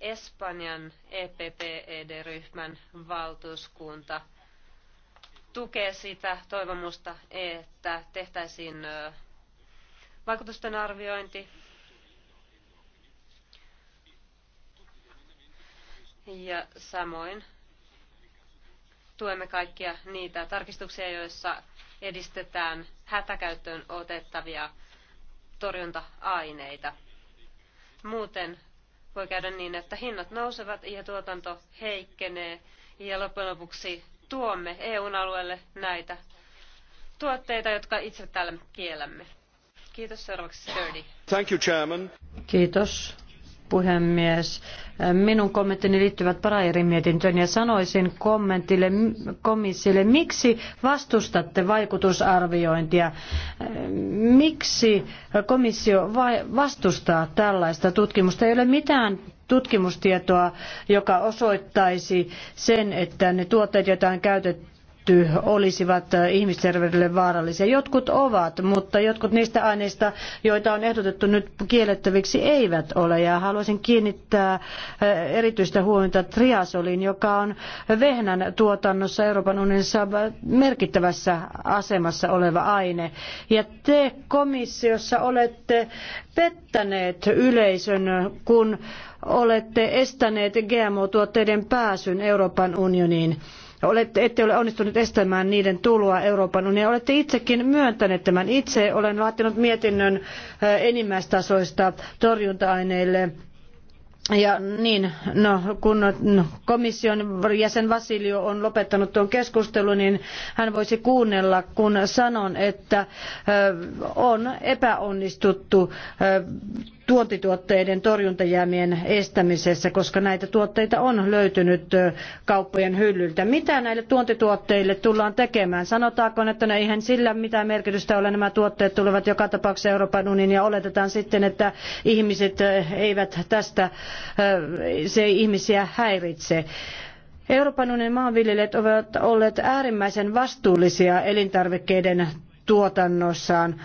Espanjan EPPED-ryhmän valtuuskunta tukee sitä toivomusta, että tehtäisiin vaikutusten arviointi ja samoin tuemme kaikkia niitä tarkistuksia, joissa edistetään hätäkäyttöön otettavia torjunta-aineita. Muuten voi käydä niin, että hinnat nousevat ja tuotanto heikkenee ja loppujen lopuksi tuomme eu alueelle näitä tuotteita, jotka itse täällä kiellämme. Kiitos seuraavaksi Sturdy. Thank you, Chairman. Kiitos puhemies. Minun kommenttini liittyvät Brajerin mietintöön ja sanoisin kommentille komissiolle, miksi vastustatte vaikutusarviointia? Miksi komissio vastustaa tällaista tutkimusta? Ei ole mitään tutkimustietoa, joka osoittaisi sen, että ne tuotteet, joita on käytetty, tiedetty olisivat äh, ihmisterveydelle vaarallisia. Jotkut ovat, mutta jotkut niistä aineista, joita on ehdotettu nyt kiellettäviksi, eivät ole. Ja haluaisin kiinnittää äh, erityistä huomiota triasoliin, joka on vehnän tuotannossa Euroopan unionissa merkittävässä asemassa oleva aine. Ja te komissiossa olette pettäneet yleisön, kun olette estäneet GMO-tuotteiden pääsyn Euroopan unioniin olette, ette ole onnistunut estämään niiden tuloa Euroopan unionin. Olette itsekin myöntäneet tämän. Itse olen laatinut mietinnön eh, enimmäistasoista torjunta-aineille ja niin, no, kun komission jäsen Vasilio on lopettanut tuon keskustelun, niin hän voisi kuunnella, kun sanon, että eh, on epäonnistuttu eh, tuontituotteiden torjuntajäämien estämisessä, koska näitä tuotteita on löytynyt kauppojen hyllyltä. Mitä näille tuontituotteille tullaan tekemään? Sanotaanko, että no eihän sillä mitään merkitystä ole, nämä tuotteet tulevat joka tapauksessa Euroopan unioniin ja oletetaan sitten, että ihmiset eivät tästä, se ei ihmisiä häiritse. Euroopan unionin maanviljelijät ovat olleet äärimmäisen vastuullisia elintarvikkeiden tuotannossaan.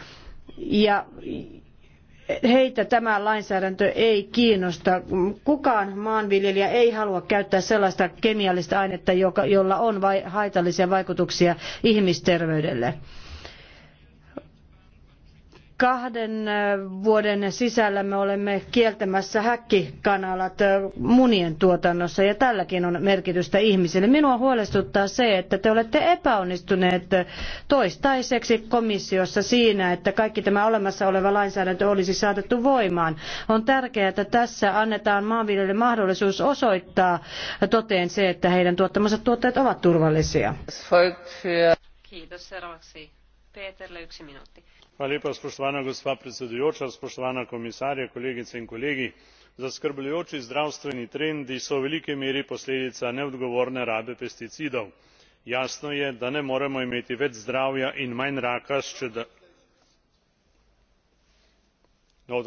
Ja heitä tämä lainsäädäntö ei kiinnosta. Kukaan maanviljelijä ei halua käyttää sellaista kemiallista ainetta, jolla on haitallisia vaikutuksia ihmisterveydelle kahden eh, vuoden sisällä me olemme kieltämässä häkkikanalat eh, munien tuotannossa ja tälläkin on merkitystä ihmisille. Minua huolestuttaa se, että te olette epäonnistuneet eh, toistaiseksi komissiossa siinä, että kaikki tämä olemassa oleva lainsäädäntö olisi saatettu voimaan. On tärkeää, että tässä annetaan maanviljelijöille mahdollisuus osoittaa toteen se, että heidän tuottamansa tuotteet ovat turvallisia. Kiitos. Seuraavaksi yksi minuutti spoštovana gospa predsedujoča spoštovana komisarja kolegice in kolegi zaskrbljujoči zdravstveni trendi so v veliki meri posledica neodgovorne rabe pesticidov. jasno je da ne moremo imeti več zdravja in manj raka s čedalje. No,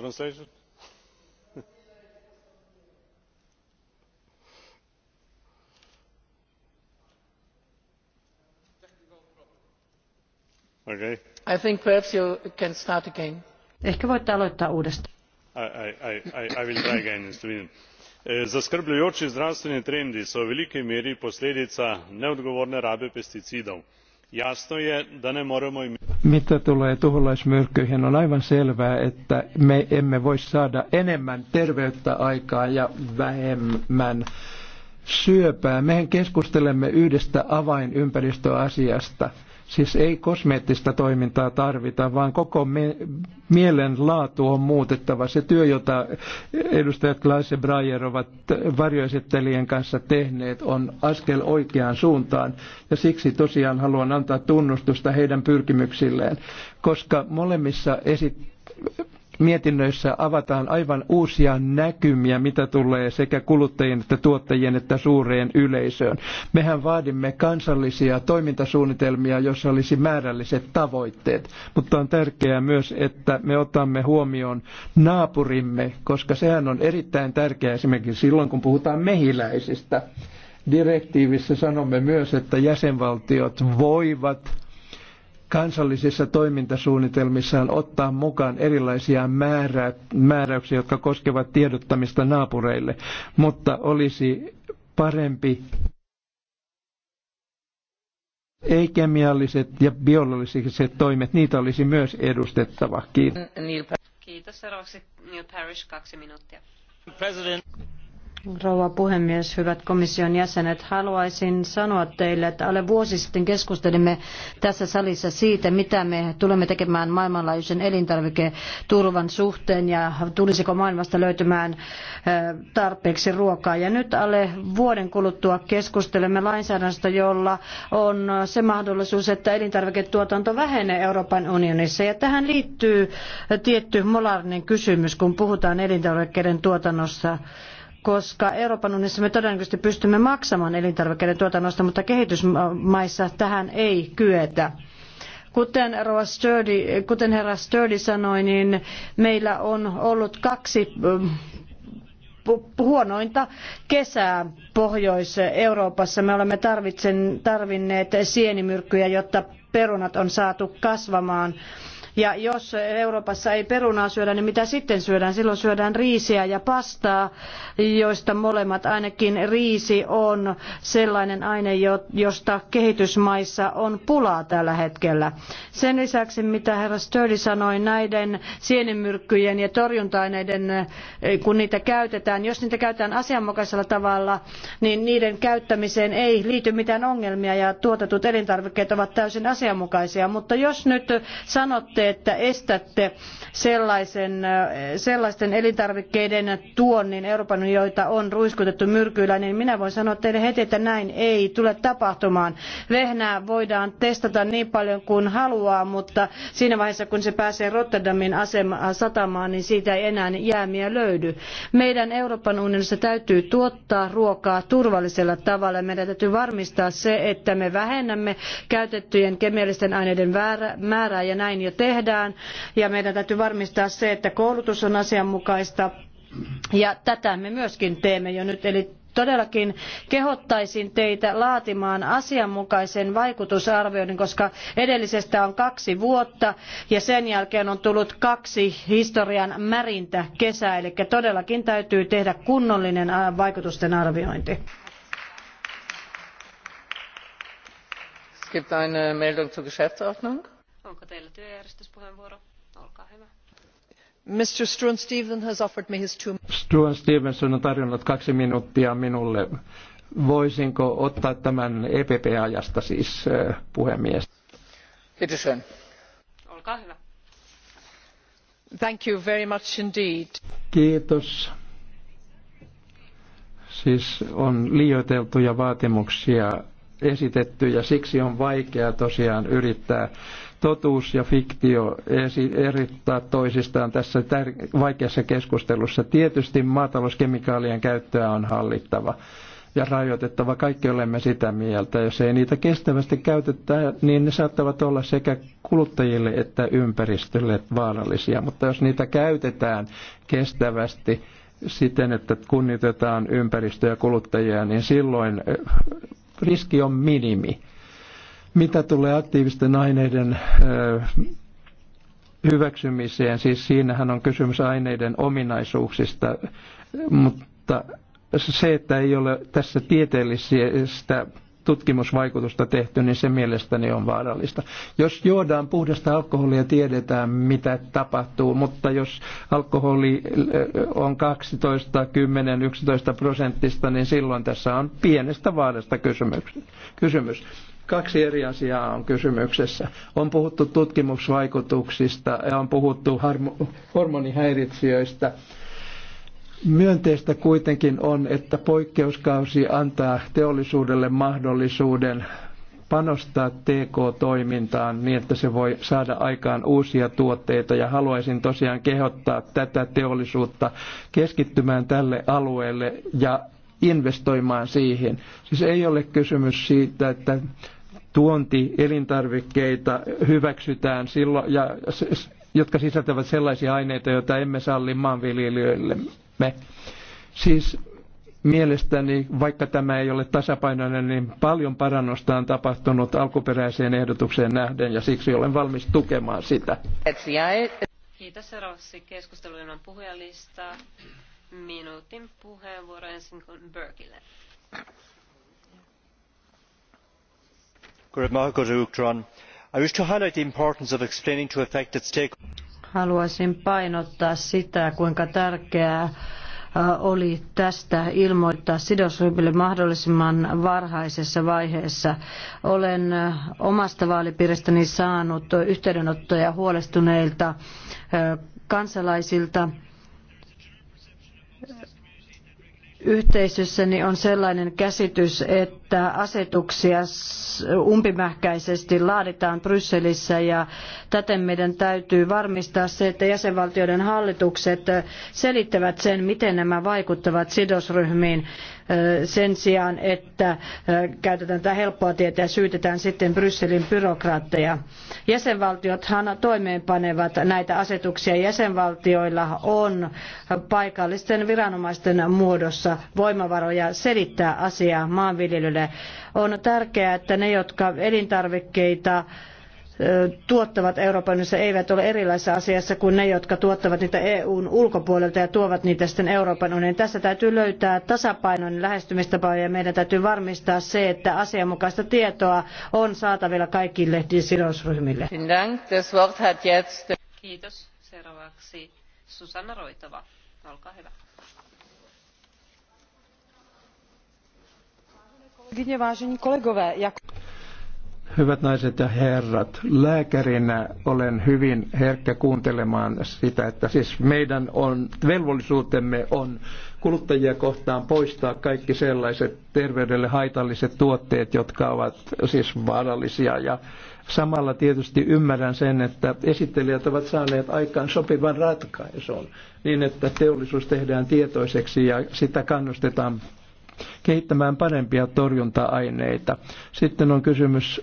I think perhaps you can start again. Ehkä I, will try again e, zaskrbljujoči zdravstveni trendi so v veliki meri posledica neodgovorne rabe pesticidov. jasno je da ne moremo. mitä tulee tuholaismyrkkyihin on aivan selvää että me emme voi saada enemmän terveyttä aikaa ja vähemmän syöpää. mehän keskustelemme yhdestä avainympäristöasiasta Siis ei kosmeettista toimintaa tarvita, vaan koko me- laatu on muutettava. Se työ, jota edustajat Klaise ja Breyer ovat varjoesittelijän kanssa tehneet, on askel oikeaan suuntaan. Ja siksi tosiaan haluan antaa tunnustusta heidän pyrkimyksilleen, koska molemmissa esit- mietinnöissä avataan aivan uusia näkymiä, mitä tulee sekä kuluttajien että tuottajien että suureen yleisöön. Mehän vaadimme kansallisia toimintasuunnitelmia, joissa olisi määrälliset tavoitteet, mutta on tärkeää myös, että me otamme huomioon naapurimme, koska sehän on erittäin tärkeää esimerkiksi silloin, kun puhutaan mehiläisistä. Direktiivissä sanomme myös, että jäsenvaltiot voivat kansallisissa toimintasuunnitelmissaan ottaa mukaan erilaisia määrä, määräyksiä, jotka koskevat tiedottamista naapureille, mutta olisi parempi ei-kemialliset ja biologiset toimet, niitä olisi myös edustettava. Kiitos. Kiitos. Seuraavaksi Neil kaksi minuuttia. President. Rouva puhemies, hyvät komission jäsenet, haluaisin sanoa teille, että alle vuosi sitten keskustelimme tässä salissa siitä, mitä me tulemme tekemään maailmanlaajuisen elintarviketurvan suhteen ja tulisiko maailmasta löytymään tarpeeksi ruokaa. Ja nyt alle vuoden kuluttua keskustelemme lainsäädännöstä, jolla on se mahdollisuus, että elintarviketuotanto vähenee Euroopan unionissa. Ja tähän liittyy tietty molarinen kysymys, kun puhutaan elintarvikkeiden tuotannosta koska Euroopan unionissa me todennäköisesti pystymme maksamaan elintarvikkeiden tuotannosta, mutta kehitysmaissa tähän ei kyetä. Kuten, Sturdy, kuten herra Sturdy sanoi, niin meillä on ollut kaksi ähm, huonointa kesää Pohjois-Euroopassa. Me olemme tarvinneet sienimyrkkyjä, jotta perunat on saatu kasvamaan. Ja jos Euroopassa ei perunaa syödä, niin mitä sitten syödään? Silloin syödään riisiä ja pastaa, joista molemmat ainakin riisi on sellainen aine, josta kehitysmaissa on pulaa tällä hetkellä. Sen lisäksi, mitä herra Sturdy sanoi, näiden sienimyrkkyjen ja torjunta-aineiden, kun niitä käytetään, jos niitä käytetään asianmukaisella tavalla, niin niiden käyttämiseen ei liity mitään ongelmia ja tuotetut elintarvikkeet ovat täysin asianmukaisia. Mutta jos nyt sanotte, että estätte sellaisen, sellaisten elintarvikkeiden tuonnin Euroopan, joita on ruiskutettu myrkyillä, niin minä voin sanoa teille heti, että näin ei tule tapahtumaan. Vehnää voidaan testata niin paljon kuin haluaa, mutta siinä vaiheessa kun se pääsee Rotterdamin asema, satamaan, niin siitä ei enää jäämiä löydy. Meidän Euroopan unionissa täytyy tuottaa ruokaa turvallisella tavalla. Meidän täytyy varmistaa se, että me vähennämme käytettyjen kemiallisten aineiden määrää ja näin jo tehdään. Ja meidän täytyy varmistaa se, että koulutus on asianmukaista ja tätä me myöskin teemme jo nyt. Eli todellakin kehottaisin teitä laatimaan asianmukaisen vaikutusarvioinnin, koska edellisestä on kaksi vuotta ja sen jälkeen on tullut kaksi historian märintä kesää, eli todellakin täytyy tehdä kunnollinen vaikutusten arviointi. Onko teillä työjärjestyspuheenvuoro? Mr. Struan Stevenson has offered me his two... Struan Stevenson on tarjonnut kaksi minuuttia minulle. Voisinko ottaa tämän EPP-ajasta siis puhemies? Kiitoksen. Olkaa hyvä. Thank you very much indeed. Kiitos siis on liioiteltuja vaatimuksia esitetty ja siksi on vaikea tosiaan yrittää totuus ja fiktio erittää toisistaan tässä vaikeassa keskustelussa. Tietysti maatalouskemikaalien käyttöä on hallittava ja rajoitettava. Kaikki olemme sitä mieltä. Jos ei niitä kestävästi käytetä, niin ne saattavat olla sekä kuluttajille että ympäristölle vaarallisia. Mutta jos niitä käytetään kestävästi siten, että kunnioitetaan ympäristöä ja kuluttajia, niin silloin eh, riski on minimi. Mitä tulee aktiivisten aineiden hyväksymiseen, siis siinähän on kysymys aineiden ominaisuuksista, mutta se, että ei ole tässä tieteellistä tutkimusvaikutusta tehty, niin se mielestäni on vaarallista. Jos juodaan puhdasta alkoholia, tiedetään mitä tapahtuu, mutta jos alkoholi on 12, 10, 11 prosenttista, niin silloin tässä on pienestä vaarasta kysymys kaksi eri asiaa on kysymyksessä. On puhuttu tutkimusvaikutuksista ja on puhuttu hormonihäiritsijöistä. Myönteistä kuitenkin on, että poikkeuskausi antaa teollisuudelle mahdollisuuden panostaa TK-toimintaan niin, että se voi saada aikaan uusia tuotteita ja haluaisin tosiaan kehottaa tätä teollisuutta keskittymään tälle alueelle ja investoimaan siihen. Siis ei ole kysymys siitä, että tuontielintarvikkeita hyväksytään silloin, ja, jotka sisältävät sellaisia aineita, joita emme salli maanviljelijöillemme. Siis mielestäni, vaikka tämä ei ole tasapainoinen, niin paljon parannusta on tapahtunut alkuperäiseen ehdotukseen nähden ja siksi olen valmis tukemaan sitä. Kiitos Rossi. Keskustelu ilman puhujalistaa. Minuutin puheenvuoro ensin Berkille. Haluaisin painottaa sitä, kuinka tärkeää äh, oli tästä ilmoittaa sidosryhmille mahdollisimman varhaisessa vaiheessa. Olen äh, omasta vaalipiiristäni saanut yhteydenottoja huolestuneilta äh, kansalaisilta. Yhteisössäni on sellainen käsitys, että että asetuksia umpimähkäisesti laaditaan Brysselissä ja täten meidän täytyy varmistaa se, että jäsenvaltioiden hallitukset selittävät sen, miten nämä vaikuttavat sidosryhmiin sen sijaan, että käytetään tätä helppoa tietä ja syytetään sitten Brysselin byrokraatteja. Jäsenvaltiothan toimeenpanevat näitä asetuksia. Jäsenvaltioilla on paikallisten viranomaisten muodossa voimavaroja selittää asiaa maanviljelijöille tehdä. On tärkeää, että ne, jotka elintarvikkeita tuottavat Euroopan unionissa eivät ole erilaisessa asiassa kuin ne, jotka tuottavat niitä EUn ulkopuolelta ja tuovat niitä sitten Euroopan unioniin. Tässä täytyy löytää tasapainoinen lähestymistapa ja meidän täytyy varmistaa se, että asianmukaista tietoa on saatavilla kaikille sidosryhmille. Kiitos. Seuraavaksi Susanna Olkaa hyvä. Hyvät naiset ja herrat, lääkärinä olen hyvin herkkä kuuntelemaan sitä, että siis meidän on, velvollisuutemme on kuluttajia kohtaan poistaa kaikki sellaiset terveydelle haitalliset tuotteet, jotka ovat siis vaarallisia. Ja samalla tietysti ymmärrän sen, että esittelijät ovat saaneet aikaan sopivan ratkaisun niin, että teollisuus tehdään tietoiseksi ja sitä kannustetaan kehittämään parempia torjunta-aineita. Sitten on kysymys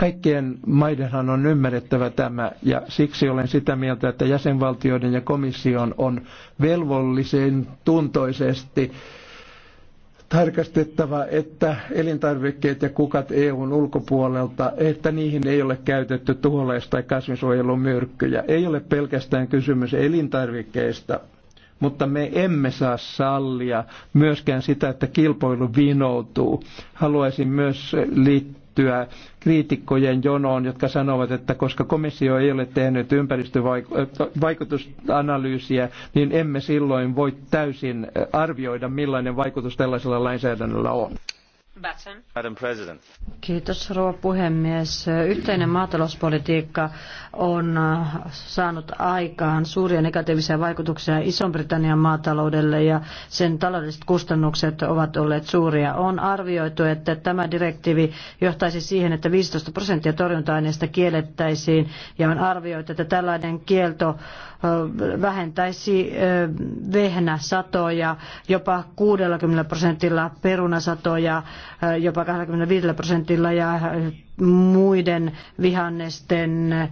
kaikkien maidenhan on ymmärrettävä tämä ja siksi olen sitä mieltä, että jäsenvaltioiden ja komission on velvollisen tuntoisesti tarkastettava, että elintarvikkeet ja kukat EUn ulkopuolelta, että niihin ei ole käytetty tuholaista tai kasvinsuojelumyrkkyjä. Ei ole pelkästään kysymys elintarvikkeista, mutta me emme saa sallia myöskään sitä, että kilpailu vinoutuu. Haluaisin myös liittyä kriitikkojen jonoon, jotka sanovat, että koska komissio ei ole tehnyt ympäristövaikutusanalyysiä, niin emme silloin voi täysin arvioida, millainen vaikutus tällaisella lainsäädännöllä on. Batten. Kiitos rouva puhemies. Yhteinen maatalouspolitiikka on äh, saanut aikaan suuria negatiivisia vaikutuksia Ison-Britannian maataloudelle ja sen taloudelliset kustannukset ovat olleet suuria. On arvioitu, että tämä direktiivi johtaisi siihen, että 15 prosenttia torjunta-aineista kiellettäisiin ja on arvioitu, että tällainen kielto äh, vähentäisi äh, vehnäsatoja jopa 60 prosentilla perunasatoja Äh, jopa 25 prosentilla ja äh, muiden vihannesten äh,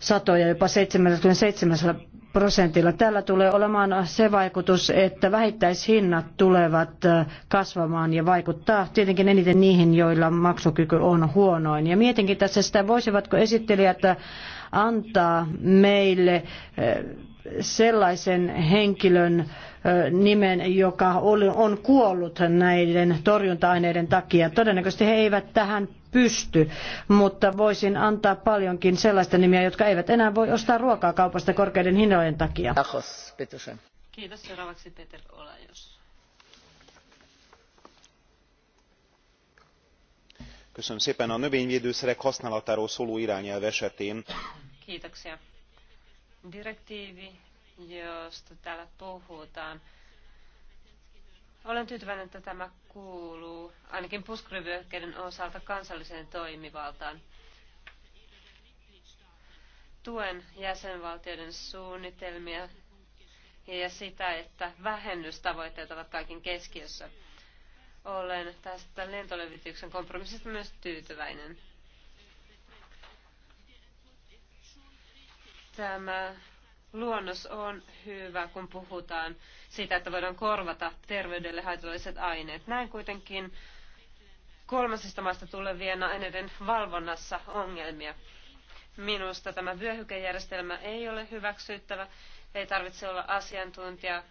satoja jopa 77 prosentilla. Tällä tulee olemaan se vaikutus, että vähittäishinnat tulevat kasvamaan ja vaikuttaa tietenkin eniten niihin, joilla maksukyky on huonoin. Ja mietinkin tässä sitä, voisivatko esittelijät antaa meille sellaisen henkilön, nimen, joka oli on kuollut näiden torjunta-aineiden takia. Todennäköisesti he eivät tähän pysty, mutta voisin antaa paljonkin sellaista nimiä, jotka eivät enää voi ostaa ruokaa kaupasta korkeiden hinnojen takia. Kiitos. Seuraavaksi Peter Olajos. Köszönöm szépen. A növényvédőszerek használatáról szóló irányelv esetén. Kiitoksia. Direktiivi josta täällä puhutaan. Olen tyytyväinen, että tämä kuuluu ainakin puskurivyöhykkeiden osalta kansalliseen toimivaltaan. Tuen jäsenvaltioiden suunnitelmia ja sitä, että vähennystavoitteet ovat kaiken keskiössä. Olen tästä lentolevityksen kompromissista myös tyytyväinen. Tämä luonnos on hyvä, kun puhutaan siitä, että voidaan korvata terveydelle haitalliset aineet. Näin kuitenkin kolmasista maista tulevien aineiden valvonnassa ongelmia. Minusta tämä vyöhykejärjestelmä ei ole hyväksyttävä. Ei tarvitse olla asiantuntija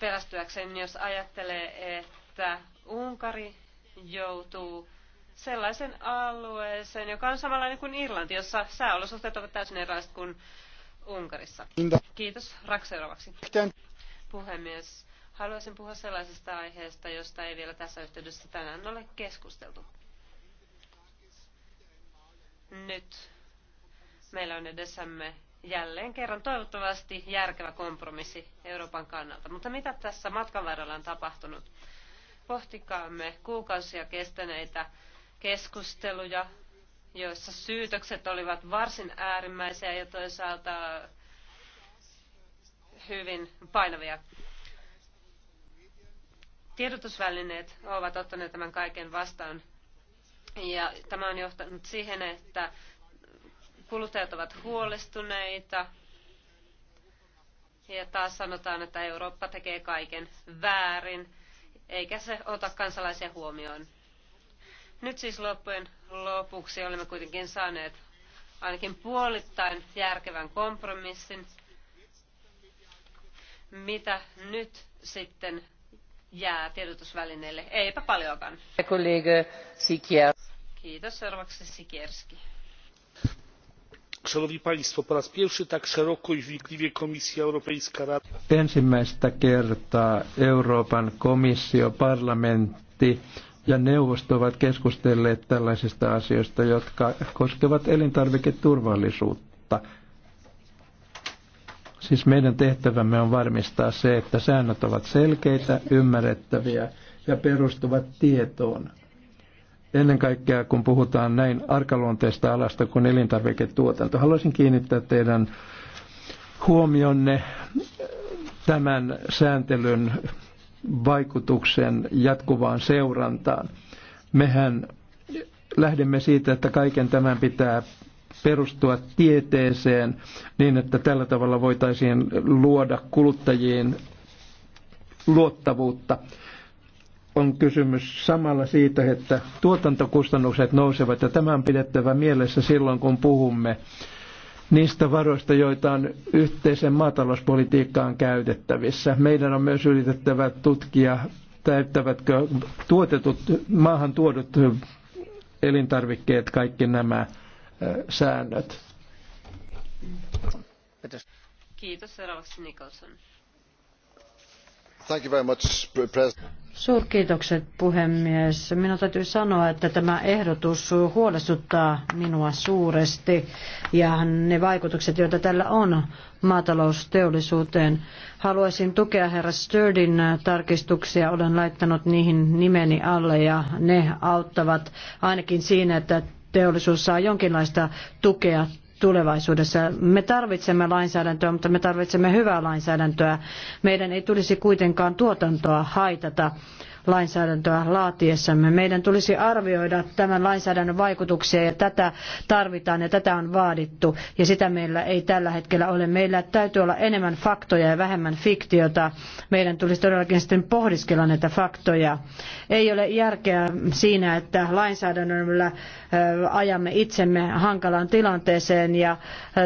pelästyäkseen, jos ajattelee, että Unkari joutuu sellaisen alueeseen, joka on samanlainen kuin Irlanti, jossa sääolosuhteet ovat täysin erilaiset kuin Unkarissa. Kiitos. Rakseuravaksi. Puhemies, haluaisin puhua sellaisesta aiheesta, josta ei vielä tässä yhteydessä tänään ole keskusteltu. Nyt meillä on edessämme jälleen kerran toivottavasti järkevä kompromissi Euroopan kannalta. Mutta mitä tässä matkan varrella on tapahtunut? Pohtikaamme kuukausia kestäneitä keskusteluja, joissa syytökset olivat varsin äärimmäisiä ja toisaalta hyvin painavia. Tiedotusvälineet ovat ottaneet tämän kaiken vastaan ja tämä on johtanut siihen, että kuluttajat ovat huolestuneita ja taas sanotaan, että Eurooppa tekee kaiken väärin eikä se ota kansalaisia huomioon. Nyt siis loppujen lopuksi olemme kuitenkin saaneet ainakin puolittain järkevän kompromissin. Mitä nyt sitten jää tiedotusvälineille? Eipä paljonkaan. Kiitos. Seuraavaksi Sikierski. Szanowni Państwo, po raz pierwszy tak szeroko i wnikliwie Komisja Europejska Rada. Ensimmäistä kertaa Euroopan komissio, parlamentti, ja neuvosto ovat keskustelleet tällaisista asioista, jotka koskevat elintarviketurvallisuutta. Siis meidän tehtävämme on varmistaa se, että säännöt ovat selkeitä, ymmärrettäviä ja perustuvat tietoon. Ennen kaikkea, kun puhutaan näin arkaluonteista alasta kuin elintarviketuotanto, haluaisin kiinnittää teidän huomionne tämän sääntelyn vaikutuksen jatkuvaan seurantaan. Mehän lähdemme siitä, että kaiken tämän pitää perustua tieteeseen niin, että tällä tavalla voitaisiin luoda kuluttajiin luottavuutta. On kysymys samalla siitä, että tuotantokustannukset nousevat ja tämä on pidettävä mielessä silloin, kun puhumme niistä varoista, joita on yhteisen maatalouspolitiikkaan käytettävissä. Meidän on myös yritettävä tutkia, täyttävätkö tuotetut, maahan tuodut elintarvikkeet kaikki nämä säännöt. Kiitos. Seuraavaksi Nicholson. Suurkiitokset puhemies. Minun täytyy sanoa, että tämä ehdotus huolestuttaa minua suuresti ja ne vaikutukset, joita tällä on maatalousteollisuuteen. Haluaisin tukea herra Sturdin tarkistuksia. Olen laittanut niihin nimeni alle ja ne auttavat ainakin siinä, että teollisuus saa jonkinlaista tukea tulevaisuudessa. Me tarvitsemme lainsäädäntöä, mutta me tarvitsemme hyvää lainsäädäntöä. Meidän ei tulisi kuitenkaan tuotantoa haitata lainsäädäntöä laatiessamme. Meidän tulisi arvioida tämän lainsäädännön vaikutuksia ja tätä tarvitaan ja tätä on vaadittu ja sitä meillä ei tällä hetkellä ole. Meillä täytyy olla enemmän faktoja ja vähemmän fiktiota. Meidän tulisi todellakin sitten pohdiskella näitä faktoja. Ei ole järkeä siinä, että lainsäädännöllä ajamme itsemme hankalaan tilanteeseen ja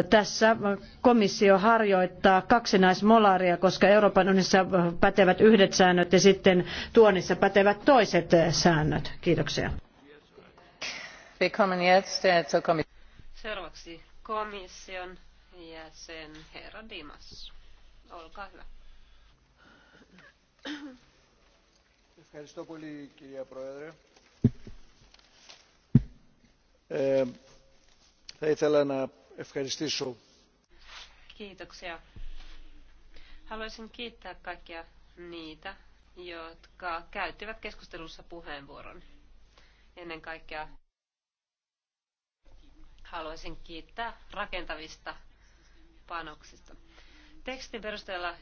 tässä komissio harjoittaa kaksinaismolaria, koska Euroopan unionissa pätevät yhdet säännöt ja sitten tuonnissa pätevät toiset säännöt. Kiitoksia. Äh, Seuraavaksi komission jäsen herra Dimas. Olkaa hyvä. Ευχαριστώ πολύ κυρία Πρόεδρε θα ήθελα να ευχαριστήσω. Kiitoksia. Haluaisin kiittää kaikkia niitä, jotka käyttivät keskustelussa puheenvuoron. Ennen kaikkea haluaisin kiittää rakentavista panoksista. Tekstin perusteella,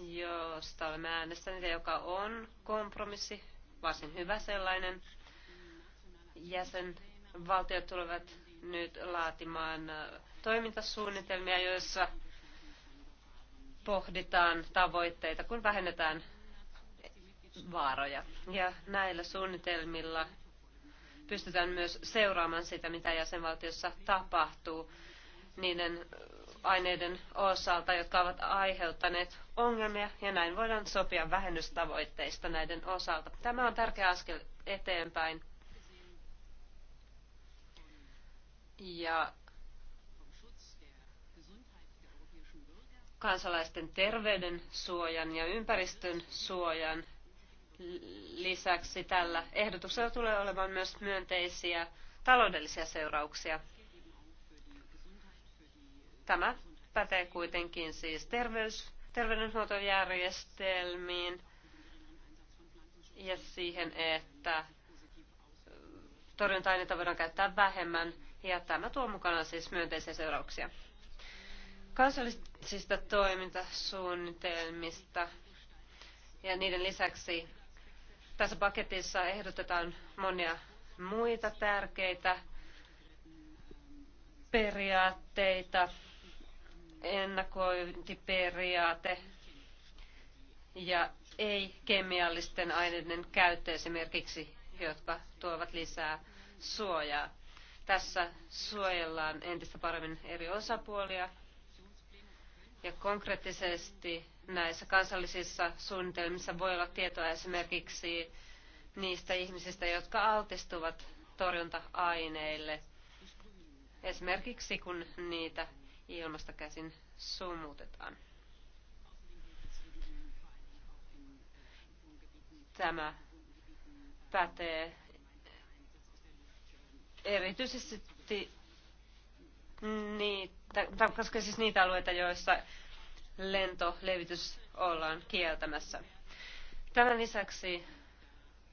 josta olemme äänestäneet ja joka on kompromissi, varsin hyvä sellainen, jäsen valtiot tulevat nyt laatimaan toimintasuunnitelmia, joissa pohditaan tavoitteita, kun vähennetään vaaroja. Ja näillä suunnitelmilla pystytään myös seuraamaan sitä, mitä jäsenvaltiossa tapahtuu niiden aineiden osalta, jotka ovat aiheuttaneet ongelmia, ja näin voidaan sopia vähennystavoitteista näiden osalta. Tämä on tärkeä askel eteenpäin. ja kansalaisten terveyden suojan ja ympäristön suojan lisäksi tällä ehdotuksella tulee olemaan myös myönteisiä taloudellisia seurauksia. Tämä pätee kuitenkin siis terveys, terveydenhuoltojärjestelmiin ja siihen, että torjunta-aineita voidaan käyttää vähemmän ja tämä tuo mukana siis myönteisiä seurauksia. Kansallisista toimintasuunnitelmista ja niiden lisäksi tässä paketissa ehdotetaan monia muita tärkeitä periaatteita, ennakointiperiaate ja ei-kemiallisten aineiden käyttö esimerkiksi, jotka tuovat lisää suojaa. Tässä suojellaan entistä paremmin eri osapuolia ja konkreettisesti näissä kansallisissa suunnitelmissa voi olla tietoa esimerkiksi niistä ihmisistä, jotka altistuvat torjunta-aineille, esimerkiksi kun niitä ilmasta käsin sumutetaan. Tämä pätee erityisesti niitä, koska siis niitä alueita, joissa lentolevitys ollaan kieltämässä. Tämän lisäksi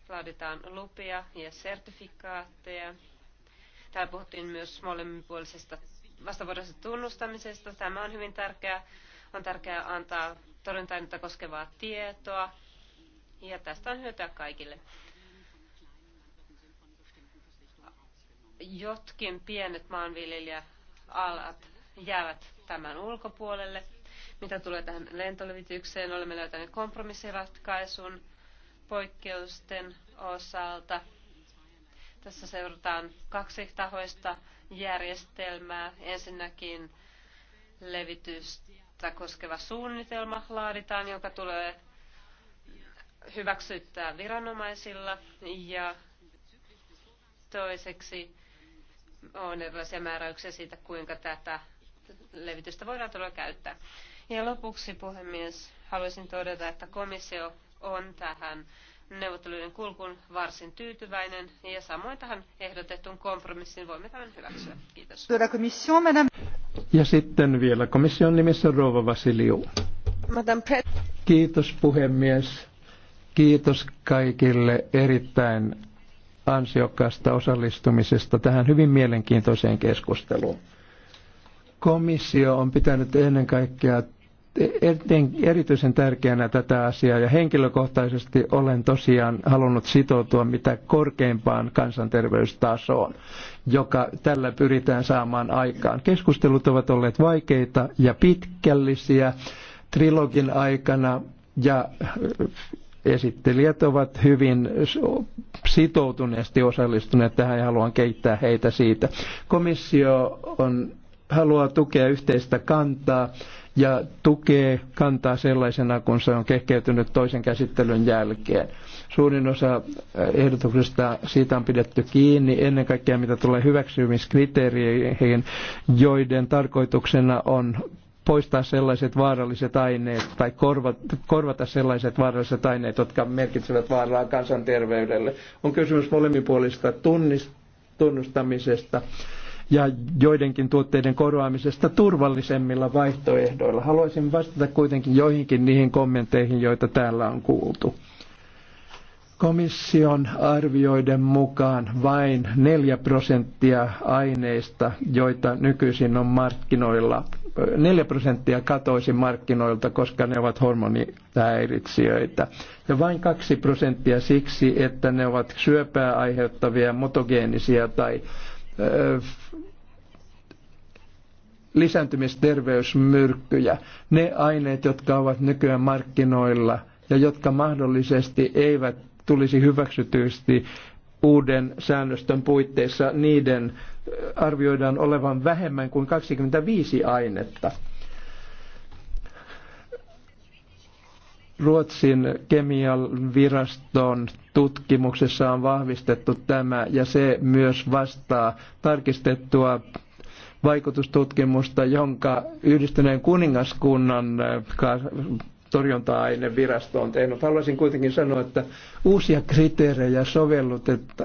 laaditaan lupia ja sertifikaatteja. Täällä puhuttiin myös molemminpuolisesta vastavuoroisesta tunnustamisesta. Tämä on hyvin tärkeää. On tärkeää antaa torjuntainta koskevaa tietoa ja tästä on hyötyä kaikille. Jotkin pienet maanviljelijäalat jäävät tämän ulkopuolelle. Mitä tulee tähän lentolevitykseen, olemme löytäneet kompromissiratkaisun poikkeusten osalta. Tässä seurataan kaksi tahoista järjestelmää. Ensinnäkin levitystä koskeva suunnitelma laaditaan, joka tulee hyväksyttää viranomaisilla. Ja toiseksi on erilaisia määräyksiä siitä, kuinka tätä levitystä voidaan todella käyttää. Ja lopuksi, puhemies, haluaisin todeta, että komissio on tähän neuvotteluiden kulkuun varsin tyytyväinen ja samoin tähän ehdotettuun kompromissiin voimme tämän hyväksyä. Kiitos. Ja sitten vielä komission nimissä Rova Vasiliu. Kiitos puhemies. Kiitos kaikille erittäin ansiokkaasta osallistumisesta tähän hyvin mielenkiintoiseen keskusteluun. Komissio on pitänyt ennen kaikkea erityisen tärkeänä tätä asiaa ja henkilökohtaisesti olen tosiaan halunnut sitoutua mitä korkeimpaan kansanterveystasoon, joka tällä pyritään saamaan aikaan. Keskustelut ovat olleet vaikeita ja pitkällisiä trilogin aikana ja esittelijät ovat hyvin sitoutuneesti osallistuneet tähän ja haluan keittää heitä siitä. Komissio on, haluaa tukea yhteistä kantaa ja tukee kantaa sellaisena, kun se on kehkeytynyt toisen käsittelyn jälkeen. Suurin osa ehdotuksesta siitä on pidetty kiinni, ennen kaikkea mitä tulee hyväksymiskriteereihin, joiden tarkoituksena on poistaa sellaiset vaaralliset aineet tai korvata sellaiset vaaralliset aineet, jotka merkitsevät vaaraa kansanterveydelle. On kysymys molemminpuolista tunnustamisesta ja joidenkin tuotteiden korvaamisesta turvallisemmilla vaihtoehdoilla. Haluaisin vastata kuitenkin joihinkin niihin kommentteihin, joita täällä on kuultu. Komission arvioiden mukaan vain 4 prosenttia aineista, joita nykyisin on markkinoilla, 4 prosenttia katoisi markkinoilta, koska ne ovat hormonihäiritsijöitä. Ja vain 2 prosenttia siksi, että ne ovat syöpää aiheuttavia, motogeenisia tai ö, lisääntymisterveysmyrkkyjä. Ne aineet, jotka ovat nykyään markkinoilla ja jotka mahdollisesti eivät tulisi hyväksytysti uuden säännöstön puitteissa niiden arvioidaan olevan vähemmän kuin 25 ainetta. Ruotsin kemialviraston tutkimuksessa on vahvistettu tämä ja se myös vastaa tarkistettua vaikutustutkimusta, jonka yhdistyneen kuningaskunnan torjunta-ainevirasto on tehnyt. Haluaisin kuitenkin sanoa, että uusia kriteerejä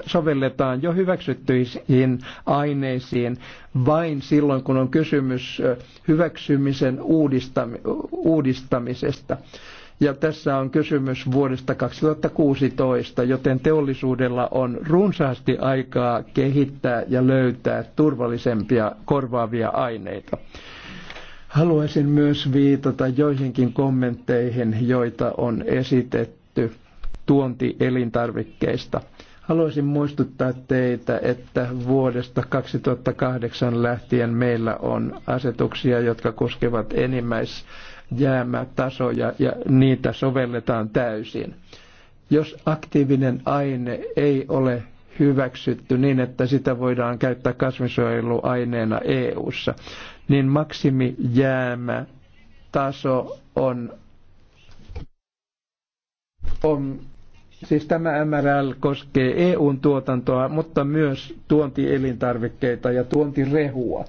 sovelletaan jo hyväksyttyihin aineisiin vain silloin, kun on kysymys hyväksymisen uudistamisesta. Ja tässä on kysymys vuodesta 2016, joten teollisuudella on runsaasti aikaa kehittää ja löytää turvallisempia korvaavia aineita. Haluaisin myös viitata joihinkin kommentteihin, joita on esitetty tuontielintarvikkeista. Haluaisin muistuttaa teitä, että vuodesta 2008 lähtien meillä on asetuksia, jotka koskevat enimmäisjäämätasoja ja niitä sovelletaan täysin. Jos aktiivinen aine ei ole hyväksytty niin, että sitä voidaan käyttää kasvinsuojeluaineena EU-ssa niin maksimijäämä taso on, on siis tämä MRL koskee EUn tuotantoa, mutta myös tuontielintarvikkeita ja tuontirehua.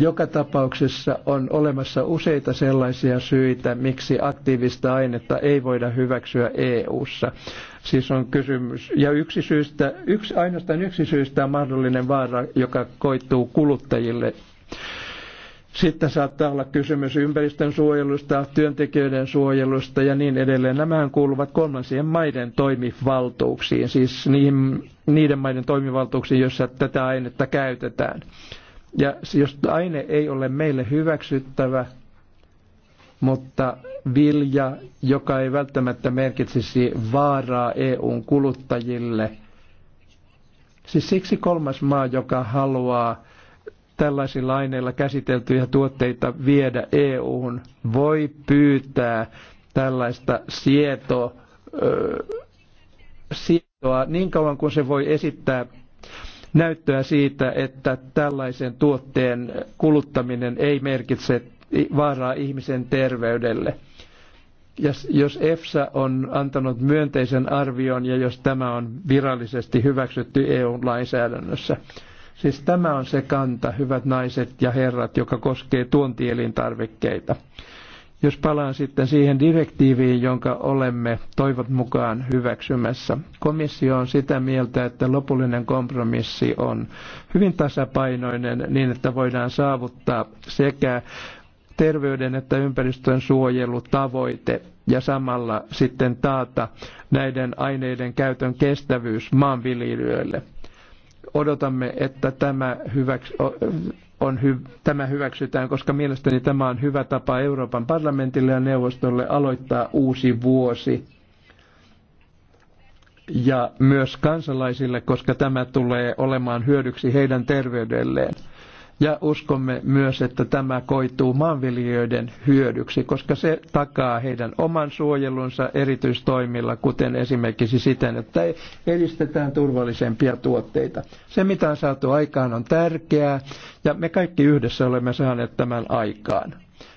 Joka tapauksessa on olemassa useita sellaisia syitä, miksi aktiivista ainetta ei voida hyväksyä EU:ssa. Siis on kysymys, ja yksi syystä, yksi, ainoastaan yksi syystä on mahdollinen vaara, joka koituu kuluttajille. Sitten saattaa olla kysymys ympäristön suojelusta, työntekijöiden suojelusta ja niin edelleen. Nämähän kuuluvat kolmansien maiden toimivaltuuksiin, siis niihin, niiden maiden toimivaltuuksiin, joissa tätä ainetta käytetään. Ja jos aine ei ole meille hyväksyttävä, mutta vilja, joka ei välttämättä merkitsisi vaaraa EUn kuluttajille. Siis siksi kolmas maa, joka haluaa tällaisilla aineilla käsiteltyjä tuotteita viedä EU-hun, voi pyytää tällaista sietoa, sietoa niin kauan kuin se voi esittää näyttöä siitä, että tällaisen tuotteen kuluttaminen ei merkitse vaaraa ihmisen terveydelle. Ja jos EFSA on antanut myönteisen arvion ja jos tämä on virallisesti hyväksytty EU-lainsäädännössä. Siis tämä on se kanta, hyvät naiset ja herrat, joka koskee tuontielintarvikkeita. Jos palaan sitten siihen direktiiviin, jonka olemme toivot mukaan hyväksymässä. Komissio on sitä mieltä, että lopullinen kompromissi on hyvin tasapainoinen niin, että voidaan saavuttaa sekä terveyden että ympäristön suojelutavoite ja samalla sitten taata näiden aineiden käytön kestävyys maanviljelijöille odotamme, että tämä, hyväks, on hy, tämä hyväksytään, koska mielestäni tämä on hyvä tapa Euroopan parlamentille ja neuvostolle aloittaa uusi vuosi ja myös kansalaisille, koska tämä tulee olemaan hyödyksi heidän terveydelleen ja uskomme myös, että tämä koituu maanviljelijöiden hyödyksi, koska se takaa heidän oman suojelunsa erityistoimilla, kuten esimerkiksi siten, että edistetään turvallisempia tuotteita. Se, mitä on saatu aikaan, on tärkeää, ja me kaikki yhdessä olemme saaneet tämän aikaan.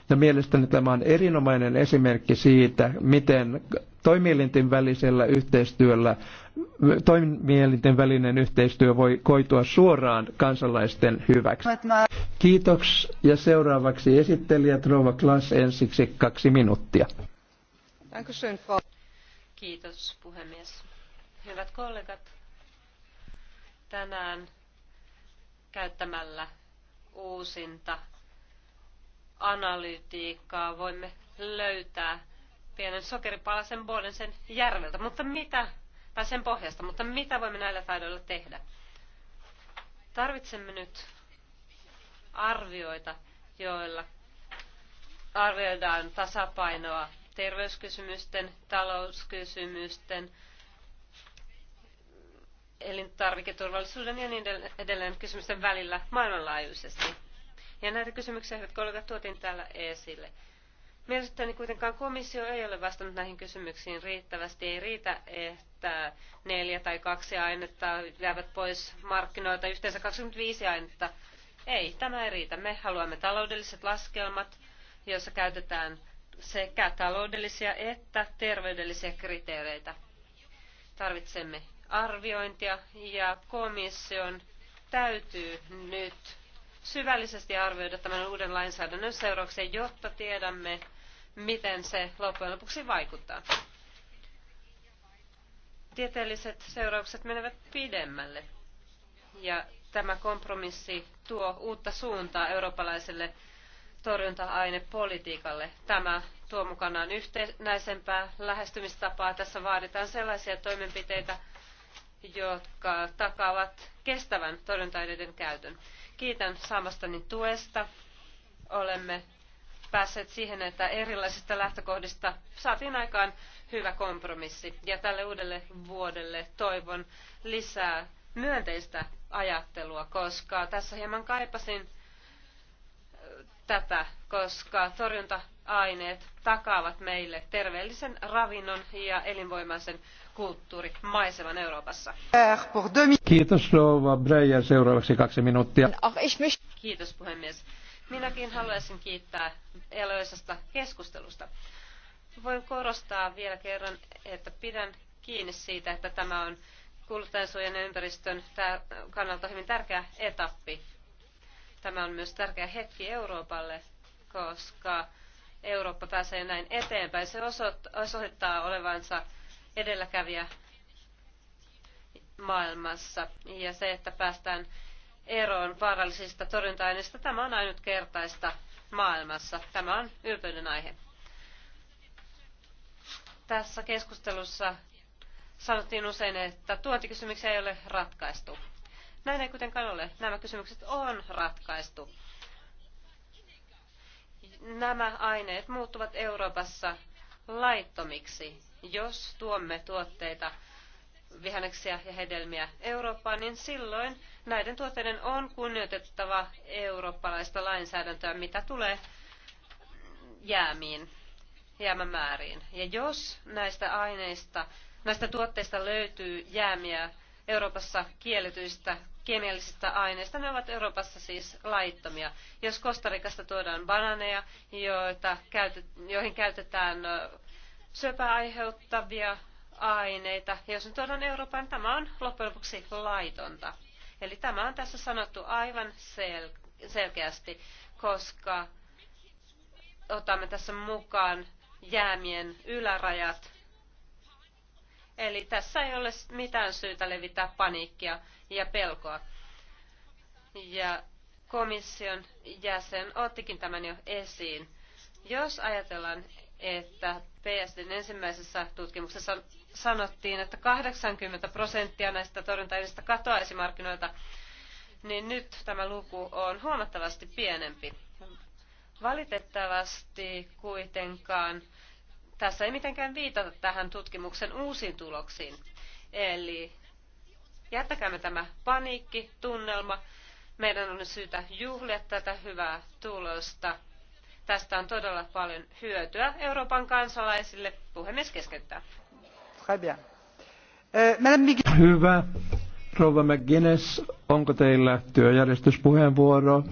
Ja mielestäni tämä on erinomainen esimerkki siitä, miten toimielinten välisellä yhteistyöllä toimielinten välinen yhteistyö voi koitua suoraan kansalaisten hyväksi. Kiitos ja seuraavaksi esittelijät Rova Klaas ensiksi kaksi minuuttia. Kiitos puhemies. Hyvät kollegat, tänään käyttämällä uusinta analytiikkaa voimme löytää pienen sokeripalasen sen järveltä, mutta mitä, tai sen pohjasta, mutta mitä voimme näillä taidoilla tehdä? Tarvitsemme nyt arvioita, joilla arvioidaan tasapainoa terveyskysymysten, talouskysymysten, elintarviketurvallisuuden ja niin edelleen kysymysten välillä maailmanlaajuisesti ja näitä kysymyksiä, hyvät kollegat, tuotiin täällä esille. Mielestäni kuitenkaan komissio ei ole vastannut näihin kysymyksiin riittävästi. Ei riitä, että neljä tai kaksi ainetta jäävät pois markkinoilta, yhteensä 25 ainetta. Ei, tämä ei riitä. Me haluamme taloudelliset laskelmat, joissa käytetään sekä taloudellisia että terveydellisiä kriteereitä. Tarvitsemme arviointia ja komission täytyy nyt syvällisesti arvioida tämän uuden lainsäädännön seurauksia, jotta tiedämme, miten se loppujen lopuksi vaikuttaa. Tieteelliset seuraukset menevät pidemmälle ja tämä kompromissi tuo uutta suuntaa eurooppalaiselle torjunta-ainepolitiikalle. Tämä tuo mukanaan yhtenäisempää lähestymistapaa. Tässä vaaditaan sellaisia toimenpiteitä, jotka takaavat kestävän torjunta-aineiden käytön. Kiitän saamastani tuesta. Olemme päässeet siihen, että erilaisista lähtökohdista saatiin aikaan hyvä kompromissi. Ja tälle uudelle vuodelle toivon lisää myönteistä ajattelua, koska tässä hieman kaipasin äh, tätä, koska torjunta-aineet takaavat meille terveellisen ravinnon ja elinvoimaisen maisevan Euroopassa. Kiitos Rova Breyer. Seuraavaksi kaksi minuuttia. Kiitos puhemies. Minäkin haluaisin kiittää eloisesta keskustelusta. Voin korostaa vielä kerran, että pidän kiinni siitä, että tämä on kuluttajansuojan ja ympäristön kannalta hyvin tärkeä etappi. Tämä on myös tärkeä hetki Euroopalle, koska Eurooppa pääsee näin eteenpäin. Se osoittaa olevansa edelläkävijä maailmassa. Ja se, että päästään eroon vaarallisista torjunta-aineista, tämä on ainutkertaista maailmassa. Tämä on ylpeyden aihe. Tässä keskustelussa sanottiin usein, että tuontikysymyksiä ei ole ratkaistu. Näin ei kuitenkaan ole. Nämä kysymykset on ratkaistu. Nämä aineet muuttuvat Euroopassa laittomiksi jos tuomme tuotteita, vihanneksia ja hedelmiä Eurooppaan, niin silloin näiden tuotteiden on kunnioitettava eurooppalaista lainsäädäntöä, mitä tulee jäämiin, jäämämääriin. Ja jos näistä aineista, näistä tuotteista löytyy jäämiä Euroopassa kielletyistä kemiallisista aineista, ne ovat Euroopassa siis laittomia. Jos Kostarikasta tuodaan bananeja, joita, joihin käytetään syöpää aiheuttavia aineita. Ja jos ne tuodaan Euroopan, niin tämä on loppujen lopuksi laitonta. Eli tämä on tässä sanottu aivan sel- selkeästi, koska otamme tässä mukaan jäämien ylärajat. Eli tässä ei ole mitään syytä levittää paniikkia ja pelkoa. Ja komission jäsen ottikin tämän jo esiin. Jos ajatellaan että PSDn ensimmäisessä tutkimuksessa sanottiin, että 80 prosenttia näistä torjuntaaineista katoaisi markkinoilta, niin nyt tämä luku on huomattavasti pienempi. Valitettavasti kuitenkaan tässä ei mitenkään viitata tähän tutkimuksen uusiin tuloksiin. Eli jättäkäämme tämä paniikki, tunnelma. Meidän on syytä juhlia tätä hyvää tulosta Tästä on todella paljon hyötyä Euroopan kansalaisille. Puhemies keskeyttää. Eh, Hyvä. Rouva McGuinness, onko teillä työjärjestyspuheenvuoro?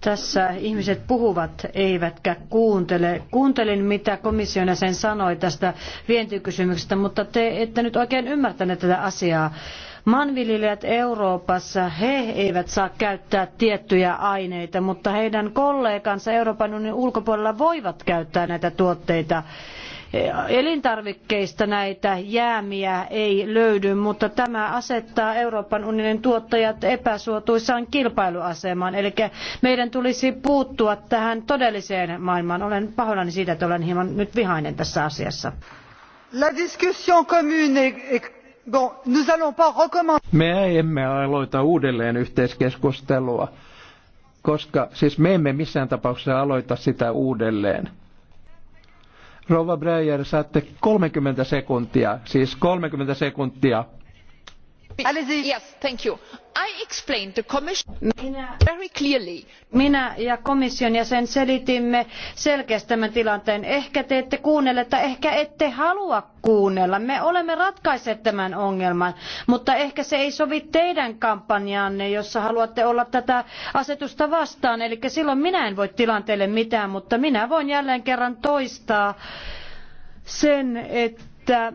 Tässä ihmiset puhuvat eivätkä kuuntele. Kuuntelin, mitä komission sen sanoi tästä vientikysymyksestä, mutta te ette nyt oikein ymmärtäneet tätä asiaa. Maanviljelijät Euroopassa, he eivät saa käyttää tiettyjä aineita, mutta heidän kollegansa Euroopan unionin ulkopuolella voivat käyttää näitä tuotteita elintarvikkeista näitä jäämiä ei löydy, mutta tämä asettaa Euroopan unionin tuottajat epäsuotuisaan kilpailuasemaan. Eli meidän tulisi puuttua tähän todelliseen maailmaan. Olen pahoillani siitä, että olen hieman nyt vihainen tässä asiassa. La discussion commune est me emme aloita uudelleen yhteiskeskustelua, koska siis me emme missään tapauksessa aloita sitä uudelleen. Rova Breyer, saatte 30 sekuntia, siis 30 sekuntia minä ja komission jäsen selitimme selkeästi tämän tilanteen. ehkä te ette kuunnelleet tai ehkä ette halua kuunnella. me olemme ratkaisseet tämän ongelman mutta ehkä se ei sovi teidän kampanjaanne jossa haluatte olla tätä asetusta vastaan eli silloin minä en voi tilanteelle mitään mutta minä voin jälleen kerran toistaa sen että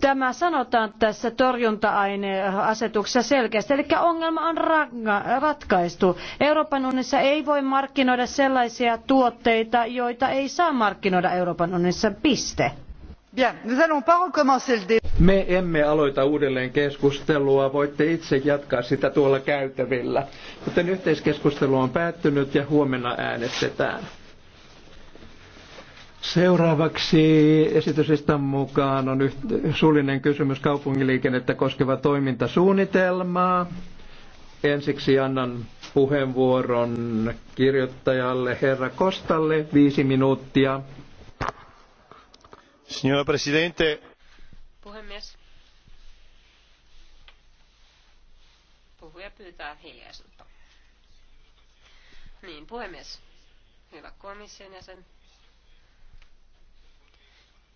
Tämä sanotaan tässä torjunta-aineasetuksessa selkeästi, eli ongelma on ratkaistu. Euroopan unionissa ei voi markkinoida sellaisia tuotteita, joita ei saa markkinoida Euroopan unionissa, piste. Me emme aloita uudelleen keskustelua, voitte itse jatkaa sitä tuolla käytävillä. Joten yhteiskeskustelu on päättynyt ja huomenna äänestetään. Seuraavaksi esityslistan mukaan on suullinen kysymys kaupungiliikennettä koskeva toimintasuunnitelmaa. Ensiksi annan puheenvuoron kirjoittajalle herra Kostalle, viisi minuuttia. Signora Presidente. Puhemies. Puhuja pyytää hiljaisuutta. Niin, puhemies. Hyvä komission jäsen,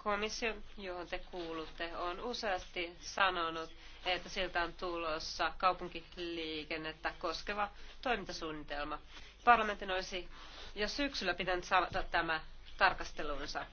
Komissio, johon te kuulutte, on useasti sanonut, että siltä on tulossa kaupunkiliikennettä koskeva toimintasuunnitelma. Parlamentin olisi jo syksyllä pitänyt saada tämä tarkastelunsa.